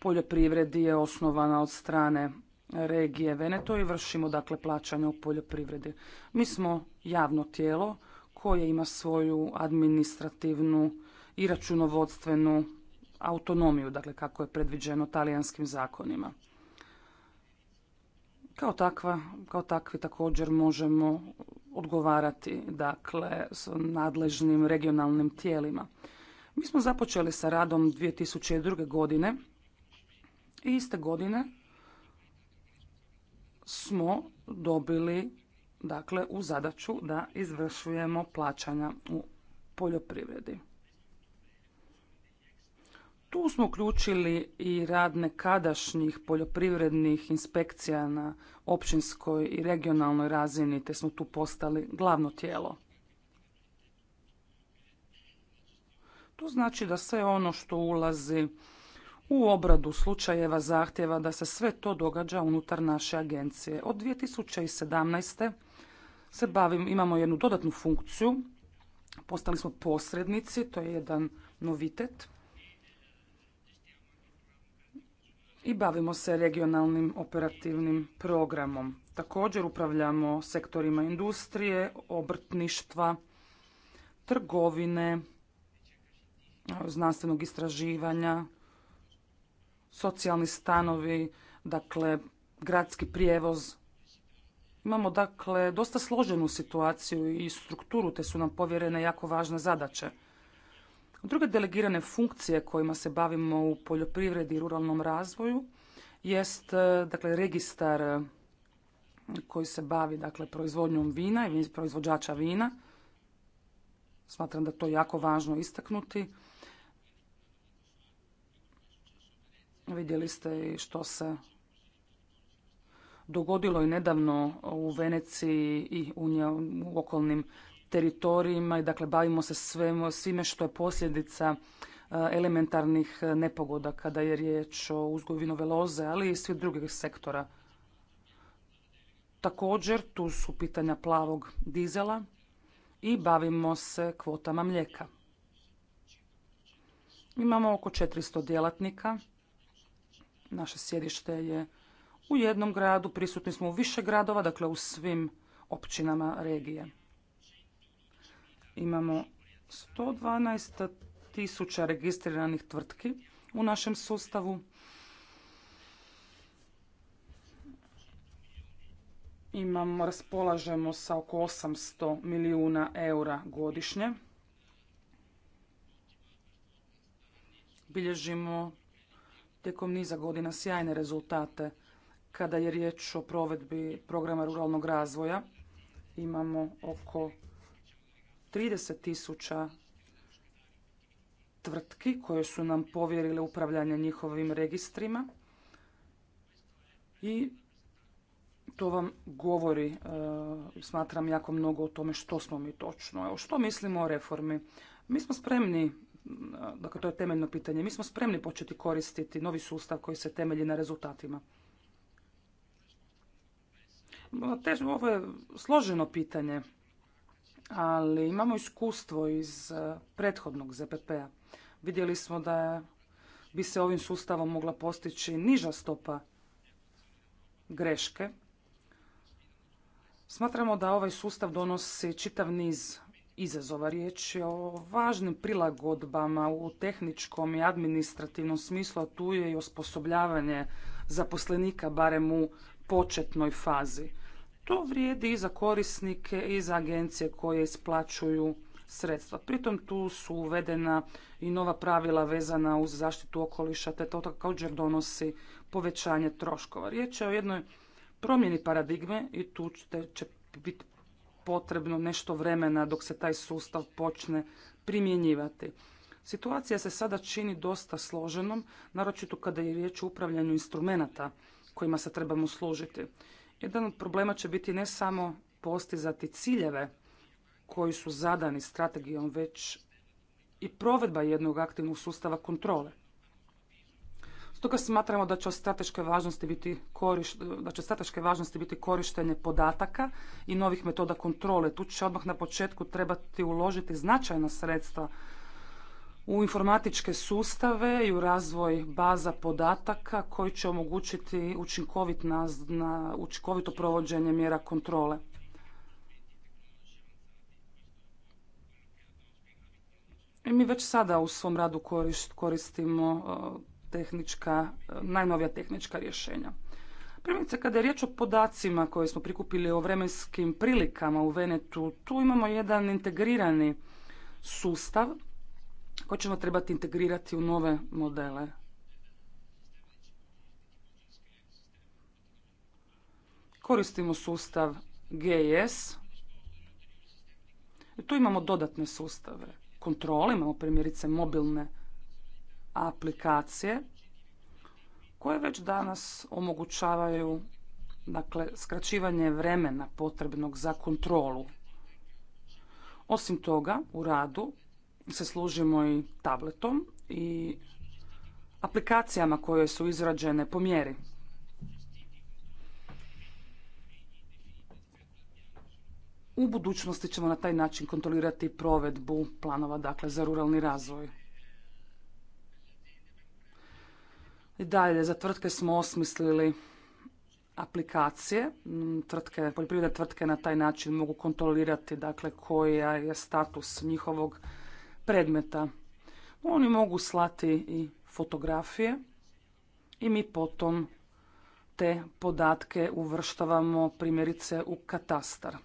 poljoprivredi je osnovana od strane regije Veneto i vršimo dakle plaćanje u poljoprivredi. Mi smo javno tijelo koje ima svoju administrativnu i računovodstvenu autonomiju, dakle kako je predviđeno talijanskim zakonima. Kao, takva, kao takvi također možemo odgovarati dakle s nadležnim regionalnim tijelima. Mi smo započeli sa radom 2002. godine i iste godine smo dobili dakle u zadaću da izvršujemo plaćanja u poljoprivredi. Tu smo uključili i rad nekadašnjih poljoprivrednih inspekcija na općinskoj i regionalnoj razini, te smo tu postali glavno tijelo. To znači da sve ono što ulazi u obradu slučajeva zahtjeva da se sve to događa unutar naše agencije. Od 2017 se bavim, imamo jednu dodatnu funkciju. Postali smo posrednici, to je jedan novitet. I bavimo se regionalnim operativnim programom. Također upravljamo sektorima industrije, obrtništva, trgovine, znanstvenog istraživanja, socijalni stanovi, dakle gradski prijevoz, Imamo dakle dosta složenu situaciju i strukturu, te su nam povjerene jako važne zadaće. Druge delegirane funkcije kojima se bavimo u poljoprivredi i ruralnom razvoju jest e, dakle registar e, koji se bavi dakle proizvodnjom vina i proizvođača vina. Smatram da to jako važno istaknuti. Vidjeli ste i što se dogodilo i nedavno u Veneciji i u okolnim teritorijima i dakle bavimo se svime što je posljedica e, elementarnih nepogoda kada je riječ o uzgoju vinove loze, ali i svih drugih sektora. Također tu su pitanja plavog dizela i bavimo se kvotama mlijeka. Imamo oko 400 djelatnika. Naše sjedište je u jednom gradu, prisutni smo u više gradova, dakle u svim općinama regije. Imamo 112 tisuća registriranih tvrtki u našem sustavu. Imamo, raspolažemo sa oko 800 milijuna eura godišnje. Bilježimo tijekom niza godina sjajne rezultate kada je riječ o provedbi programa ruralnog razvoja. Imamo oko 30 tisuća tvrtki koje su nam povjerile upravljanje njihovim registrima i to vam govori, e, smatram, jako mnogo o tome što smo mi točno. što mislimo o reformi? Mi smo spremni, e, dakle to je temeljno pitanje, mi smo spremni početi koristiti novi sustav koji se temelji na rezultatima ovo je složeno pitanje, ali imamo iskustvo iz eh, prethodnog ZPP-a. Vidjeli smo da bi se ovim sustavom mogla postići niža stopa greške. Smatramo da ovaj sustav donosi čitav niz izazova. Riječ je o važnim prilagodbama u tehničkom i administrativnom smislu, a tu je i osposobljavanje zaposlenika, barem u početnoj fazi. To vrijedi i za korisnike i za agencije koje isplaćuju sredstva. Pritom tu su uvedena i nova pravila vezana uz zaštitu okoliša, te to također donosi povećanje troškova. Riječ je o jednoj promjeni paradigme i tu će biti potrebno nešto vremena dok se taj sustav počne primjenjivati. Situacija se sada čini dosta složenom, naročito kada je riječ o upravljanju instrumenata kojima se trebamo služiti. Jedan od problema će biti ne samo postizati ciljeve koji su zadani strategijom, već i provedba jednog aktivnog sustava kontrole. Stoga smatramo da će strateške važnosti biti da će strateške važnosti biti korištenje podataka i novih metoda kontrole. Tu će odmah na početku trebati uložiti značajna sredstva u informatičke sustave i u razvoj baza podataka koji će omogućiti učinkovit na učinkovito provođenje mjera kontrole. I mi već sada u svom radu koristimo uh, tehnička, uh, najnovija tehnička rješenja. Primjerice, kada je riječ o podacima koje smo prikupili o vremenskim prilikama u Venetu, tu imamo jedan integrirani sustav koje ćemo trebati integrirati u nove modele. Koristimo sustav GIS. I e, tu imamo dodatne sustave kontrole, imamo primjerice mobilne aplikacije koje već danas omogućavaju dakle, skraćivanje vremena potrebnog za kontrolu. Osim toga, u radu se služimo i tabletom i aplikacijama koje su izrađene po mjeri. U budućnosti ćemo na taj način kontrolirati provedbu planova dakle, za ruralni razvoj. I dalje, za tvrtke smo osmislili aplikacije. Tvrtke, poljoprivredne tvrtke na taj način mogu kontrolirati dakle, koji je status njihovog predmeta. Oni mogu slati i fotografije i mi potom te podatke uvrštavamo primjerice u katastar.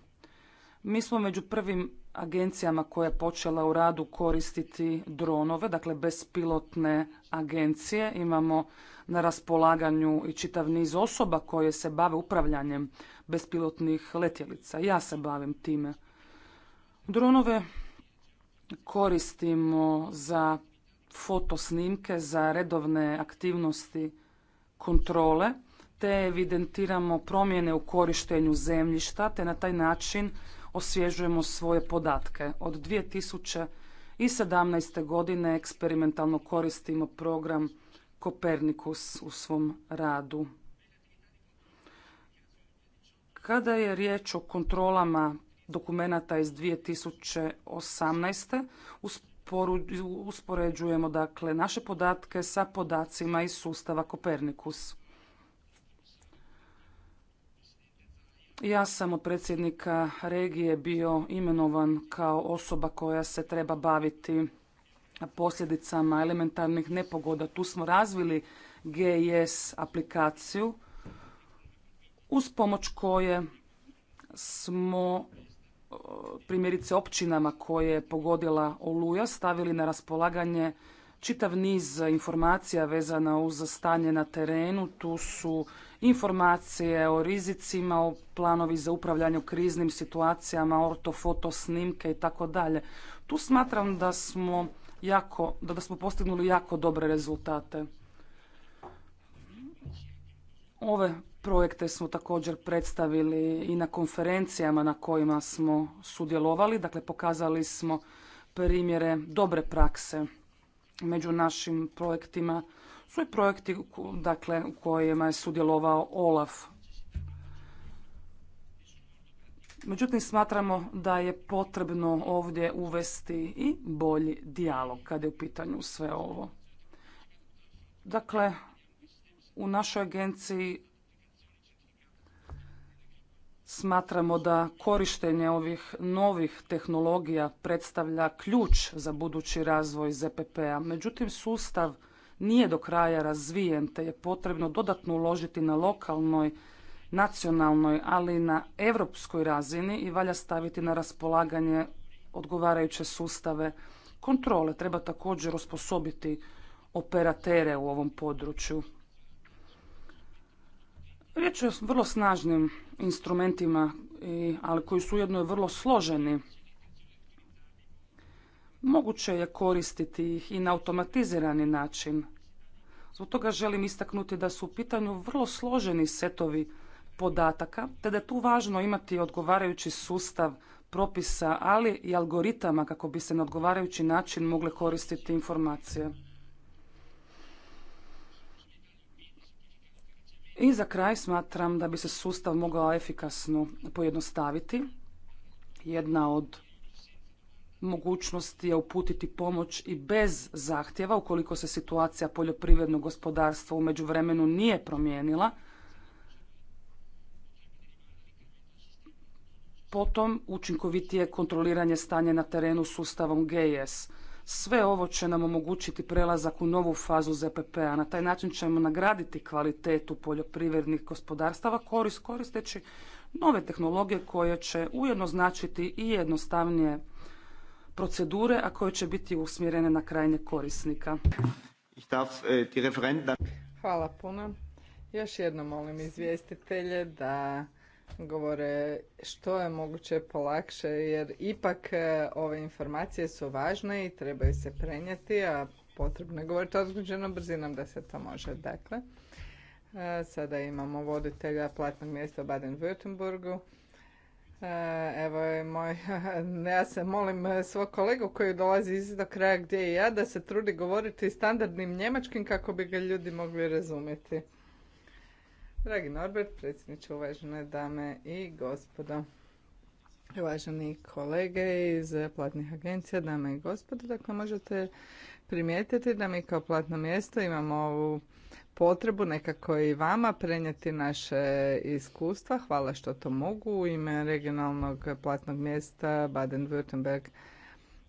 Mi smo među prvim agencijama koja je počela u radu koristiti dronove, dakle bespilotne agencije. Imamo na raspolaganju i čitav niz osoba koje se bave upravljanjem bespilotnih letjelica. Ja se bavim time. Dronove koristimo za fotosnimke, za redovne aktivnosti kontrole, te evidentiramo promjene u korištenju zemljišta, te na taj način osvježujemo svoje podatke. Od 2017. godine eksperimentalno koristimo program Kopernikus u svom radu. Kada je riječ o kontrolama dokumenata iz 2018. Uspoređujemo dakle naše podatke sa podacima iz sustava Kopernikus. Ja sam od predsjednika regije bio imenovan kao osoba koja se treba baviti posljedicama elementarnih nepogoda. Tu smo razvili GIS aplikaciju uz pomoć koje smo primjerice općinama koje je pogodila oluja stavili na raspolaganje čitav niz informacija vezana uz stanje na terenu. Tu su informacije o rizicima, o planovi za upravljanje u kriznim situacijama, ortofoto snimke i tako dalje. Tu smatram da smo jako, da smo postignuli jako dobre rezultate. Ove Projekte smo također predstavili i na konferencijama na kojima smo sudjelovali, dakle pokazali smo primjere dobre prakse među našim projektima. Su i projekti dakle, u kojima je sudjelovao OLAF. Međutim, smatramo da je potrebno ovdje uvesti i bolji dijalog kad je u pitanju sve ovo. Dakle, u našoj agenciji Smatramo da korištenje ovih novih tehnologija predstavlja ključ za budući razvoj ZPP-a. Međutim, sustav nije do kraja razvijen, te je potrebno dodatno uložiti na lokalnoj, nacionalnoj, ali i na europskoj razini i valja staviti na raspolaganje odgovarajuće sustave kontrole. Treba također osposobiti operatere u ovom području. Riječ je o vrlo snažnim instrumentima, ali koji su ujedno vrlo složeni. Moguće je koristiti ih i na automatizirani način. Zbog toga želim istaknuti da su u pitanju vrlo složeni setovi podataka, te da je tu važno imati odgovarajući sustav propisa, ali i algoritama kako bi se na odgovarajući način mogle koristiti informacije. I za kraj smatram da bi se sustav mogao efikasno pojednostaviti. Jedna od mogućnosti je uputiti pomoć i bez zahtjeva ukoliko se situacija poljoprivrednog gospodarstva u međuvremenu nije promijenila. Potom učinkovitije kontroliranje stanja na terenu sustavom GIS. Sve ovo će nam omogućiti prelazak u novu fazu ZPP-a. Na taj način ćemo nagraditi kvalitetu poljoprivrednih gospodarstava koristeći nove tehnologije koje će ujedno značiti i jednostavnije procedure, a koje će biti usmjerene na krajnje korisnika. Äh, Hvala puno. Još jednom molim izvjestitelje da govore što je moguće polakše jer ipak e, ove informacije su važne i trebaju se prenijeti, a potrebno je govoriti odgođenom brzinom da se to može. Dakle, e, sada imamo voditelja platnog mjesta u Baden-Württembergu. E, evo moj, ja se molim svog kolegu koji dolazi iz do kraja gdje i ja da se trudi govoriti standardnim njemačkim kako bi ga ljudi mogli razumjeti. Dragi Norbert, predsjedniče, uvažene dame i gospodo, uvaženi kolege iz platnih agencija, dame i gospodo, dakle možete primijetiti da mi kao platno mjesto imamo ovu potrebu nekako i vama prenijeti naše iskustva. Hvala što to mogu u ime regionalnog platnog mjesta Baden-Württemberg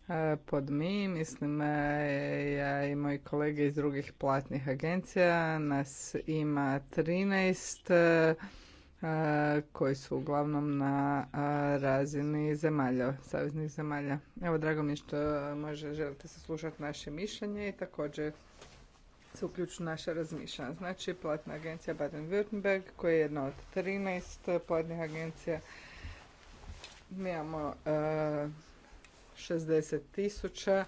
E, pod mi, mislim, e, ja i moji kolege iz drugih platnih agencija, nas ima 13 e, koji su uglavnom na razini zemalja, saveznih zemalja. Evo, drago mi je što može, želite saslušati naše mišljenje i također se uključu naše razmišljanja. Znači, platna agencija Baden-Württemberg, koja je jedna od 13 platnih agencija. Mi imamo 60 tisuća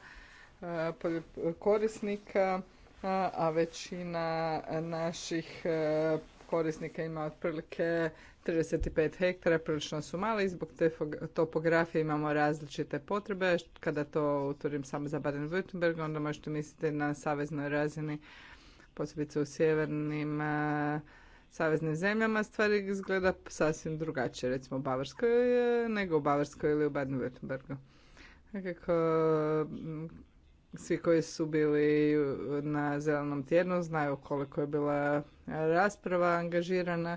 korisnika, a većina naših korisnika ima otprilike 35 hektara, prilično su mali i zbog te topografije imamo različite potrebe. Kada to utvorim samo za Baden-Württemberg, onda možete misliti na saveznoj razini, posebice u sjevernim saveznim zemljama, stvari izgleda sasvim drugačije, recimo u Bavarskoj e, nego u Bavarskoj ili u Baden-Württembergu nekako mm, svi koji su bili na zelenom tjednu znaju koliko je bila rasprava angažirana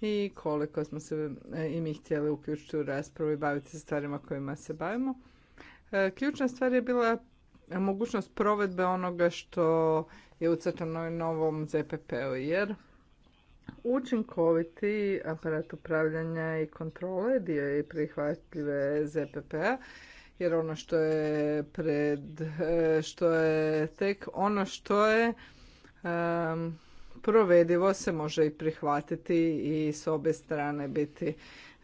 i koliko smo se e, i mi htjeli uključiti u raspravu i baviti se stvarima kojima se bavimo. E, ključna stvar je bila mogućnost provedbe onoga što je ucrtano i novom ZPP-u, jer učinkoviti aparat upravljanja i kontrole dio je prihvatljive ZPP-a jer ono što je pred, e, što je tek ono što je um, provedivo se može i prihvatiti i s obje strane biti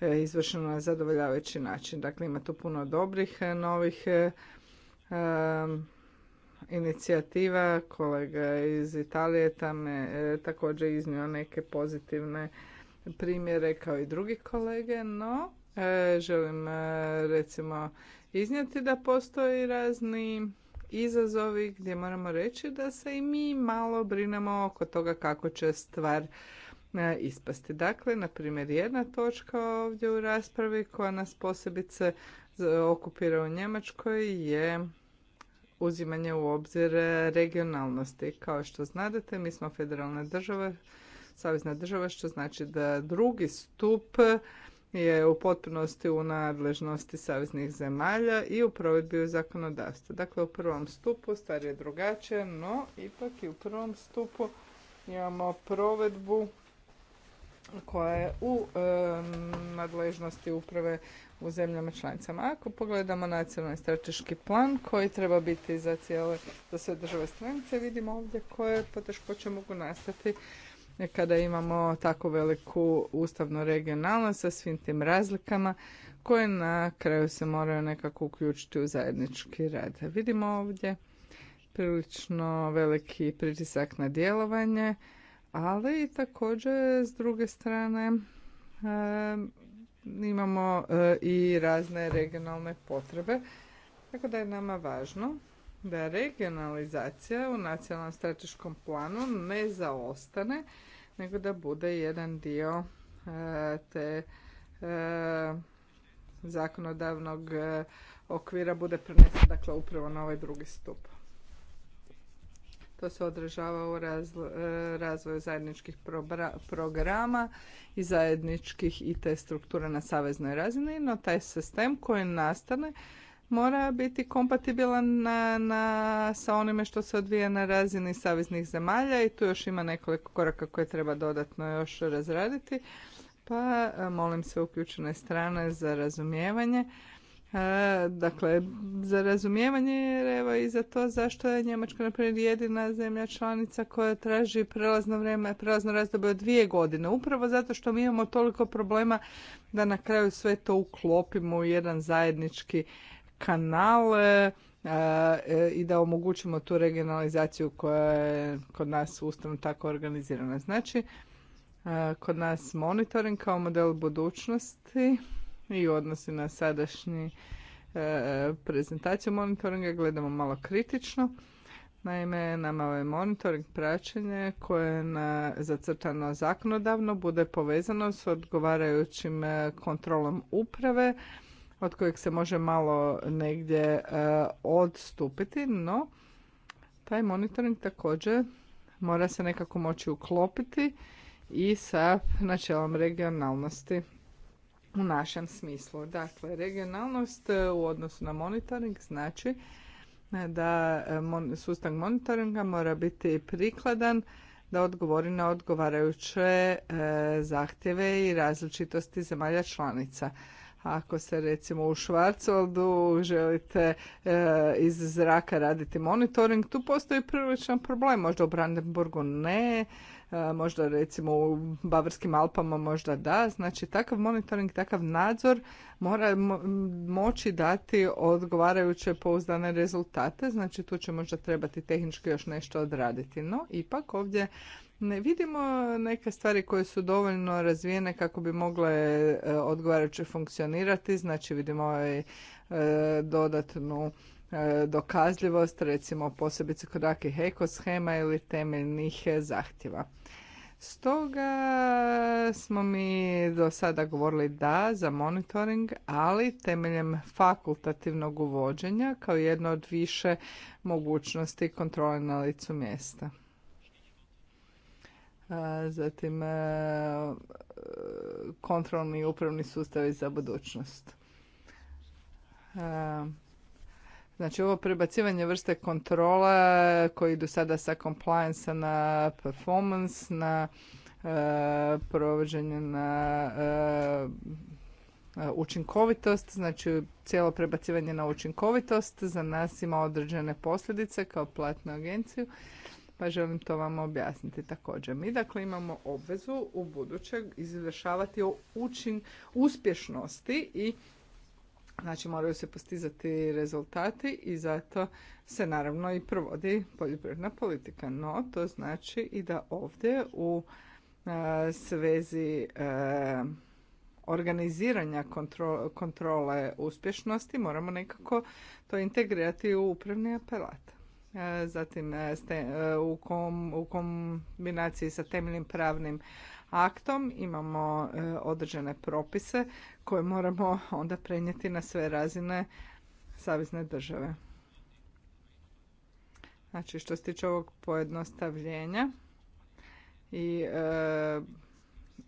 e, izvršeno na zadovoljavajući način. Dakle, ima tu puno dobrih e, novih um, inicijativa. Kolega iz Italije tam također iznio neke pozitivne primjere kao i drugi kolege, no želim recimo iznijeti da postoji razni izazovi gdje moramo reći da se i mi malo brinemo oko toga kako će stvar e, ispasti. Dakle, na primjer, jedna točka ovdje u raspravi koja nas posebice okupira u Njemačkoj je uzimanje u obzir regionalnosti. Kao što znadete, mi smo federalna država, savezna država, što znači da drugi stup je u potpunosti u nadležnosti saveznih zemalja i u provedbi zakonodavstva. Dakle, u prvom stupu stvar je drugačija, no ipak i u prvom stupu imamo provedbu koja je u nadležnosti uprave u zemljama članicama. Ako pogledamo nacionalni strateški plan koji treba biti za cijele, za sve države stranice, vidimo ovdje koje poteškoće mogu nastati kada imamo tako veliku ustavnu regionalnost sa svim tim razlikama koje na kraju se moraju nekako uključiti u zajednički rad. Vidimo ovdje prilično veliki pritisak na djelovanje, ali i također s druge strane imamo e, i razne regionalne potrebe. Tako da je nama važno da regionalizacija u nacionalnom strateškom planu ne zaostane, nego da bude jedan dio e, te e, zakonodavnog e, okvira bude prenesen dakle upravo na ovaj drugi stup. To se odražava u razvoju zajedničkih programa i zajedničkih IT struktura na saveznoj razini, no taj sistem koji nastane mora biti kompatibilan na, na, sa onime što se odvija na razini saveznih zemalja i tu još ima nekoliko koraka koje treba dodatno još razraditi. Pa e, molim sve uključene strane za razumijevanje. E, dakle, za razumijevanje jer evo i za to zašto je Njemačka naprijed jedina zemlja članica koja traži prelazno vrijeme, prelazno razdoblje od dvije godine. Upravo zato što mi imamo toliko problema da na kraju sve to uklopimo u jedan zajednički kanale e, i da omogućimo tu regionalizaciju koja je kod nas ustavno tako organizirana. Znači, e, kod nas monitoring kao model budućnosti i u na sadašnji e, prezentaciju monitoringa gledamo malo kritično. Naime, nama je ovaj monitoring praćenje koje je na, zacrtano zakonodavno bude povezano s odgovarajućim kontrolom uprave od kojeg se može malo negdje e, odstupiti, no taj monitoring također mora se nekako moći uklopiti i sa načelom regionalnosti u našem smislu. Dakle, regionalnost e, u odnosu na monitoring znači e, da sustav monitoringa mora biti prikladan da odgovori na odgovarajuće zahtjeve i različitosti zemalja članica. Ako se recimo u Švarcoldu želite e, iz zraka raditi monitoring, tu postoji priličan problem. Možda u Brandenburgu ne, e, možda recimo u Bavarskim Alpama možda da. Znači takav monitoring, takav nadzor mora moći dati odgovarajuće pouzdane rezultate. Znači tu će možda trebati tehnički još nešto odraditi. No ipak ovdje ne vidimo neke stvari koje su dovoljno razvijene kako bi mogle e, odgovarajuće funkcionirati. Znači vidimo ovaj dodatnu dokazljivost, recimo posebice kod rakih ekoshema ili temeljnih zahtjeva. Stoga smo mi do sada govorili da za monitoring, ali temeljem fakultativnog uvođenja kao jedno od više mogućnosti kontrole na licu mjesta zatim e, kontrolni i upravni sustavi za budućnost. E, znači ovo prebacivanje vrste kontrola koji idu sada sa compliance na performance, na e, provođenje na učinkovitost, znači cijelo prebacivanje na učinkovitost za nas ima određene posljedice kao platnu agenciju pa želim to vam objasniti također. Mi dakle imamo obvezu u budućeg izvršavati o učin uspješnosti i Znači moraju se postizati rezultati i zato se naravno i provodi poljoprivredna politika. No, to znači i da ovdje u e, svezi e, organiziranja kontrole, kontrole uspješnosti moramo nekako to integrirati u upravni apelat. E, zatim e, e, u kombinaciji sa temeljnim pravnim aktom imamo određene propise koje moramo onda prenijeti na sve razine savezne države. Znači što se tiče ovog pojednostavljenja i e,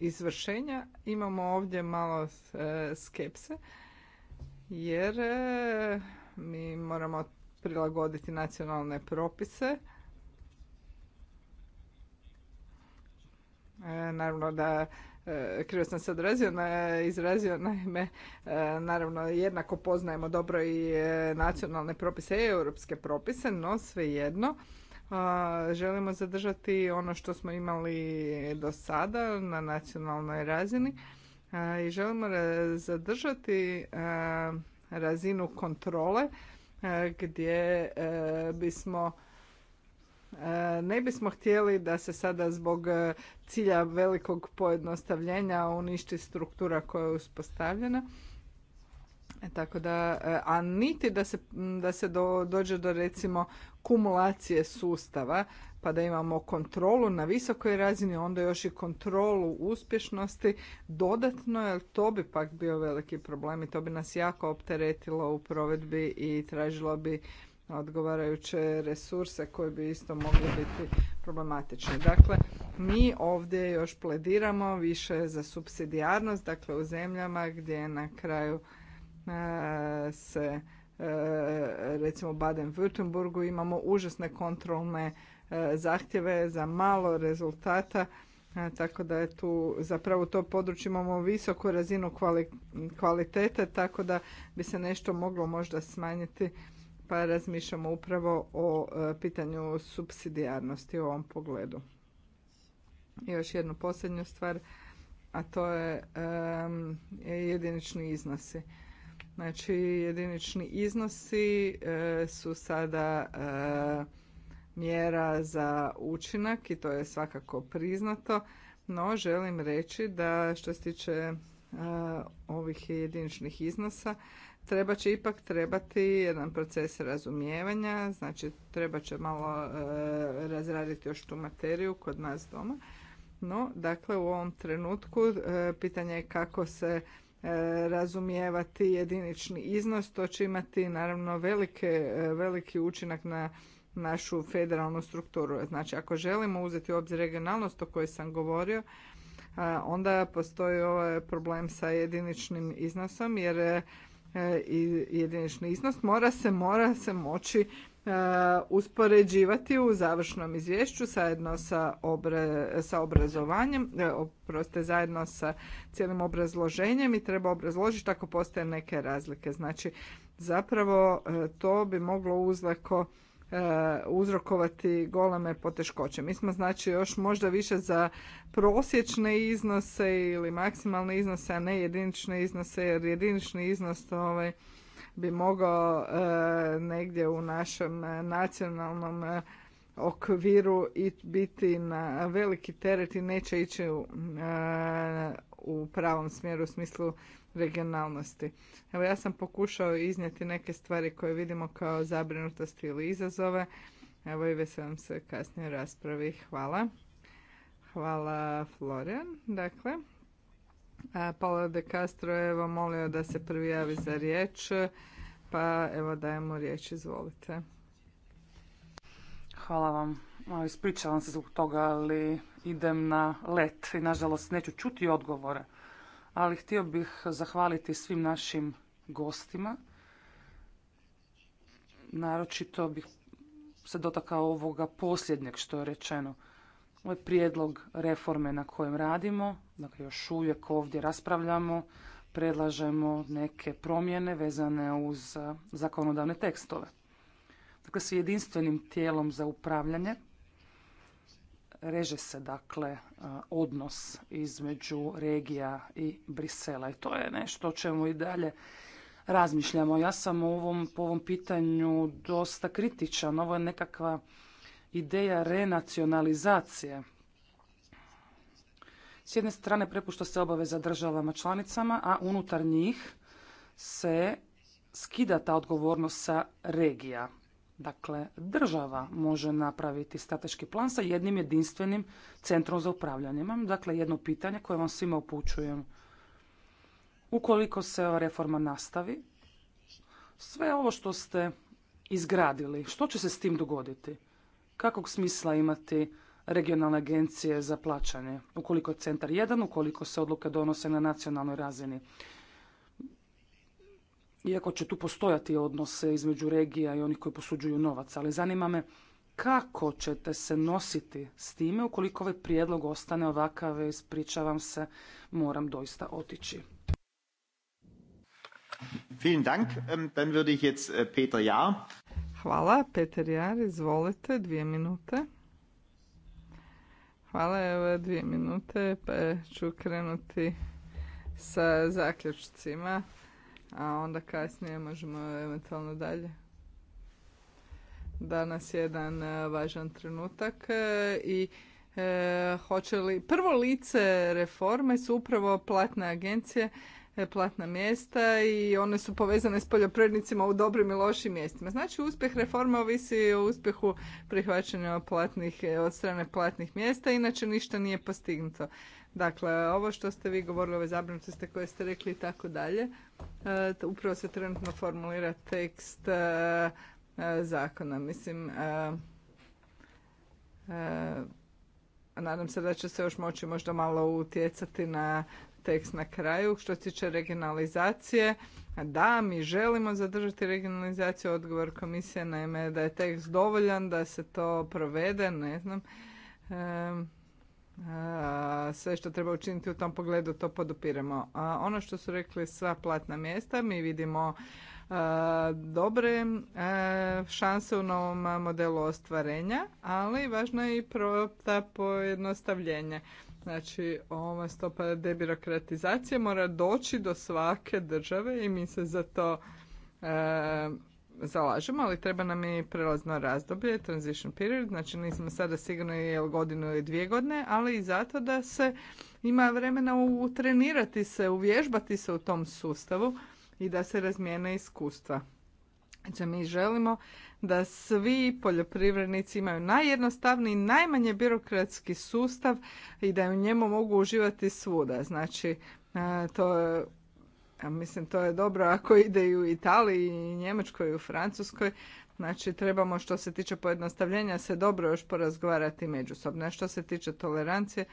izvršenja imamo ovdje malo skepse jer mi moramo prilagoditi nacionalne propise. E, naravno da e, krivo sam se odrazio, na, izrazio, naime, e, naravno jednako poznajemo dobro i nacionalne propise i europske propise, no svejedno želimo zadržati ono što smo imali do sada na nacionalnoj razini i želimo zadržati razinu kontrole E, gdje e, bismo e, ne bismo htjeli da se sada zbog cilja velikog pojednostavljenja uništi struktura koja je uspostavljena E, tako da, e, a niti da se, da se dođe do recimo kumulacije sustava, pa da imamo kontrolu na visokoj razini, onda još i kontrolu uspješnosti dodatno, jer to bi pak bio veliki problem i to bi nas jako opteretilo u provedbi i tražilo bi odgovarajuće resurse koji bi isto mogli biti problematični. Dakle, mi ovdje još plediramo više za subsidijarnost, dakle u zemljama gdje na kraju E, se e, recimo Baden-Württembergu imamo užasne kontrolne e, zahtjeve za malo rezultata tako da je tu zapravo to područje imamo visoku razinu kvalitete tako da bi se nešto moglo možda smanjiti pa razmišljamo upravo o pitanju subsidijarnosti u ovom pogledu. I još jednu posljednju stvar, a to je jedinični iznosi. Znači, jedinični iznosi e, su sada e, mjera za učinak i to je svakako priznato, no želim reći da što se tiče e, ovih jediničnih iznosa, treba će ipak trebati jedan proces razumijevanja, znači treba će malo razraditi još tu materiju kod nas doma. No, dakle, u ovom trenutku pitanje je kako se E, razumijevati jedinični iznos. To će imati naravno e, veliki učinak na našu federalnu strukturu. Znači ako želimo uzeti u obzir regionalnost o kojoj sam govorio, e, onda postoji ovaj problem sa jediničnim iznosom jer jedinični iznos mora se mora se moći E, uspoređivati u završnom izvješću zajedno sa, sa obrazovanjem, e, proste zajedno sa cijelim obrazloženjem i treba obrazložiti ako postoje neke razlike. Znači, zapravo e, to bi moglo uzleko uzrokovati goleme poteškoće. Mi smo znači još možda više za prosječne iznose ili maksimalne iznose, a ne jedinične iznose, jer jedinični iznos to ovaj, bi mogao e, negdje u našem e, nacionalnom e, okviru i biti na veliki teret i neće ići u, pravom smjeru u smislu regionalnosti. Evo ja sam pokušao iznijeti neke stvari koje vidimo kao zabrinutosti ili izazove. Evo i vam se kasnije raspravi. Hvala. Hvala Florian. Dakle, Paolo de Castro je evo molio da se prvi javi za riječ, pa evo dajemo riječ, izvolite. Hvala vam. Ispričavam se zbog toga, ali idem na let i nažalost neću čuti odgovore. Ali htio bih zahvaliti svim našim gostima. Naročito bih se dotakao ovoga posljednjeg što je rečeno. Ovo je prijedlog reforme na kojem radimo Dakle, još uvijek ovdje raspravljamo, predlažemo neke promjene vezane uz e, zakonodavne tekstove. Dakle, s jedinstvenim tijelom za upravljanje reže se dakle e, odnos između regija i Brisela i to je nešto o čemu i dalje razmišljamo. Ja sam u ovom, po ovom pitanju dosta kritičan. Ovo je nekakva ideja renacionalizacije s jedne strane prepušta se obaveza državama članicama, a unutar njih se skida ta odgovornost sa regija. Dakle, država može napraviti strateški plan sa jednim jedinstvenim centrom za upravljanje. dakle jedno pitanje koje vam svima upućujem. Ukoliko se ova reforma nastavi, sve ovo što ste izgradili, što će se s tim dogoditi? Kakvog smisla imati regionalne agencije za plaćanje, ukoliko je centar jedan, ukoliko se odluke donose na nacionalnoj razini. Iako će tu postojati odnose između regija i onih koji posuđuju novac, ali zanima me kako ćete se nositi s time ukoliko ovaj prijedlog ostane ovakav, ispričavam se, moram doista otići. Hvala, Peter Jar, izvolite, dvije minute. Hvala, evo dvije minute pa ću krenuti sa zaključcima, a onda kasnije možemo eventualno dalje. Danas je jedan e, važan trenutak e, i e, hoće li prvo lice reforme su upravo platne agencije E, platna mjesta i one su povezane s poljoprivrednicima u dobrim i lošim mjestima. Znači uspjeh reforma ovisi o uspjehu prihvaćanja platnih, e, od strane platnih mjesta, inače ništa nije postignuto. Dakle, ovo što ste vi govorili, ove zabrinutosti koje ste rekli i tako dalje, e, upravo se trenutno formulira tekst zakona. Mislim, nadam se da će se još moći možda malo utjecati na tekst na kraju. Što se tiče regionalizacije, da, mi želimo zadržati regionalizaciju. Odgovor komisije naime da je tekst dovoljan, da se to provede, ne znam. sve što treba učiniti u tom pogledu to podupiremo. A ono što su rekli sva platna mjesta, mi vidimo dobre šanse u novom modelu ostvarenja, ali važno je i ta pojednostavljenje. Znači, ova stopa debirokratizacije mora doći do svake države i mi se za to e, zalažemo, ali treba nam i prelazno razdoblje, transition period, znači nismo sada sigurno je godinu ili dvije godine, ali i zato da se ima vremena utrenirati se, uvježbati se u tom sustavu i da se razmijene iskustva mi želimo da svi poljoprivrednici imaju najjednostavniji, najmanje birokratski sustav i da u njemu mogu uživati svuda. Znači, e, to je Mislim, to je dobro ako ide i u Italiji, i Njemačkoj, i u Francuskoj. Znači, trebamo što se tiče pojednostavljenja se dobro još porazgovarati međusobno. A što se tiče tolerancije,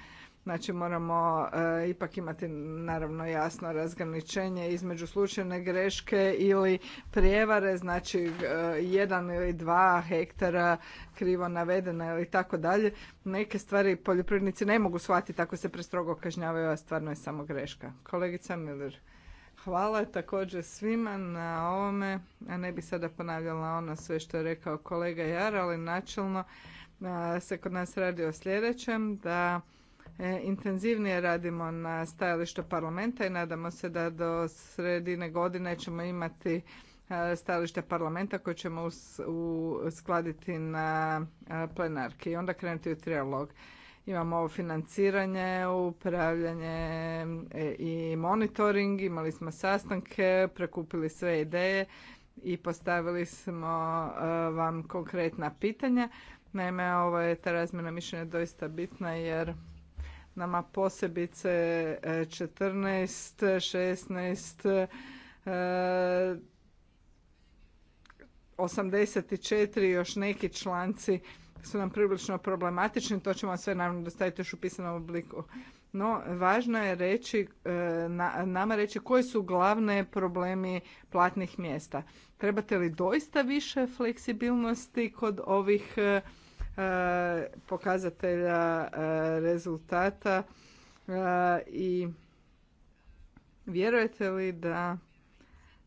Znači moramo e, ipak imati naravno jasno razgraničenje između slučajne greške ili prijevare, znači e, jedan ili dva hektara krivo navedena ili tako dalje. Neke stvari poljoprivrednici ne mogu shvatiti ako se prestrogo kažnjavaju, a stvarno je samo greška. Kolegica Miller. Hvala također svima na ovome, a ne bi sada ponavljala ono sve što je rekao kolega Jar, ali načelno e, se kod nas radi o sljedećem, da E, intenzivnije radimo na stajalištu parlamenta i nadamo se da do sredine godine ćemo imati e, stajalište parlamenta koje ćemo uskladiti na e, plenarki i onda krenuti u trijalog. Imamo ovo financiranje, upravljanje i monitoring, imali smo sastanke, prekupili sve ideje i postavili smo vam konkretna pitanja. Naime, ovo je ta razmjena mišljenja doista bitna jer nama posebice 14, 16, 84 i još neki članci su nam prilično problematični, to ćemo sve naravno dostaviti još u pisanom obliku. No, važno je reći, e, nama reći koji su glavne problemi platnih mjesta. Trebate li doista više fleksibilnosti kod ovih e, pokazatelja e, rezultata e, i vjerujete li da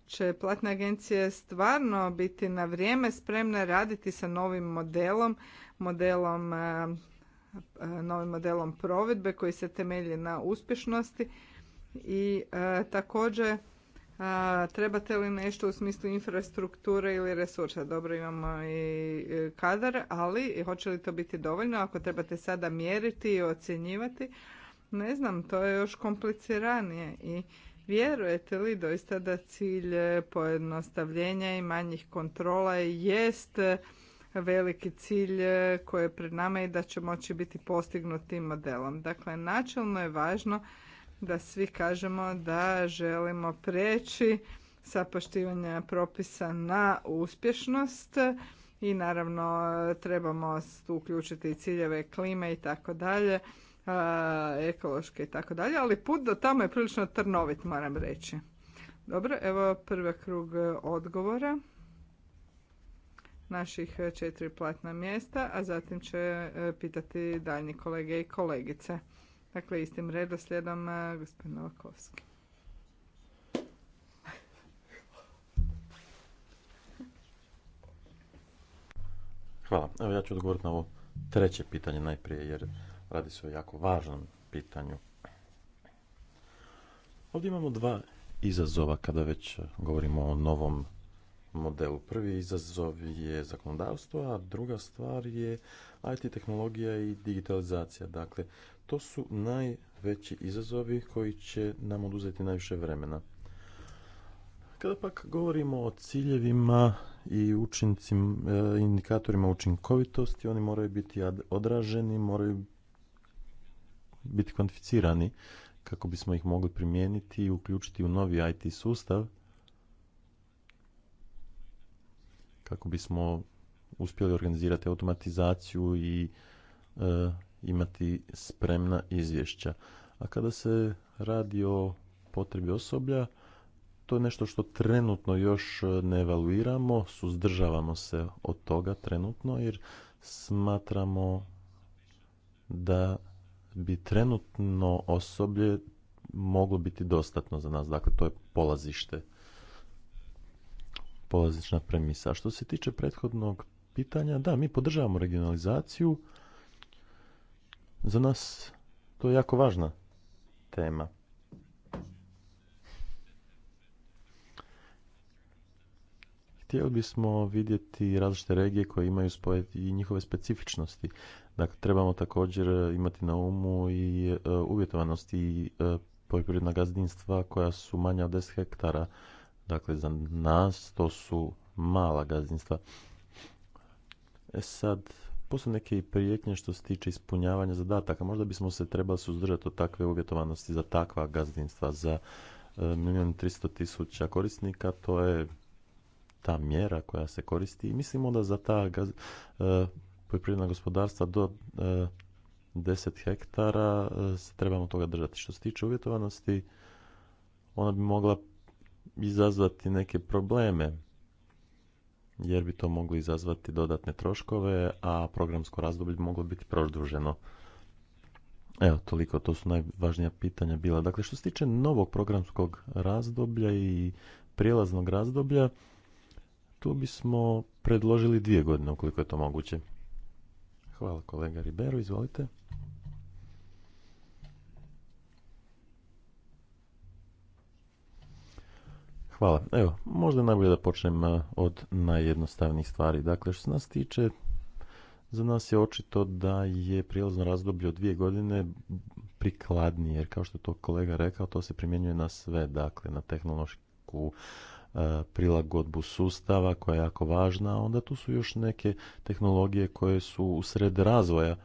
će platne agencije stvarno biti na vrijeme spremne raditi sa novim modelom, modelom e, novim modelom provedbe koji se temelji na uspješnosti i također a, trebate li nešto u smislu infrastrukture ili resursa? Dobro, imamo i e, kadar, ali hoće li to biti dovoljno ako trebate sada mjeriti i ocjenjivati? Ne znam, to je još kompliciranije i vjerujete li doista da cilj e, pojednostavljenja i manjih kontrola jest e, veliki cilj koji je pred nama i da će moći biti postignut tim modelom. Dakle, načelno je važno da svi kažemo da želimo preći sa poštivanja propisa na uspješnost i naravno trebamo tu uključiti ciljeve klime i tako dalje, ekološke i tako dalje, ali put do tamo je prilično trnovit moram reći. Dobro, evo prvi krug odgovora naših četiri platna mjesta, a zatim će e, pitati daljnji kolege i kolegice. Dakle, istim redoslijedom e, gospodin Novakovski. Hvala. Evo ja ću odgovoriti na ovo treće pitanje najprije jer radi se o jako važnom pitanju. Ovdje imamo dva izazova kada već govorimo o novom modelu. Prvi izazov je zakonodavstvo, a druga stvar je IT tehnologija i digitalizacija. Dakle, to su najveći izazovi koji će nam oduzeti najviše vremena. Kada pak govorimo o ciljevima i e, indikatorima učinkovitosti, oni moraju biti odraženi, moraju biti kvantificirani kako bismo ih mogli primijeniti i uključiti u novi IT sustav kako bismo uspjeli organizirati automatizaciju i e, imati spremna izvješća. A kada se radi o potrebi osoblja, to je nešto što trenutno još ne evaluiramo, suzdržavamo se od toga trenutno jer smatramo da bi trenutno osoblje moglo biti dostatno za nas. Dakle, to je polazište, polazična premisa. A što se tiče prethodnog pitanja, da, mi podržavamo regionalizaciju, za nas to je jako važna tema. Htjeli bismo vidjeti različite regije koje imaju spoje i njihove specifičnosti. Dakle, trebamo također imati na umu i e, uvjetovanosti i e, poljoprivredna gazdinstva koja su manja od 10 hektara. Dakle, za nas to su mala gazdinstva. E sad, Postoje neke prijetnje što se tiče ispunjavanja zadataka. Možda bismo se trebali suzdržati od takve uvjetovanosti za takva gazdinstva. Za e, milijun tristo tisuća korisnika to je ta mjera koja se koristi i mislimo da za ta e, poljoprivredna gospodarstva do 10 e, hektara se trebamo toga držati. Što se tiče uvjetovanosti, ona bi mogla izazvati neke probleme jer bi to moglo izazvati dodatne troškove, a programsko razdoblje bi moglo biti produženo. Evo, toliko, to su najvažnija pitanja bila. Dakle, što se tiče novog programskog razdoblja i prijelaznog razdoblja, tu bismo predložili dvije godine, ukoliko je to moguće. Hvala kolega Riberu, izvolite. Hvala. Evo, možda najbolje da počnem od najjednostavnijih stvari. Dakle, što se nas tiče, za nas je očito da je prijelazno razdoblje od dvije godine prikladnije, jer kao što je to kolega rekao, to se primjenjuje na sve, dakle, na tehnološku prilagodbu sustava koja je jako važna, onda tu su još neke tehnologije koje su u sred razvoja.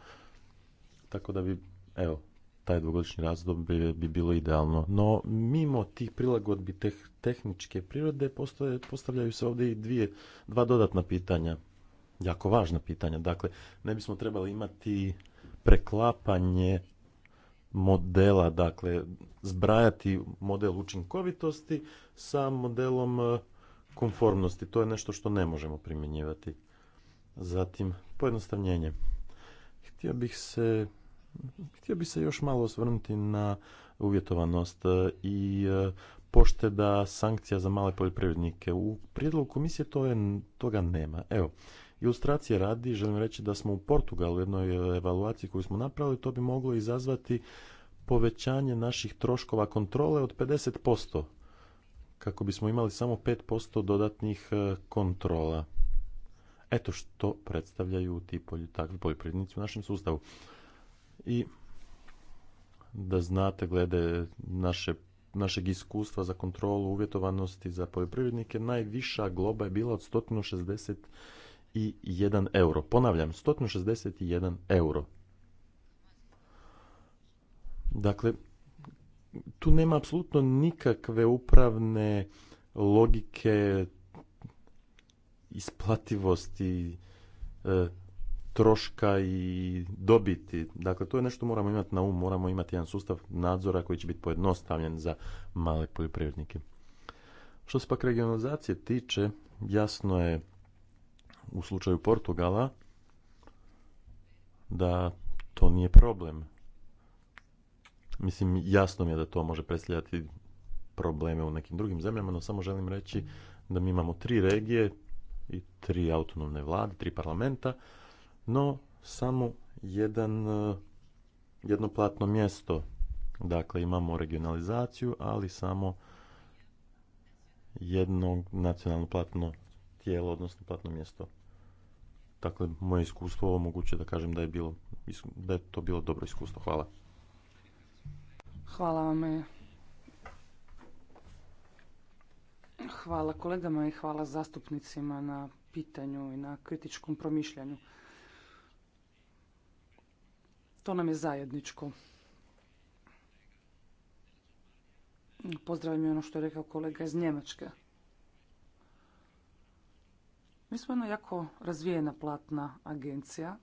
Tako da bi, evo, taj dvogodišnji razdoblje bi bilo idealno. No, mimo tih prilagodbi teh, tehničke prirode postavljaju se ovdje i dvije, dva dodatna pitanja, jako važna pitanja. Dakle, ne bismo trebali imati preklapanje modela, dakle, zbrajati model učinkovitosti sa modelom e, konformnosti. To je nešto što ne možemo primjenjivati. Zatim, pojednostavljenje. Htio bih se Htio bi se još malo osvrnuti na uvjetovanost e, i e, pošteda sankcija za male poljoprivrednike. U prijedlogu komisije to toga nema. Evo, ilustracije radi, želim reći da smo u Portugalu u jednoj e, evaluaciji koju smo napravili, to bi moglo izazvati povećanje naših troškova kontrole od 50%, kako bismo imali samo 5% dodatnih kontrola. Eto što predstavljaju ti takvi poljoprivrednici u našem sustavu i da znate glede naše, našeg iskustva za kontrolu uvjetovanosti za poljoprivrednike, najviša globa je bila od 161 euro. Ponavljam, 161 euro. Dakle, tu nema apsolutno nikakve upravne logike isplativosti e, troška i dobiti. Dakle, to je nešto moramo imati na umu, moramo imati jedan sustav nadzora koji će biti pojednostavljen za male poljoprivrednike. Što se pak regionalizacije tiče, jasno je u slučaju Portugala da to nije problem. Mislim, jasno mi je da to može predstavljati probleme u nekim drugim zemljama, no samo želim reći da mi imamo tri regije i tri autonomne vlade, tri parlamenta, no samo jedan, e, jedno platno mjesto. Dakle, imamo regionalizaciju, ali samo jedno nacionalno platno tijelo, odnosno platno mjesto. Dakle, moje iskustvo omogućuje da kažem da je, bilo, da je to bilo dobro iskustvo. Hvala. Hvala vam. E. Hvala kolegama i hvala zastupnicima na pitanju i na kritičkom promišljanju. To nam je zajedničko. Pozdravim ono što je rekao kolega iz Njemačke. Mi smo jedna jako razvijena platna agencija.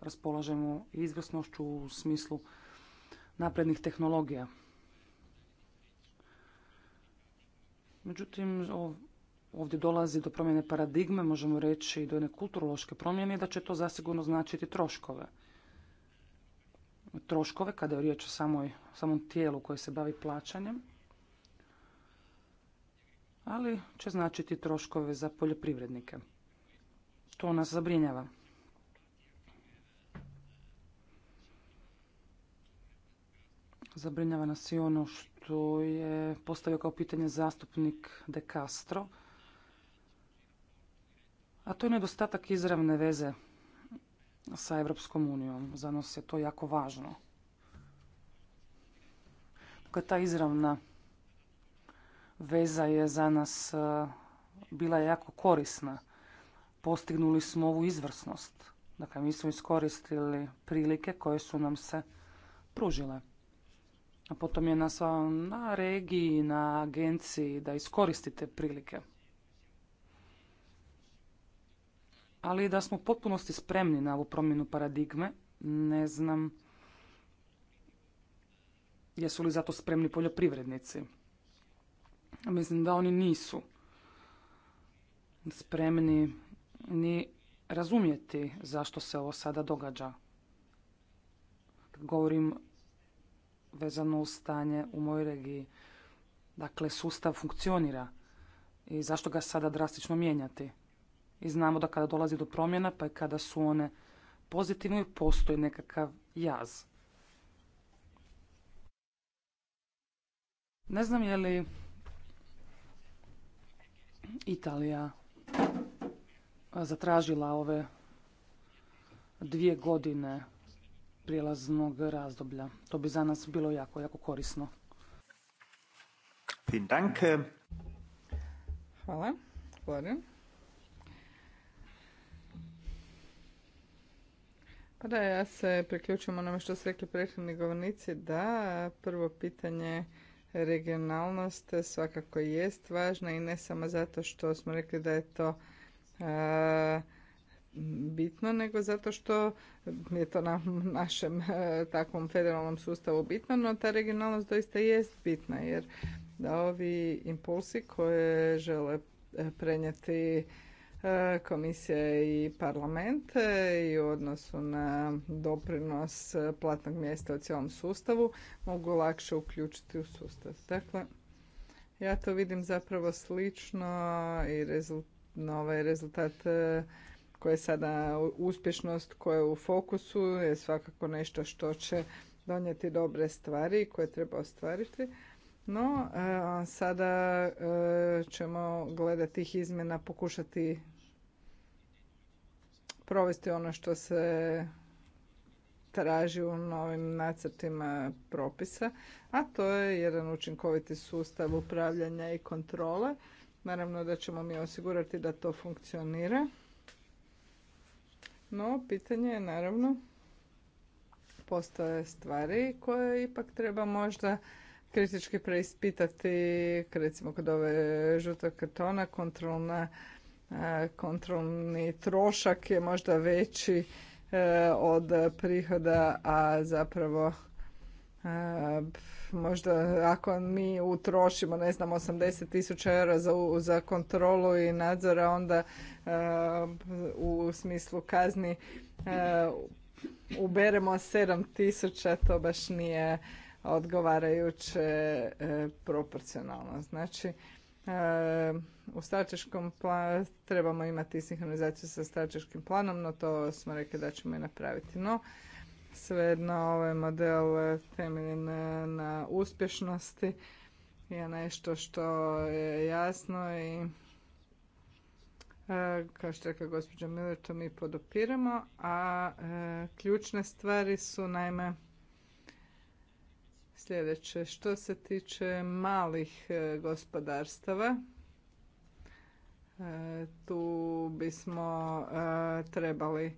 Raspolažemo izvrsnošću u smislu naprednih tehnologija. Međutim, ovdje dolazi do promjene paradigme, možemo reći i do jedne kulturološke promjene da će to zasigurno značiti troškove troškove kada je riječ o samoj, samom tijelu koje se bavi plaćanjem, ali će značiti troškove za poljoprivrednike. To nas zabrinjava. Zabrinjava nas i ono što je postavio kao pitanje zastupnik De Castro, a to je nedostatak izravne veze sa Europskom unijom. Za nas je to jako važno. Dakle, ta izravna veza je za nas e, bila jako korisna. Postignuli smo ovu izvrsnost. Dakle, mi smo iskoristili prilike koje su nam se pružile. A potom je na, na regiji, na agenciji da iskoristite prilike. ali da smo u potpunosti spremni na ovu promjenu paradigme, ne znam jesu li zato spremni poljoprivrednici. Mislim da oni nisu spremni ni razumjeti zašto se ovo sada događa. Govorim vezano u stanje u mojoj regiji. Dakle, sustav funkcionira i zašto ga sada drastično mijenjati? i znamo da kada dolazi do promjena, pa i kada su one pozitivne, postoji nekakav jaz. Ne znam je li Italija zatražila ove dvije godine prijelaznog razdoblja. To bi za nas bilo jako, jako korisno. Hvala. Hvala. Pa da, ja se priključujem onome što su rekli prethodni govornici. Da, prvo pitanje regionalnost svakako jest važna i ne samo zato što smo rekli da je to bitno, nego zato što je to na našem takvom federalnom sustavu bitno, no ta regionalnost doista jest bitna jer da ovi impulsi koje žele prenijeti E, Komisije i parlamente i u odnosu na doprinos platnog mjesta u cijelom sustavu mogu lakše uključiti u sustav. Dakle, ja to vidim zapravo slično i rezult, ovaj rezultat e, koji je sada uspješnost koja je u fokusu je svakako nešto što će donijeti dobre stvari koje treba ostvariti. No, e, sada e, ćemo glede tih izmjena pokušati provesti ono što se traži u novim nacrtima propisa, a to je jedan učinkoviti sustav upravljanja i kontrole. Naravno da ćemo mi osigurati da to funkcionira. No, pitanje je naravno, postoje stvari koje ipak treba možda kritički preispitati, recimo kod ove žutog kartona, kontrolna, e, kontrolni trošak je možda veći e, od prihoda, a zapravo e, možda ako mi utrošimo ne znam 80 tisuća eura za, za kontrolu i nadzora onda u smislu kazni uberemo 7 tisuća to baš nije odgovarajuće e, proporcionalno. Znači, e, u strateškom planu trebamo imati sinhronizaciju sa strateškim planom, no to smo rekli da ćemo i napraviti. No, jedno, ovaj model temeljen na uspješnosti je nešto što je jasno i e, kao što rekla gospođa Miller, to mi podopiramo, a ključne stvari su naime Sljedeće, što se tiče malih e, gospodarstava, e, tu bismo e, trebali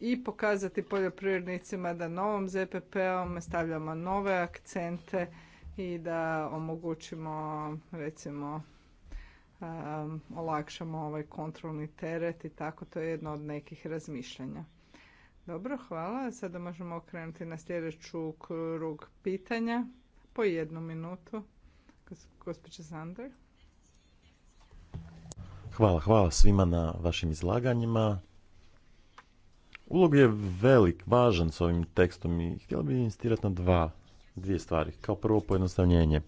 i pokazati poljoprivrednicima da novom ZPP-om stavljamo nove akcente i da omogućimo recimo olakšamo ovaj kontrolni teret i tako to je jedno od nekih razmišljanja. Dobro, hvala. Sada možemo okrenuti na sljedeću krug pitanja po jednu minutu. Gospođa Sander. Hvala, hvala svima na vašim izlaganjima. Ulog je velik, važan s ovim tekstom i htjela bih insistirati na dva, dvije stvari. Kao prvo pojednostavljenje.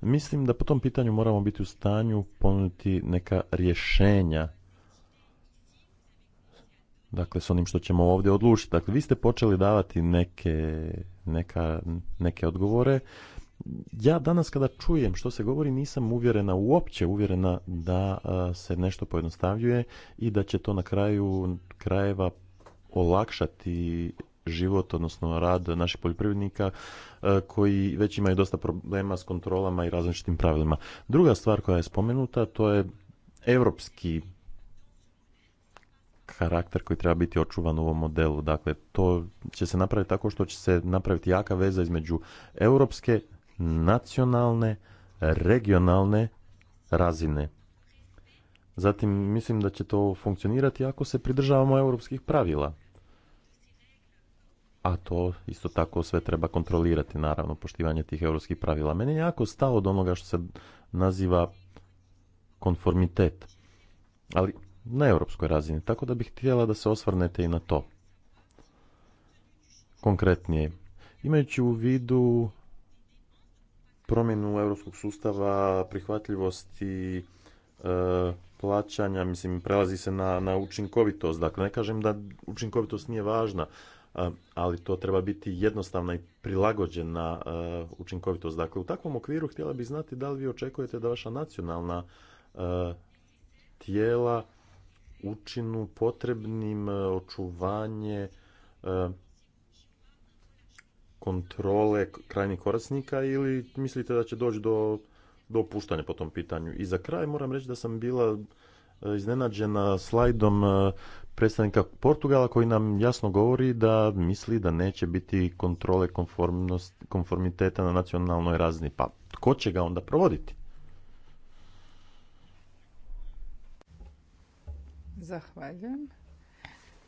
Mislim da po tom pitanju moramo biti u stanju ponuditi neka rješenja dakle s onim što ćemo ovdje odlučiti. Dakle, vi ste počeli davati neke, neka, neke odgovore. Ja danas kada čujem što se govori nisam uvjerena, uopće uvjerena da se nešto pojednostavljuje i da će to na kraju krajeva olakšati život, odnosno rad naših poljoprivrednika koji već imaju dosta problema s kontrolama i različitim pravilima. Druga stvar koja je spomenuta to je europski karakter koji treba biti očuvan u ovom modelu. Dakle, to će se napraviti tako što će se napraviti jaka veza između europske, nacionalne, regionalne razine. Zatim mislim da će to funkcionirati ako se pridržavamo europskih pravila. A to isto tako sve treba kontrolirati, naravno, poštivanje tih europskih pravila. Meni je jako stalo od onoga što se naziva konformitet. Ali na europskoj razini, tako da bih htjela da se osvrnete i na to. Konkretnije, imajući u vidu promjenu europskog sustava prihvatljivosti e, plaćanja, mislim, prelazi se na, na učinkovitost. Dakle, ne kažem da učinkovitost nije važna, e, ali to treba biti jednostavna i prilagođena e, učinkovitost. Dakle, u takvom okviru htjela bih znati da li vi očekujete da vaša nacionalna tijela učinu potrebnim e, očuvanje e, kontrole krajnih korisnika ili mislite da će doći do opuštanja po tom pitanju? I za kraj moram reći da sam bila e, iznenađena slajdom predstavnika Portugala koji nam jasno govori da misli da neće biti kontrole konformiteta na nacionalnoj razini. Pa tko će ga onda provoditi? Zahvaljujem.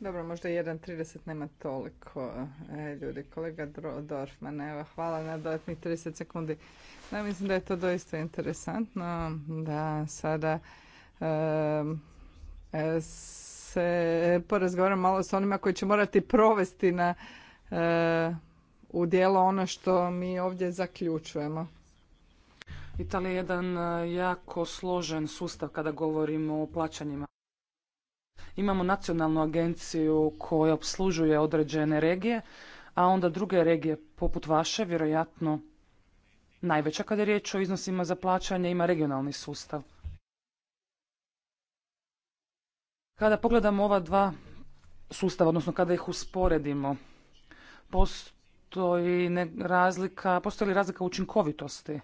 Dobro, možda 1.30 nema toliko e, ljudi. Kolega Dorfman, evo, hvala na dodatnih 30 sekundi. Ja mislim da je to doista interesantno da sada e, se porazgovaram malo s onima koji će morati provesti na e, u dijelo ono što mi ovdje zaključujemo. Italija je jedan jako složen sustav kada govorimo o plaćanjima. Imamo nacionalnu agenciju koja obslužuje određene regije, a onda druge regije poput vaše, vjerojatno najveća kada je riječ o iznosima za plaćanje, ima regionalni sustav. Kada pogledamo ova dva sustava, odnosno kada ih usporedimo, postoji razlika, postoji li razlika učinkovitosti?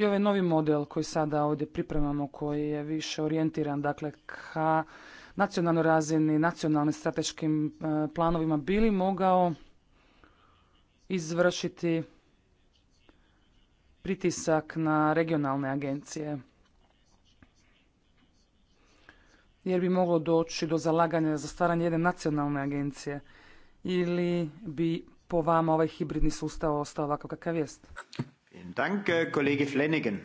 i ovaj novi model koji sada ovdje pripremamo, koji je više orijentiran dakle, ka nacionalnoj razini, nacionalnim strateškim e, planovima, bili mogao izvršiti pritisak na regionalne agencije. Jer bi moglo doći do zalaganja za stvaranje jedne nacionalne agencije. Ili bi po vama ovaj hibridni sustav ostao ovakav kakav jest? Danke, äh, Kollege Flanagan.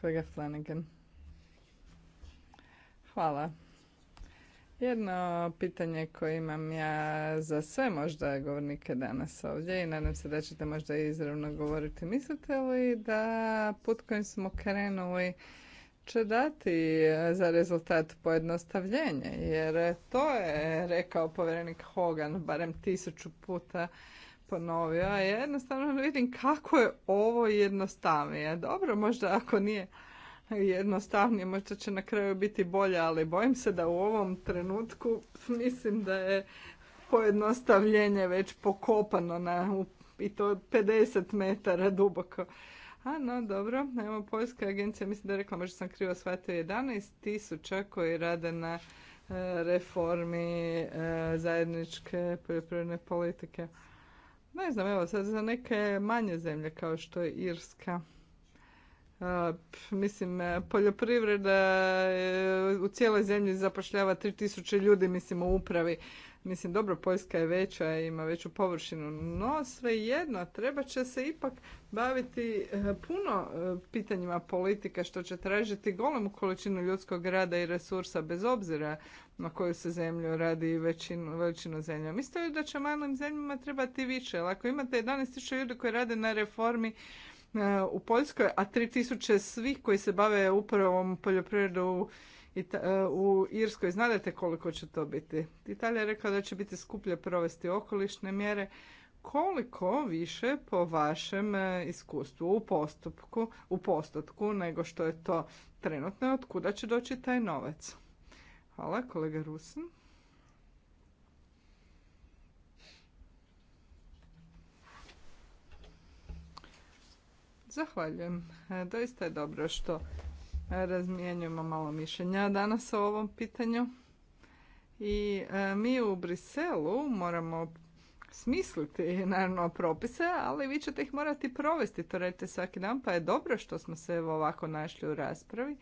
Kolega Flanagan. Hvala. Jedno pitanje koje imam ja za sve možda govornike danas ovdje i nadam se da ćete možda izravno govoriti. Mislite li da put kojim smo krenuli će dati e, za rezultat pojednostavljenje? Jer to je rekao povjerenik Hogan barem tisuću puta ponovio, ja jednostavno vidim kako je ovo jednostavnije. Dobro, možda ako nije jednostavnije, možda će na kraju biti bolje, ali bojim se da u ovom trenutku mislim da je pojednostavljenje već pokopano na, i to 50 metara duboko. A no, dobro, evo Poljska agencija, mislim da je rekla, možda sam krivo shvatio, 11 tisuća koji rade na e, reformi e, zajedničke poljoprivredne politike. Ne znam, evo sad za neke manje zemlje kao što je Irska. Mislim, e, poljoprivreda e, u cijeloj zemlji zapošljava 3000 ljudi, mislim, u upravi. Mislim, dobro, Poljska je veća, ima veću površinu, no svejedno, treba će se ipak baviti e, puno e, pitanjima politika, što će tražiti golemu količinu ljudskog rada i resursa, bez obzira na koju se zemlju radi i većinu, veličinu zemlja. Mislim da će malim zemljama trebati više, ali ako imate 11.000 ljudi koji rade na reformi, e, u Poljskoj, a 3000 svih koji se bave upravom poljoprivredu E, u Irskoj, znate koliko će to biti? Italija je rekla da će biti skuplje provesti okolišne mjere. Koliko više po vašem e, iskustvu u postupku, u postotku nego što je to trenutno, od kuda će doći taj novac? Hvala, kolega Rusin. Zahvaljujem. E, doista je dobro što razmijenjujemo malo mišljenja danas o ovom pitanju. I e, mi u Briselu moramo smisliti naravno propise, ali vi ćete ih morati provesti, to radite svaki dan, pa je dobro što smo se ovako našli u raspravi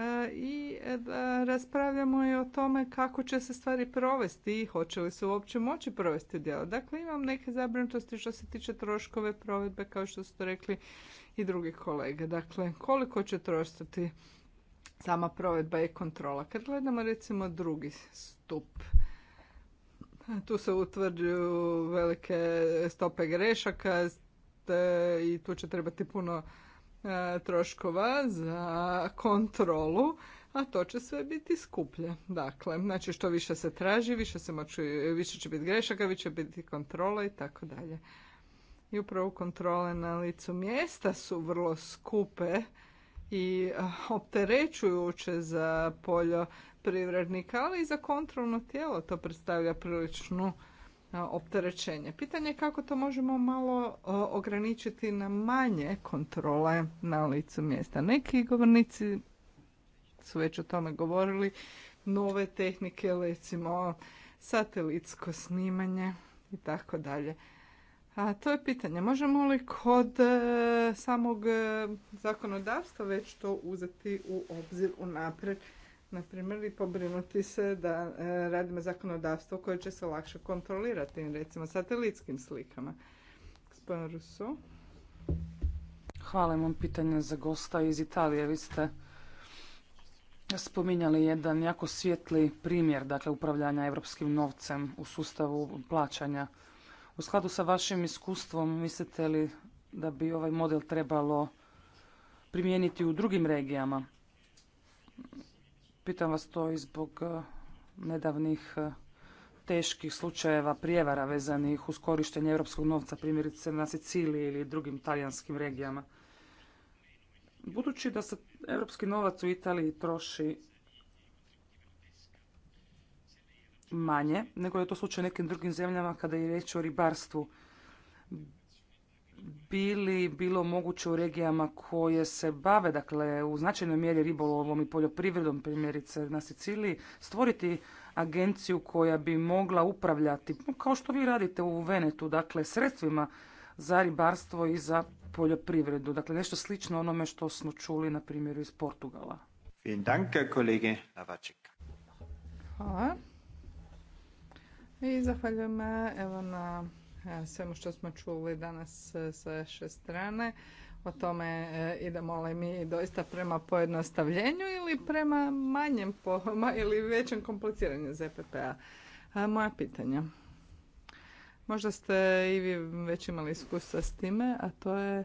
E, i e, raspravljamo i o tome kako će se stvari provesti i hoće li se uopće moći provesti djelo. Dakle, imam neke zabrinutosti što se tiče troškove provedbe, kao što ste rekli i drugi kolege. Dakle, koliko će troštati sama provedba i kontrola. Kad gledamo recimo drugi stup, tu se utvrđuju velike stope grešaka i tu će trebati puno E, troškova za kontrolu, a to će sve biti skuplje. Dakle, znači što više se traži, više, se više će biti grešaka, više će biti kontrola i tako dalje. I upravo kontrole na licu mjesta su vrlo skupe i e, opterećujuće za poljoprivrednika, ali i za kontrolno tijelo to predstavlja priličnu opterećenje. Pitanje je kako to možemo malo ograničiti na manje kontrole na licu mjesta. Neki govornici su već o tome govorili, nove tehnike, recimo satelitsko snimanje i tako dalje. A to je pitanje, možemo li kod e, samog e, zakonodavstva već to uzeti u obzir unaprijed na primjer i pobrinuti se da e, radimo zakonodavstvo koje će se lakše kontrolirati, recimo satelitskim slikama. Gospodin Rousseau. Hvala, imam pitanje za gosta iz Italije. Vi ste spominjali jedan jako svijetli primjer dakle, upravljanja evropskim novcem u sustavu plaćanja. U skladu sa vašim iskustvom, mislite li da bi ovaj model trebalo primijeniti u drugim regijama? Pitam vas to i zbog e, nedavnih e, teških slučajeva prijevara vezanih uz korištenje europskog novca, primjerice na Siciliji ili drugim talijanskim regijama. Budući da se europski novac u Italiji troši manje nego je to slučaj nekim drugim zemljama kada je riječ o ribarstvu bili bilo moguće u regijama koje se bave, dakle u značajnoj mjeri ribolovom i poljoprivredom, primjerice na Siciliji, stvoriti agenciju koja bi mogla upravljati, kao što vi radite u Venetu, dakle sredstvima za ribarstvo i za poljoprivredu. Dakle, nešto slično onome što smo čuli na primjeru iz Portugala. Hvala. I zahvaljujem evo na E, svemu što smo čuli danas e, sa vaše strane o tome e, idemo li mi doista prema pojednostavljenju ili prema manjem pohoma ili većem kompliciranju ZPP-a. Moja pitanja. Možda ste i vi već imali iskustva s time, a to je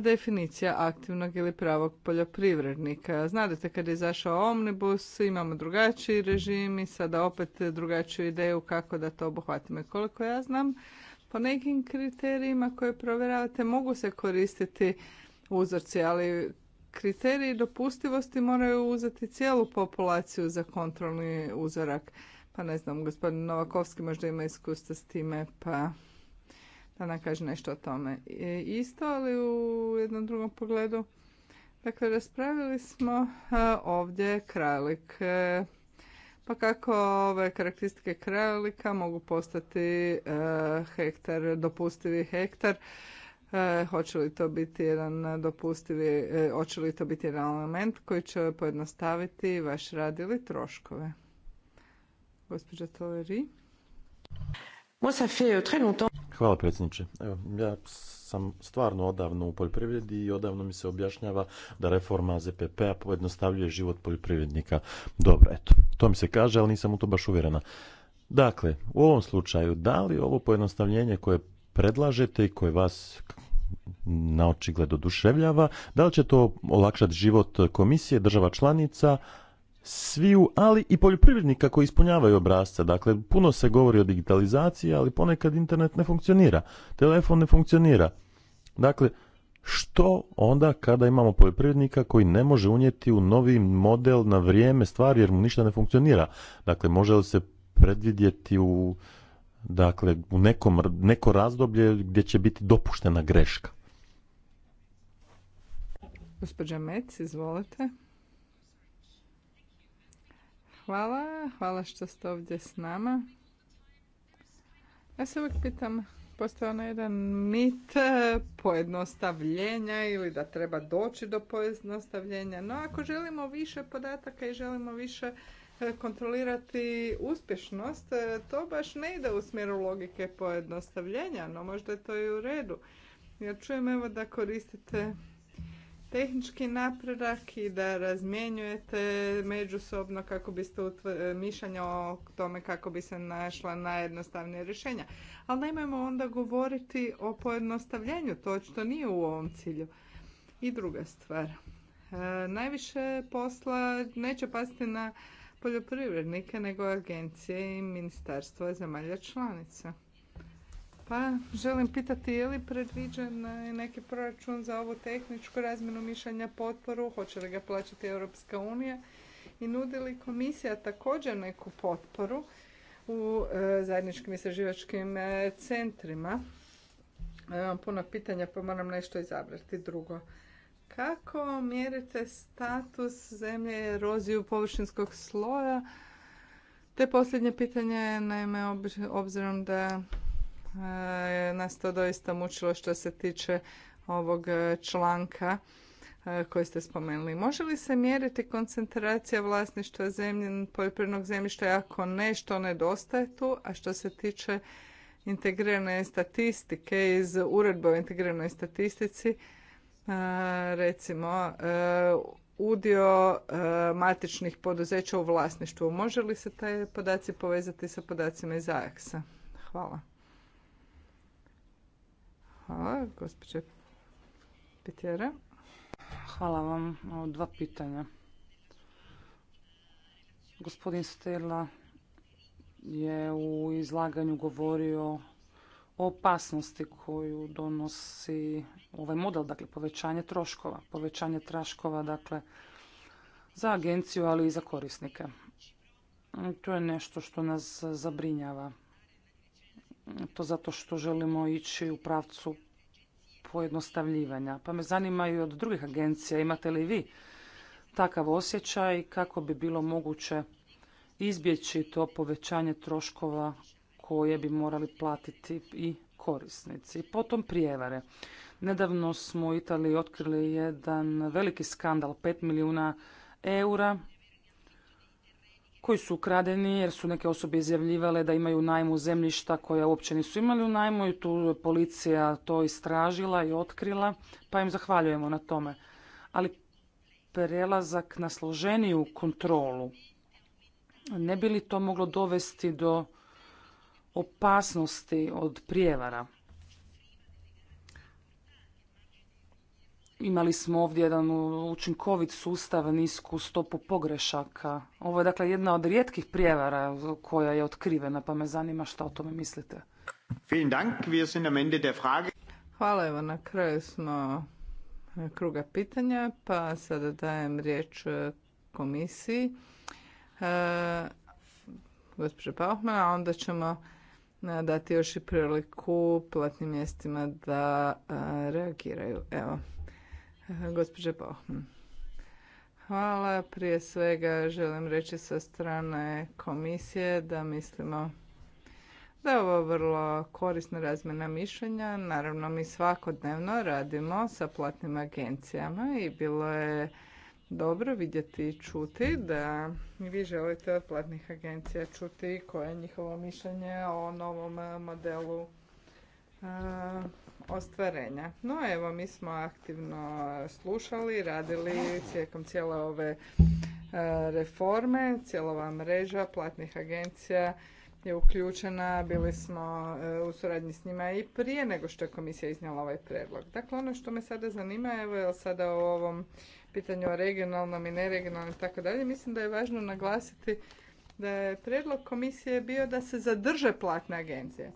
definicija aktivnog ili pravog poljoprivrednika. Znate kad je izašao omnibus, imamo drugačiji režim i sada opet drugačiju ideju kako da to obuhvatimo. koliko ja znam, po nekim kriterijima koje provjeravate mogu se koristiti uzorci, ali kriteriji dopustivosti moraju uzeti cijelu populaciju za kontrolni uzorak. Pa ne znam, gospodin Novakovski možda ima iskustva s time, pa da ne kaže nešto o tome. E, isto, ali u jednom drugom pogledu. Dakle, raspravili smo ovdje krajlik. E, pa kako ove karakteristike krajolika mogu postati e, hektar, dopustivi hektar. Hoće li to biti jedan dopustivi, hoće li to biti jedan element koji će pojednostaviti vaš rad ili troškove? Gospođa Toleri. Moi, ça fait euh, très longtemps Hvala predsjedniče. Evo, ja sam stvarno odavno u poljoprivredi i odavno mi se objašnjava da reforma ZPP-a pojednostavljuje život poljoprivrednika. Dobro, eto, to mi se kaže, ali nisam u to baš uvjerena. Dakle, u ovom slučaju, da li ovo pojednostavljenje koje predlažete i koje vas na očigled oduševljava, da li će to olakšati život komisije, država članica, sviju, ali i poljoprivrednika koji ispunjavaju obrasce Dakle, puno se govori o digitalizaciji, ali ponekad internet ne funkcionira, telefon ne funkcionira. Dakle, što onda kada imamo poljoprivrednika koji ne može unijeti u novi model na vrijeme stvari jer mu ništa ne funkcionira? Dakle, može li se predvidjeti u, dakle, u nekom, neko razdoblje gdje će biti dopuštena greška? Gospođa Mec, izvolite. Hvala, hvala što ste ovdje s nama. Ja se uvijek pitam, postoje ono jedan mit e, pojednostavljenja ili da treba doći do pojednostavljenja. No ako želimo više podataka i želimo više e, kontrolirati uspješnost, e, to baš ne ide u smjeru logike pojednostavljenja, no možda je to i u redu. Ja čujem evo da koristite tehnički napredak i da razmjenjujete međusobno kako biste mišljenja o tome kako bi se našla najjednostavnija rješenja. Ali nemojmo onda govoriti o pojednostavljenju, to što nije u ovom cilju. I druga stvar, e, najviše posla neće pasti na poljoprivrednike nego agencije i ministarstva zemalja članica. Pa želim pitati je li predviđen e, neki proračun za ovu tehničku razmjenu mišljenja potporu, hoće li ga plaćati Europska unija i nudi li komisija također neku potporu u e, zajedničkim istraživačkim e, centrima. Imam puno pitanja pa moram nešto izabrati drugo. Kako mjerite status zemlje eroziju površinskog sloja? Te posljednje pitanje, naime, obzirom da E, nas to doista mučilo što se tiče ovog e, članka e, koji ste spomenuli. Može li se mjeriti koncentracija vlasništva zemlje, poljoprivrednog zemljišta ako nešto nedostaje tu, a što se tiče integrirane statistike iz uredbe o integriranoj statistici, recimo udio matičnih poduzeća u vlasništvu. Može li se taj podaci povezati sa podacima iz AXA? Hvala. Hvala, gospođe Petjera. Hvala vam. dva pitanja. Gospodin Stela je u izlaganju govorio o opasnosti koju donosi ovaj model, dakle povećanje troškova. Povećanje troškova, dakle, za agenciju, ali i za korisnike. To je nešto što nas zabrinjava to zato što želimo ići u pravcu pojednostavljivanja. Pa me zanima i od drugih agencija, imate li vi takav osjećaj kako bi bilo moguće izbjeći to povećanje troškova koje bi morali platiti i korisnici. Potom prijevare. Nedavno smo u Italiji otkrili jedan veliki skandal, 5 milijuna eura koji su ukradeni jer su neke osobe izjavljivale da imaju najmu zemljišta koja uopće nisu imali u najmu i tu je policija to istražila i otkrila pa im zahvaljujemo na tome. Ali prelazak na složeniju kontrolu ne bi li to moglo dovesti do opasnosti od prijevara? Imali smo ovdje jedan učinkovit sustav, nisku stopu pogrešaka. Ovo je dakle jedna od rijetkih prijevara koja je otkrivena, pa me zanima što o tome mislite. Hvala, evo na kraju smo e, kruga pitanja, pa sada dajem riječ e, komisiji. E, gospođa a onda ćemo e, dati još i priliku platnim mjestima da reagiraju. Evo, Gospođa Bohman. Hm. Hvala. Prije svega želim reći sa strane komisije da mislimo da je ovo vrlo korisna razmjena mišljenja. Naravno, mi svakodnevno radimo sa platnim agencijama i bilo je dobro vidjeti i čuti da vi želite od platnih agencija čuti koje je njihovo mišljenje o novom modelu ostvarenja. No evo, mi smo aktivno slušali, radili tijekom cijele ove reforme, cijelova mreža platnih agencija je uključena, bili smo e, u suradnji s njima i prije nego što je komisija iznijela ovaj predlog. Dakle, ono što me sada zanima, evo je sada o ovom pitanju o regionalnom i neregionalnom i tako dalje, mislim da je važno naglasiti da je predlog komisije bio da se zadrže platne agencije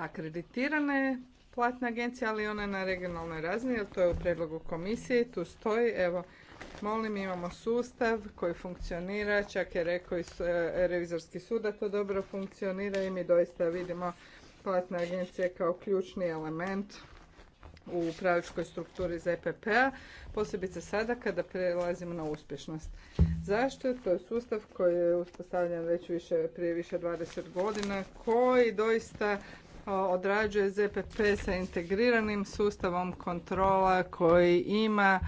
akreditirane platne agencije, ali one na regionalnoj razini, jer to je u predlogu komisije, tu stoji, evo, molim, imamo sustav koji funkcionira, čak je rekao i e, revizorski sud da to dobro funkcionira i mi doista vidimo platne agencije kao ključni element u upravičkoj strukturi ZPP-a, posebice sada kada prelazimo na uspješnost. Zašto? To je sustav koji je uspostavljen već više, prije više 20 godina, koji doista odrađuje ZPP sa integriranim sustavom kontrola koji ima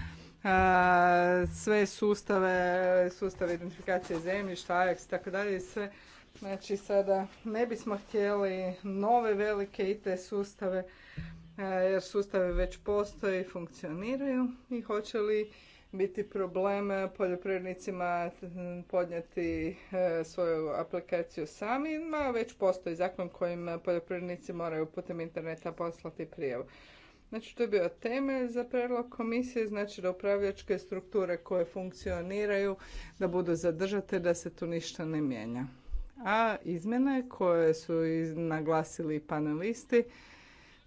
sve sustave, sustave identifikacije zemljišta, AX i tako dalje i sve. Znači sada ne bismo htjeli nove velike IT sustave jer sustave već postoje i funkcioniraju i hoće li biti problem poljoprivrednicima podnijeti e, svoju aplikaciju samima, već postoji zakon kojim poljoprivrednici moraju putem interneta poslati prijavu. Znači, to je bio temelj za predlog komisije, znači da upravljačke strukture koje funkcioniraju, da budu zadržate, da se tu ništa ne mijenja. A izmjene koje su naglasili panelisti,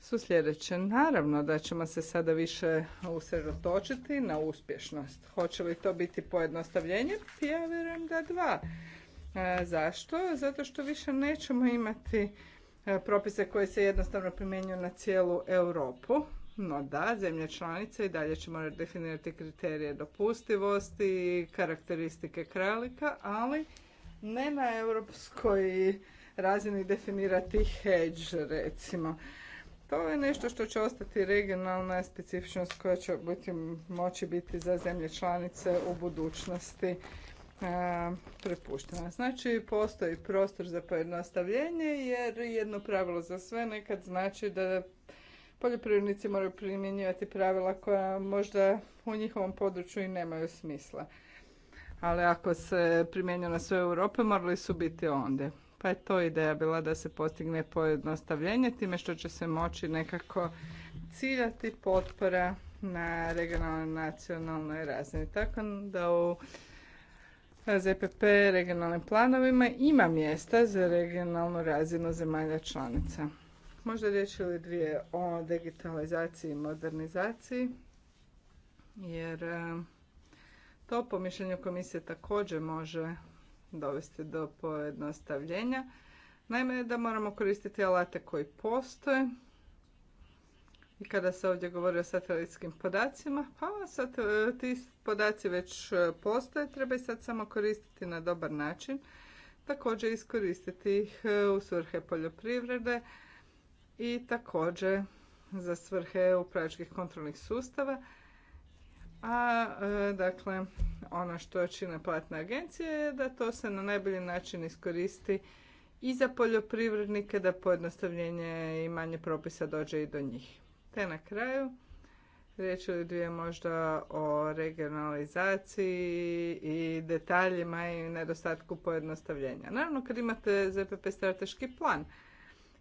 su sljedeće. Naravno da ćemo se sada više usredotočiti na uspješnost. Hoće li to biti pojednostavljenje? Ja vjerujem da dva. E, zašto? Zato što više nećemo imati e, propise koje se jednostavno primjenjuju na cijelu Europu. No da, zemlje članice i dalje će morati definirati kriterije dopustivosti i karakteristike kralika, ali ne na europskoj razini definirati hedge, recimo. To je nešto što će ostati regionalna specifičnost koja će biti, moći biti za zemlje članice u budućnosti e, prepuštena. Znači, postoji prostor za pojednostavljenje jer jedno pravilo za sve nekad znači da poljoprivrednici moraju primjenjivati pravila koja možda u njihovom području i nemaju smisla. Ali ako se primjenjuje na sve Europe, morali su biti onda pa je to ideja bila da se postigne pojednostavljenje time što će se moći nekako ciljati potpora na regionalnoj nacionalnoj razini. Tako da u ZPP regionalnim planovima ima mjesta za regionalnu razinu zemalja članica. Možda riječ ili dvije o digitalizaciji i modernizaciji, jer eh, to po mišljenju komisije također može dovesti do pojednostavljenja. Naime, da moramo koristiti alate koji postoje. I kada se ovdje govori o satelitskim podacima, pa sad, ti podaci već postoje, treba ih sad samo koristiti na dobar način. Također iskoristiti ih u svrhe poljoprivrede i također za svrhe upravljačkih kontrolnih sustava a e, dakle, ono što čine platne agencije je da to se na najbolji način iskoristi i za poljoprivrednike da pojednostavljenje i manje propisa dođe i do njih. Te na kraju riječ je dvije možda o regionalizaciji i detaljima i nedostatku pojednostavljenja. Naravno kad imate ZPP strateški plan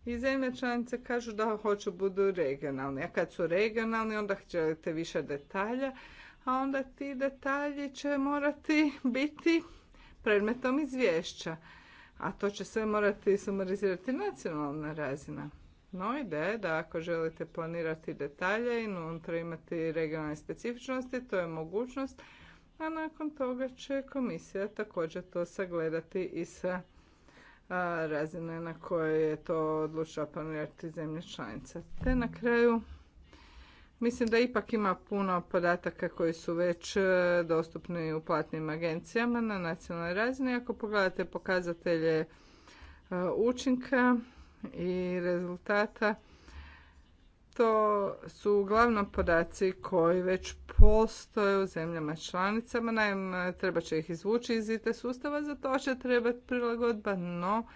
i zemlje članice kažu da hoću budu regionalni, a kad su regionalni onda želite više detalja, a onda ti detalji će morati biti predmetom izvješća. A to će sve morati sumarizirati nacionalna razina. No ideja je da ako želite planirati detalje i unutra imati regionalne specifičnosti, to je mogućnost, a nakon toga će komisija također to sagledati i sa razine na koje je to odlučila planirati zemlje članice. Te na kraju Mislim da ipak ima puno podataka koji su već e, dostupni u platnim agencijama na nacionalnoj razini. Ako pogledate pokazatelje e, učinka i rezultata, to su uglavnom podaci koji već postoje u zemljama članicama. Naime, treba će ih izvući iz IT sustava, za to će trebati prilagodba, no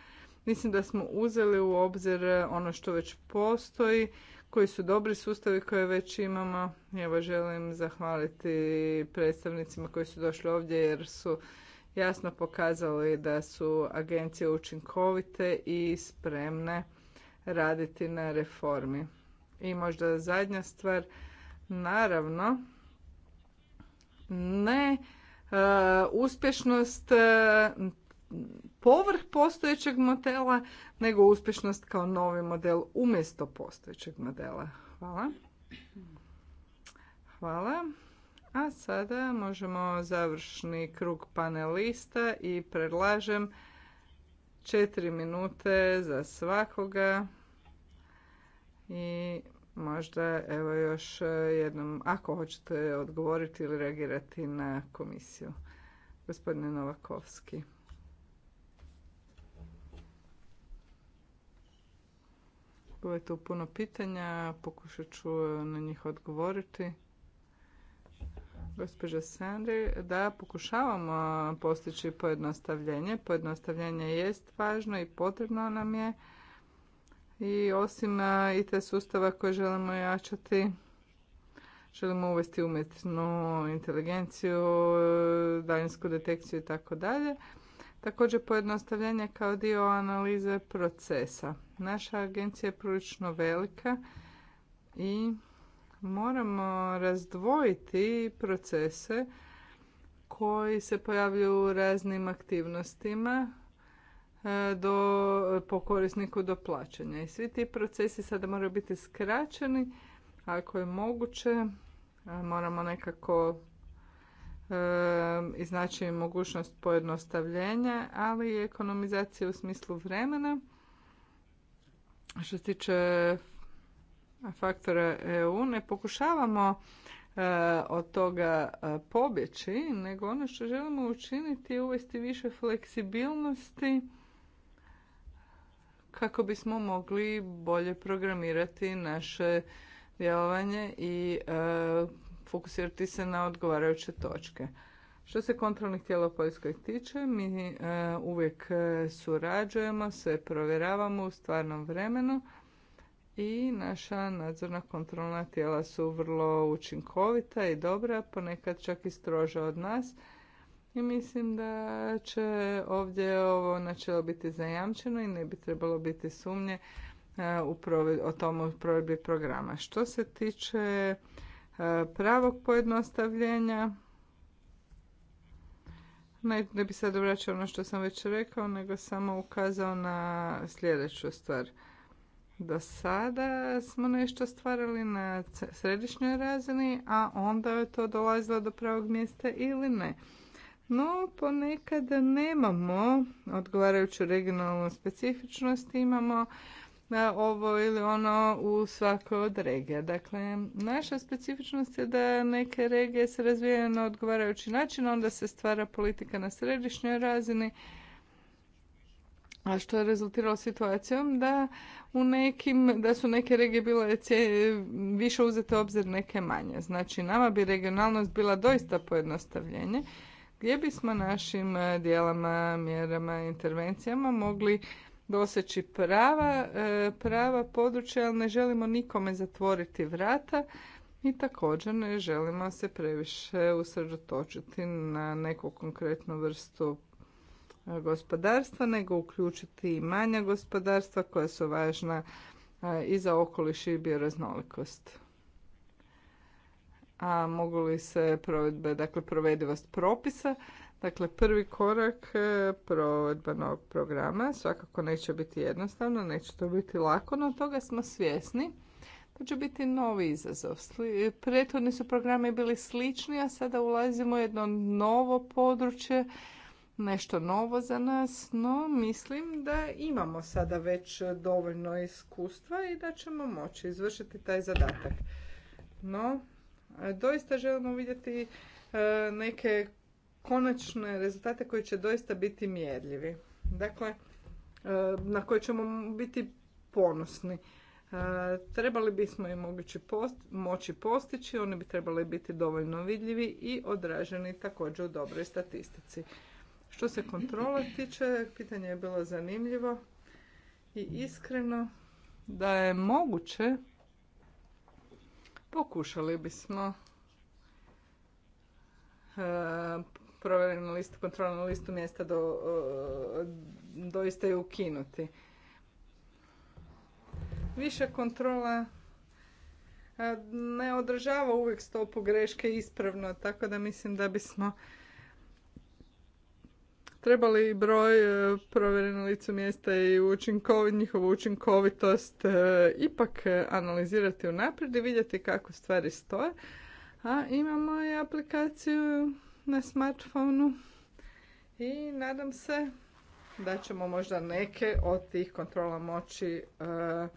mislim da smo uzeli u obzir ono što već postoji koji su dobri sustavi koje već imamo. Evo želim zahvaliti predstavnicima koji su došli ovdje jer su jasno pokazali da su agencije učinkovite i spremne raditi na reformi. I možda zadnja stvar, naravno, ne e, uspješnost povrh postojećeg modela, nego uspješnost kao novi model umjesto postojećeg modela. Hvala. Hvala. A sada možemo završni krug panelista i predlažem četiri minute za svakoga. I možda evo još jednom, ako hoćete odgovoriti ili reagirati na komisiju. Gospodine Novakovski. Bilo je tu puno pitanja, pokušat ću e, na njih odgovoriti. Gospođa Sandri, da, pokušavamo postići pojednostavljenje. Pojednostavljenje jest važno i potrebno nam je. I osim e, te sustava koje želimo jačati, želimo uvesti umjetnu inteligenciju, e, daljinsku detekciju i tako dalje. Također pojednostavljenje kao dio analize procesa. Naša agencija je prilično velika i moramo razdvojiti procese koji se pojavljuju u raznim aktivnostima e, do, po korisniku do plaćanja. I svi ti procesi sada moraju biti skraćeni, ako je moguće, e, moramo nekako e, iznaći mogućnost pojednostavljenja, ali i ekonomizacije u smislu vremena što se tiče faktora EU, ne pokušavamo e, od toga e, pobjeći, nego ono što želimo učiniti je uvesti više fleksibilnosti kako bismo mogli bolje programirati naše djelovanje i e, fokusirati se na odgovarajuće točke. Što se kontrolnih tijela u Poljskoj tiče, mi e, uvijek e, surađujemo, sve provjeravamo u stvarnom vremenu i naša nadzorna kontrolna tijela su vrlo učinkovita i dobra, ponekad čak i stroža od nas. I mislim da će ovdje ovo načelo biti zajamčeno i ne bi trebalo biti sumnje e, u o tom u provedbi programa. Što se tiče pravog pojednostavljenja, ne, ne bi sad vraćao ono što sam već rekao, nego samo ukazao na sljedeću stvar. Do sada smo nešto stvarali na središnjoj razini, a onda je to dolazilo do pravog mjesta ili ne. No, ponekad nemamo odgovarajuću regionalnu specifičnosti imamo na ovo ili ono u svakoj od regija. Dakle, naša specifičnost je da neke regije se razvijaju na odgovarajući način, onda se stvara politika na središnjoj razini, a što je rezultiralo situacijom da u nekim, da su neke regije bile više uzete obzir neke manje. Znači, nama bi regionalnost bila doista pojednostavljenje, gdje bismo našim dijelama, mjerama, intervencijama mogli doseći prava, e, prava područja, ali ne želimo nikome zatvoriti vrata i također ne želimo se previše usredotočiti na neku konkretnu vrstu e, gospodarstva, nego uključiti i manja gospodarstva koja su važna e, i za okoliš i bioraznolikost. A mogu li se provedbe, dakle provedivost propisa Dakle, prvi korak e, provedbenog programa svakako neće biti jednostavno, neće to biti lako, no toga smo svjesni. To će biti novi izazov. Prethodni su programi bili slični, a sada ulazimo u jedno novo područje, nešto novo za nas, no mislim da imamo sada već dovoljno iskustva i da ćemo moći izvršiti taj zadatak. No, e, doista želimo vidjeti e, neke konačne rezultate koji će doista biti mjerljivi. Dakle, e, na koje ćemo biti ponosni. E, trebali bismo i moći postići, oni bi trebali biti dovoljno vidljivi i odraženi također u dobroj statistici. Što se kontrola tiče, pitanje je bilo zanimljivo i iskreno da je moguće pokušali bismo e, provjerenu listu, kontrolnu listu mjesta do, doista je ukinuti. Više kontrola ne održava uvijek stopu greške ispravno, tako da mislim da bismo trebali broj e, na licu mjesta i učinkovit, njihovu učinkovitost e, ipak e, analizirati unaprijed i vidjeti kako stvari stoje. A imamo i aplikaciju na smartfonu i nadam se da ćemo možda neke od tih kontrola moći e, e,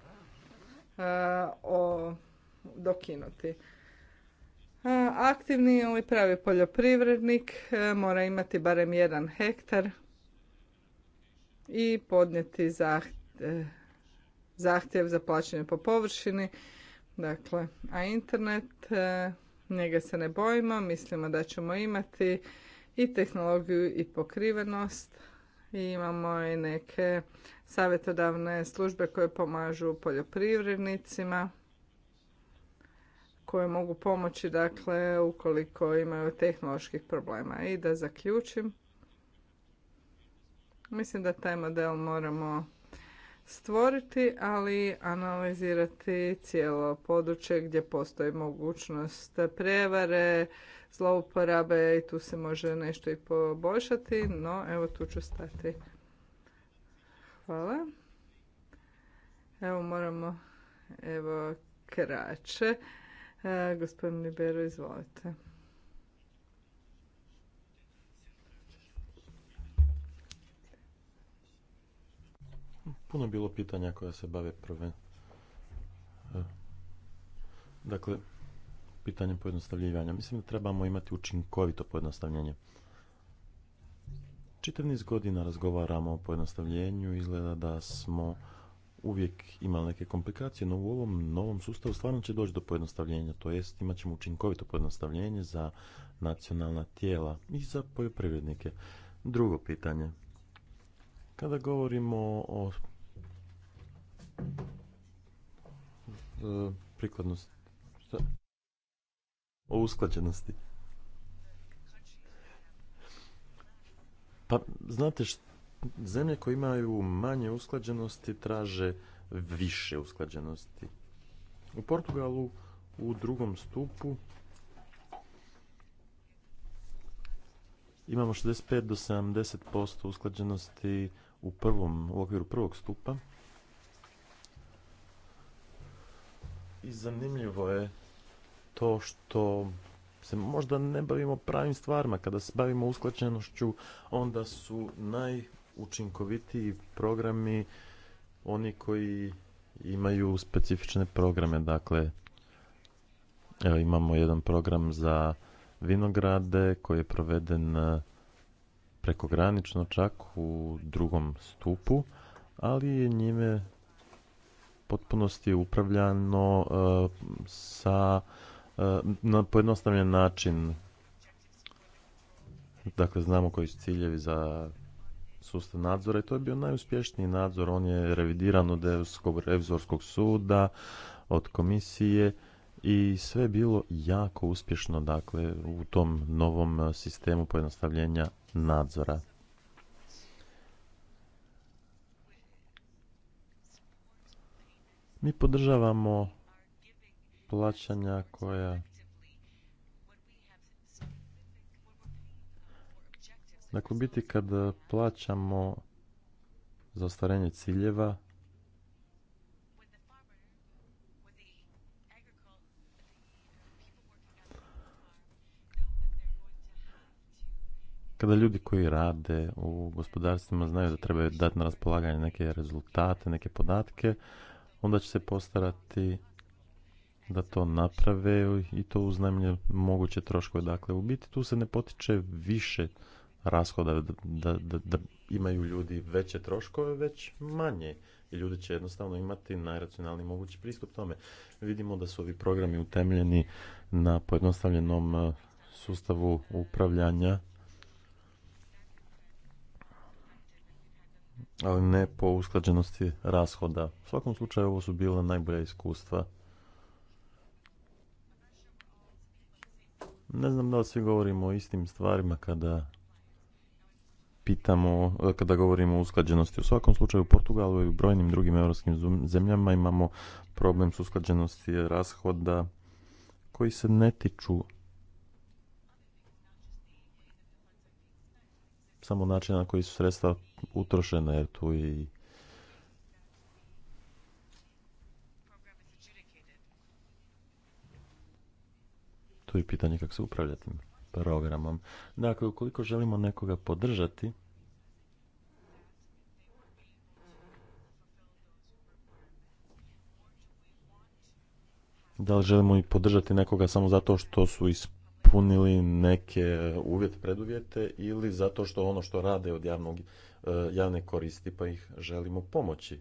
dokinuti. E, aktivni ili pravi poljoprivrednik mora imati barem jedan hektar i podnijeti zahtjev za plaćanje po površini. Dakle, a internet Njega se ne bojimo, mislimo da ćemo imati i tehnologiju i pokrivenost. I imamo i neke savjetodavne službe koje pomažu poljoprivrednicima koje mogu pomoći dakle ukoliko imaju tehnoloških problema. I da zaključim, mislim da taj model moramo stvoriti, ali analizirati cijelo područje gdje postoji mogućnost prevare, zlouporabe i tu se može nešto i poboljšati, no evo tu ću stati. Hvala. Evo moramo, evo kraće. E, gospodin Libero, izvolite. puno bilo pitanja koja se bave prve. E, dakle, pitanje pojednostavljivanja. Mislim da trebamo imati učinkovito pojednostavljenje. Čitav niz godina razgovaramo o pojednostavljenju, izgleda da smo uvijek imali neke komplikacije, no u ovom novom sustavu stvarno će doći do pojednostavljenja, to jest imat ćemo učinkovito pojednostavljenje za nacionalna tijela i za poljoprivrednike. Drugo pitanje. Kada govorimo o E, prikladnost. O usklađenosti. Pa, znate, zemlje koje imaju manje usklađenosti traže više usklađenosti. U Portugalu u drugom stupu imamo 65 do 70% usklađenosti u prvom, u okviru prvog stupa. i zanimljivo je to što se možda ne bavimo pravim stvarima. Kada se bavimo usklađenošću, onda su najučinkovitiji programi oni koji imaju specifične programe. Dakle, evo imamo jedan program za vinograde koji je proveden e, prekogranično čak u drugom stupu, ali je njime potpunosti upravljano e, sa e, na pojednostavljen način. Dakle, znamo koji su ciljevi za sustav nadzora i to je bio najuspješniji nadzor. On je revidiran od revizorskog suda, od komisije i sve je bilo jako uspješno dakle, u tom novom e, sistemu pojednostavljenja nadzora. Mi podržavamo plaćanja koja Dakle, biti kad plaćamo za ostvarenje ciljeva, kada ljudi koji rade u gospodarstvima znaju da trebaju dati na raspolaganje neke rezultate, neke podatke, onda će se postarati da to naprave i to uz moguće troškove. Dakle, u biti tu se ne potiče više rashoda da, da, da, da imaju ljudi veće troškove, već manje. I ljudi će jednostavno imati najracionalniji mogući pristup tome. Vidimo da su ovi programi utemljeni na pojednostavljenom eh, sustavu upravljanja ali ne po usklađenosti rashoda. U svakom slučaju ovo su bila najbolja iskustva. Ne znam da li svi govorimo o istim stvarima kada pitamo, kada govorimo o usklađenosti. U svakom slučaju u Portugalu i u brojnim drugim europskim zemljama imamo problem s usklađenosti rashoda koji se ne tiču samo način na koji su sredstva utrošena, jer tu i tu je pitanje kako se upravlja tim programom. Dakle, ukoliko želimo nekoga podržati, da li želimo i podržati nekoga samo zato što su ispravljeni, ispunili neke uvjet, preduvjete ili zato što ono što rade od javnog, e, javne koristi pa ih želimo pomoći.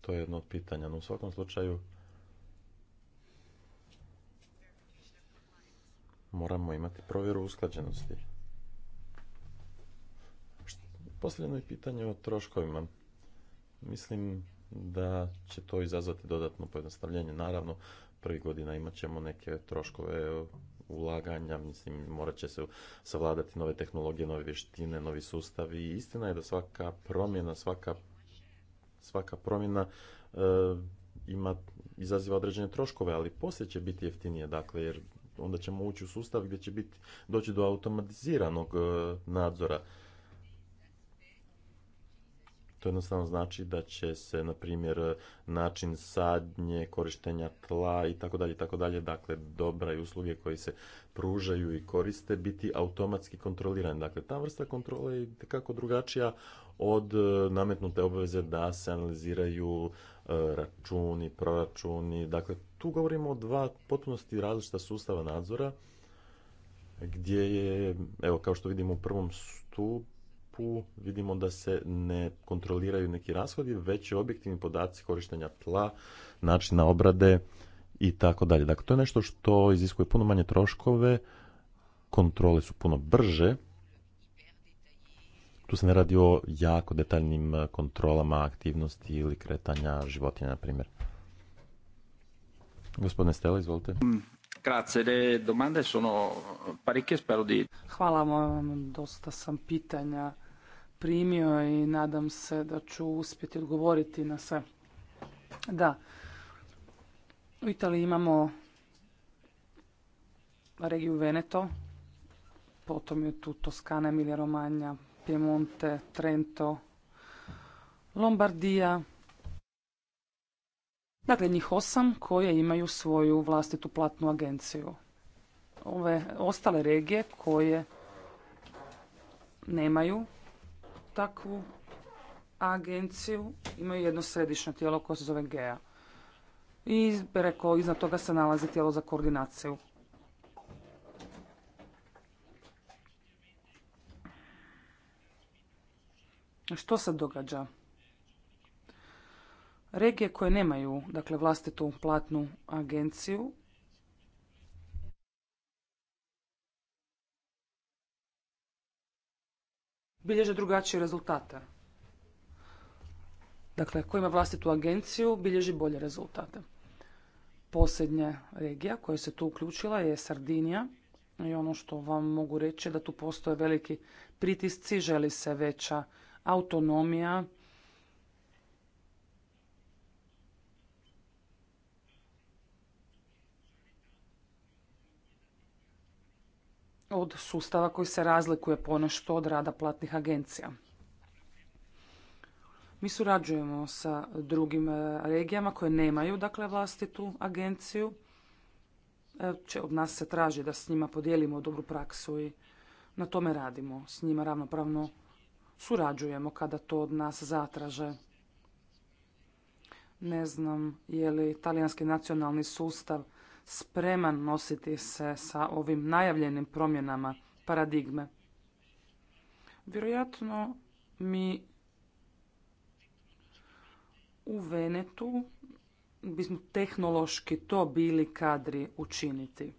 To je jedno od pitanja. No, u svakom slučaju moramo imati provjeru usklađenosti. Posljedno je pitanje o troškovima. Mislim da će to izazvati dodatno pojednostavljenje. Naravno, prvi godina imat ćemo neke troškove ulaganja, mislim, morat će se savladati nove tehnologije, nove vještine, novi sustavi. I istina je da svaka promjena, svaka, svaka promjena e, ima, izaziva određene troškove, ali poslije će biti jeftinije, dakle, jer onda ćemo ući u sustav gdje će biti, doći do automatiziranog e, nadzora. To jednostavno znači da će se, na primjer, način sadnje, korištenja tla i tako dalje, tako dalje, dakle, dobra i usluge koje se pružaju i koriste, biti automatski kontrolirane. Dakle, ta vrsta kontrole je kako drugačija od e, nametnute obaveze da se analiziraju e, računi, proračuni. Dakle, tu govorimo o dva potpunosti različita sustava nadzora, gdje je, evo, kao što vidimo u prvom stupu, vidimo da se ne kontroliraju neki rashodi, već objektivni podaci korištenja tla, načina obrade i tako dalje. Dakle, to je nešto što iziskuje puno manje troškove, kontrole su puno brže, tu se ne radi o jako detaljnim eh, kontrolama aktivnosti ili kretanja životinja, na primjer. Gospodine Stela, izvolite. Mm, Hvala vam, dosta sam pitanja primio i nadam se da ću uspjeti odgovoriti na sve. Da, u Italiji imamo regiju Veneto, potom je tu Toskana, Emilia Romagna, Piemonte, Trento, Lombardija. Dakle, njih osam koje imaju svoju vlastitu platnu agenciju. Ove ostale regije koje nemaju takvu agenciju imaju jedno središnje tijelo koje se zove GEA. I preko iznad toga se nalazi tijelo za koordinaciju. Što se događa? Regije koje nemaju dakle, vlastitu platnu agenciju bilježe drugačije rezultate. Dakle, ko ima vlastitu agenciju, bilježi bolje rezultate. Posljednja regija koja se tu uključila je Sardinija. I ono što vam mogu reći je da tu postoje veliki pritisci, želi se veća autonomija od sustava koji se razlikuje ponešto od rada platnih agencija. Mi surađujemo sa drugim e, regijama koje nemaju dakle vlastitu agenciju. E, od nas se traži da s njima podijelimo dobru praksu i na tome radimo. S njima ravnopravno surađujemo kada to od nas zatraže. Ne znam je li talijanski nacionalni sustav spreman nositi se sa ovim najavljenim promjenama paradigme. Vjerojatno mi u Venetu bismo tehnološki to bili kadri učiniti.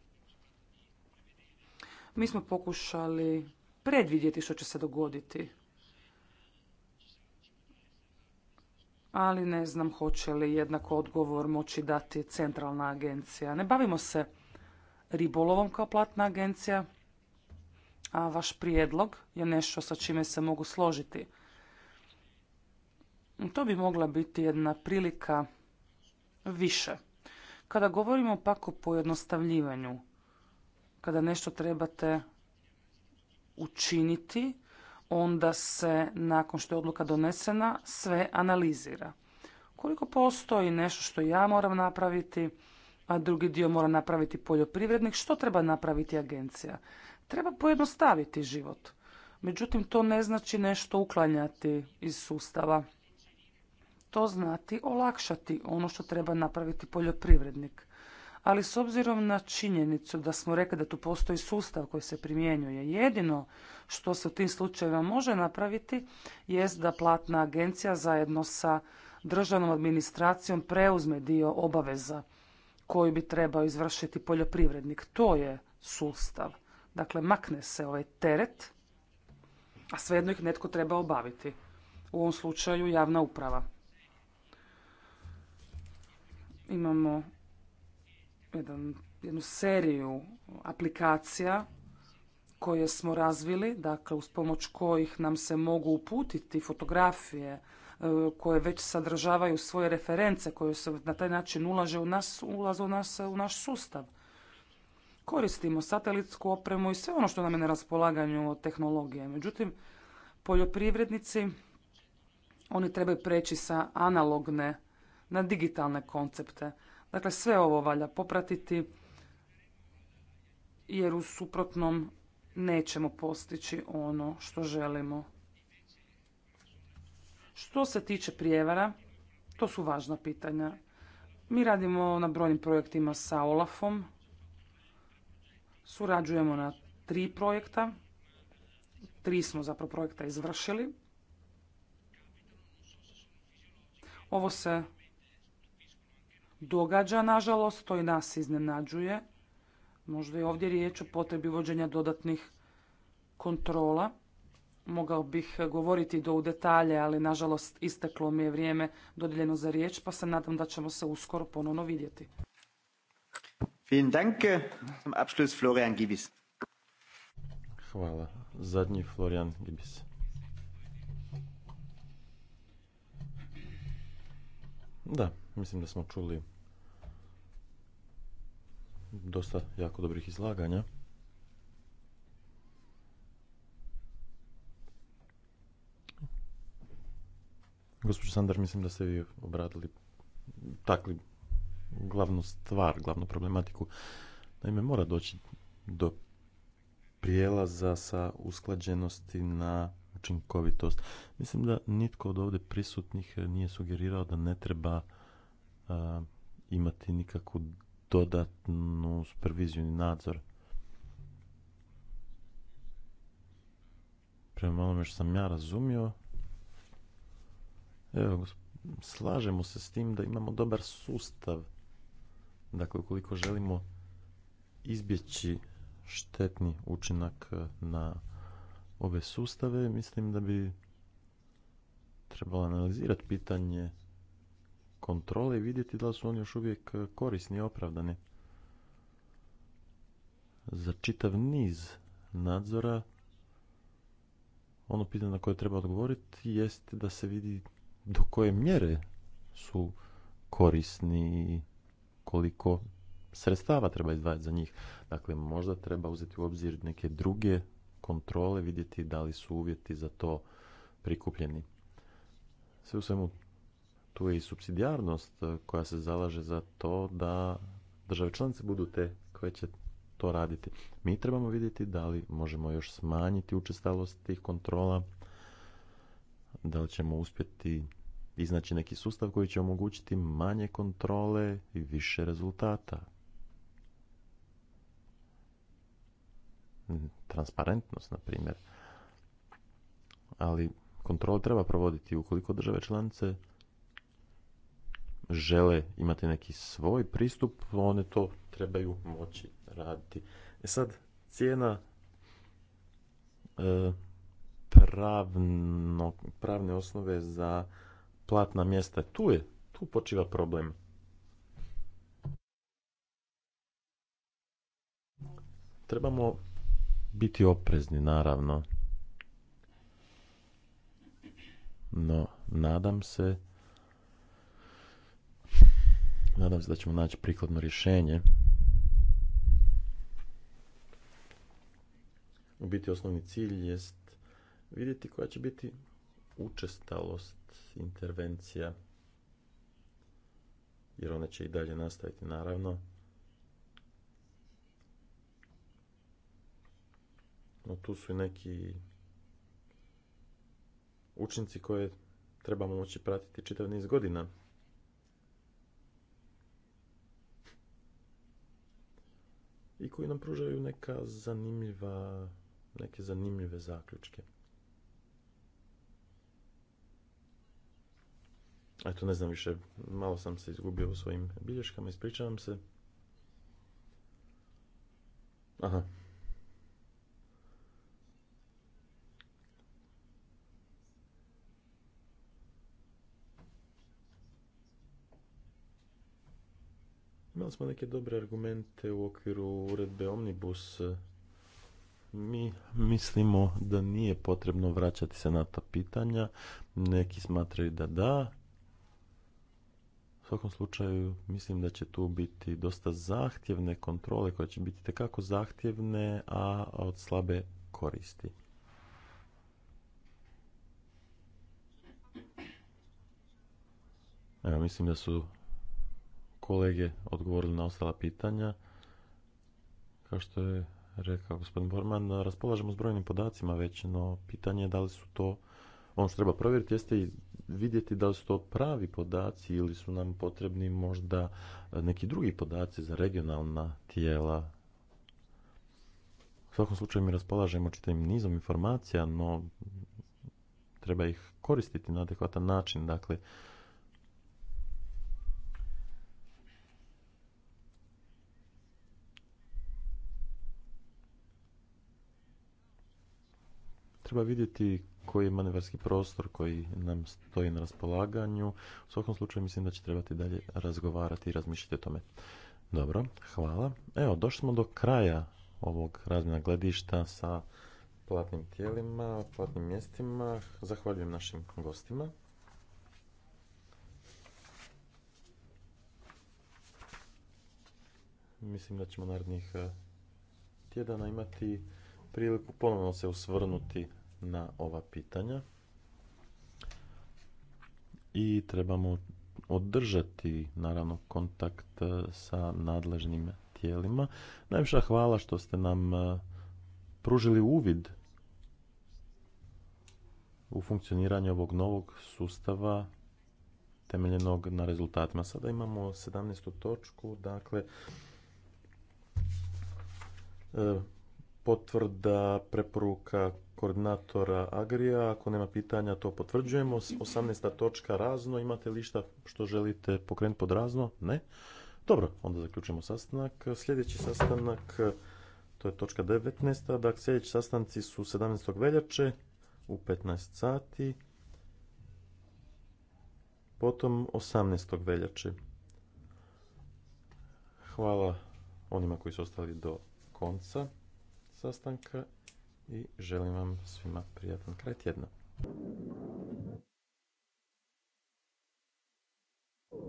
Mi smo pokušali predvidjeti što će se dogoditi. ali ne znam hoće li jednako odgovor moći dati centralna agencija. Ne bavimo se ribolovom kao platna agencija, a vaš prijedlog je nešto sa čime se mogu složiti. To bi mogla biti jedna prilika više. Kada govorimo pak o pojednostavljivanju, kada nešto trebate učiniti, onda se nakon što je odluka donesena sve analizira. Koliko postoji nešto što ja moram napraviti, a drugi dio mora napraviti poljoprivrednik, što treba napraviti agencija? Treba pojednostaviti život. Međutim, to ne znači nešto uklanjati iz sustava. To znači olakšati ono što treba napraviti poljoprivrednik ali s obzirom na činjenicu da smo rekli da tu postoji sustav koji se primjenjuje, jedino što se u tim slučajevima može napraviti jest da platna agencija zajedno sa državnom administracijom preuzme dio obaveza koji bi trebao izvršiti poljoprivrednik. To je sustav. Dakle, makne se ovaj teret, a svejedno ih netko treba obaviti. U ovom slučaju javna uprava. Imamo jedan, jednu seriju aplikacija koje smo razvili, dakle uz pomoć kojih nam se mogu uputiti fotografije e, koje već sadržavaju svoje reference koje se na taj način ulaže u nas, ulaze u, nas, u naš sustav. Koristimo satelitsku opremu i sve ono što nam je na raspolaganju od tehnologije. Međutim, poljoprivrednici oni trebaju preći sa analogne na digitalne koncepte. Dakle, sve ovo valja popratiti jer u suprotnom nećemo postići ono što želimo. Što se tiče prijevara, to su važna pitanja. Mi radimo na brojnim projektima sa Olafom. Surađujemo na tri projekta. Tri smo zapravo projekta izvršili. Ovo se događa, nažalost, to i nas iznenađuje. Možda je ovdje riječ o potrebi vođenja dodatnih kontrola. Mogao bih govoriti do u detalje, ali nažalost isteklo mi je vrijeme dodijeljeno za riječ, pa se nadam da ćemo se uskoro ponovno vidjeti. Hvala. Zadnji Florian Gibis. Da, mislim da smo čuli dosta jako dobrih izlaganja. Gospođo Sandar, mislim da ste vi obradili takli glavnu stvar, glavnu problematiku. Naime, mora doći do prijelaza sa usklađenosti na učinkovitost. Mislim da nitko od ovdje prisutnih eh, nije sugerirao da ne treba eh, imati nikakvu dodatnu superviziju i nadzor. Prema onome što sam ja razumio, evo, slažemo se s tim da imamo dobar sustav. Dakle, ukoliko želimo izbjeći štetni učinak eh, na ove sustave, mislim da bi trebalo analizirati pitanje kontrole i vidjeti da su oni još uvijek korisni i opravdani. Za čitav niz nadzora ono pitanje na koje treba odgovoriti jest da se vidi do koje mjere su korisni i koliko sredstava treba izdvajati za njih. Dakle, možda treba uzeti u obzir neke druge kontrole vidjeti da li su uvjeti za to prikupljeni. Sve u svemu tu je i subsidijarnost e, koja se zalaže za to da države članice budu te koje će to raditi. Mi trebamo vidjeti da li možemo još smanjiti učestalost tih kontrola, da li ćemo uspjeti iznaći neki sustav koji će omogućiti manje kontrole i više rezultata. transparentnost, na primjer. Ali kontrol treba provoditi ukoliko države članice žele imati neki svoj pristup, one to trebaju moći raditi. E sad, cijena e, pravne osnove za platna mjesta, tu je, tu počiva problem. Trebamo biti oprezni, naravno. No, nadam se nadam se da ćemo naći prikladno rješenje. U biti osnovni cilj jest vidjeti koja će biti učestalost intervencija jer ona će i dalje nastaviti naravno. No tu su i neki učinci koje trebamo moći pratiti čitav niz godina. I koji nam pružaju neka neke zanimljive zaključke. Eto, ne znam više, malo sam se izgubio u svojim bilješkama, ispričavam se. Aha, Imali smo neke dobre argumente u okviru uredbe Omnibus. Mi mislimo da nije potrebno vraćati se na ta pitanja. Neki smatraju da da. U svakom slučaju mislim da će tu biti dosta zahtjevne kontrole koje će biti tekako zahtjevne, a od slabe koristi. Evo, mislim da su kolege odgovorili na ostala pitanja. Kao što je rekao gospodin Borman, raspolažemo s brojnim podacima već, no pitanje je da li su to, ono što treba provjeriti jeste i vidjeti da li su to pravi podaci ili su nam potrebni možda neki drugi podaci za regionalna tijela. U svakom slučaju mi raspolažemo čitavim nizom informacija, no treba ih koristiti na adekvatan način. Dakle, Treba vidjeti koji je manevarski prostor koji nam stoji na raspolaganju. U svakom slučaju mislim da će trebati dalje razgovarati i razmišljati o tome. Dobro, hvala. Evo, došli smo do kraja ovog razmjena gledišta sa platnim tijelima, platnim mjestima. Zahvaljujem našim gostima. Mislim da ćemo narednih eh, tjedana imati priliku ponovno se usvrnuti na ova pitanja i trebamo održati naravno kontakt e, sa nadležnim tijelima. Najviša hvala što ste nam e, pružili uvid u funkcioniranje ovog novog sustava temeljenog na rezultatima. Sada imamo 17. točku, dakle e, potvrda preporuka koordinatora Agrija. Ako nema pitanja, to potvrđujemo. 18. točka razno. Imate li šta što želite pokrenuti pod razno? Ne. Dobro, onda zaključujemo sastanak. Sljedeći sastanak, to je točka 19. Dakle, sljedeći sastanci su 17. veljače u 15 sati. Potom 18. veljače. Hvala onima koji su ostali do konca sastanka i želim vam svima prijatan kraj tjedna.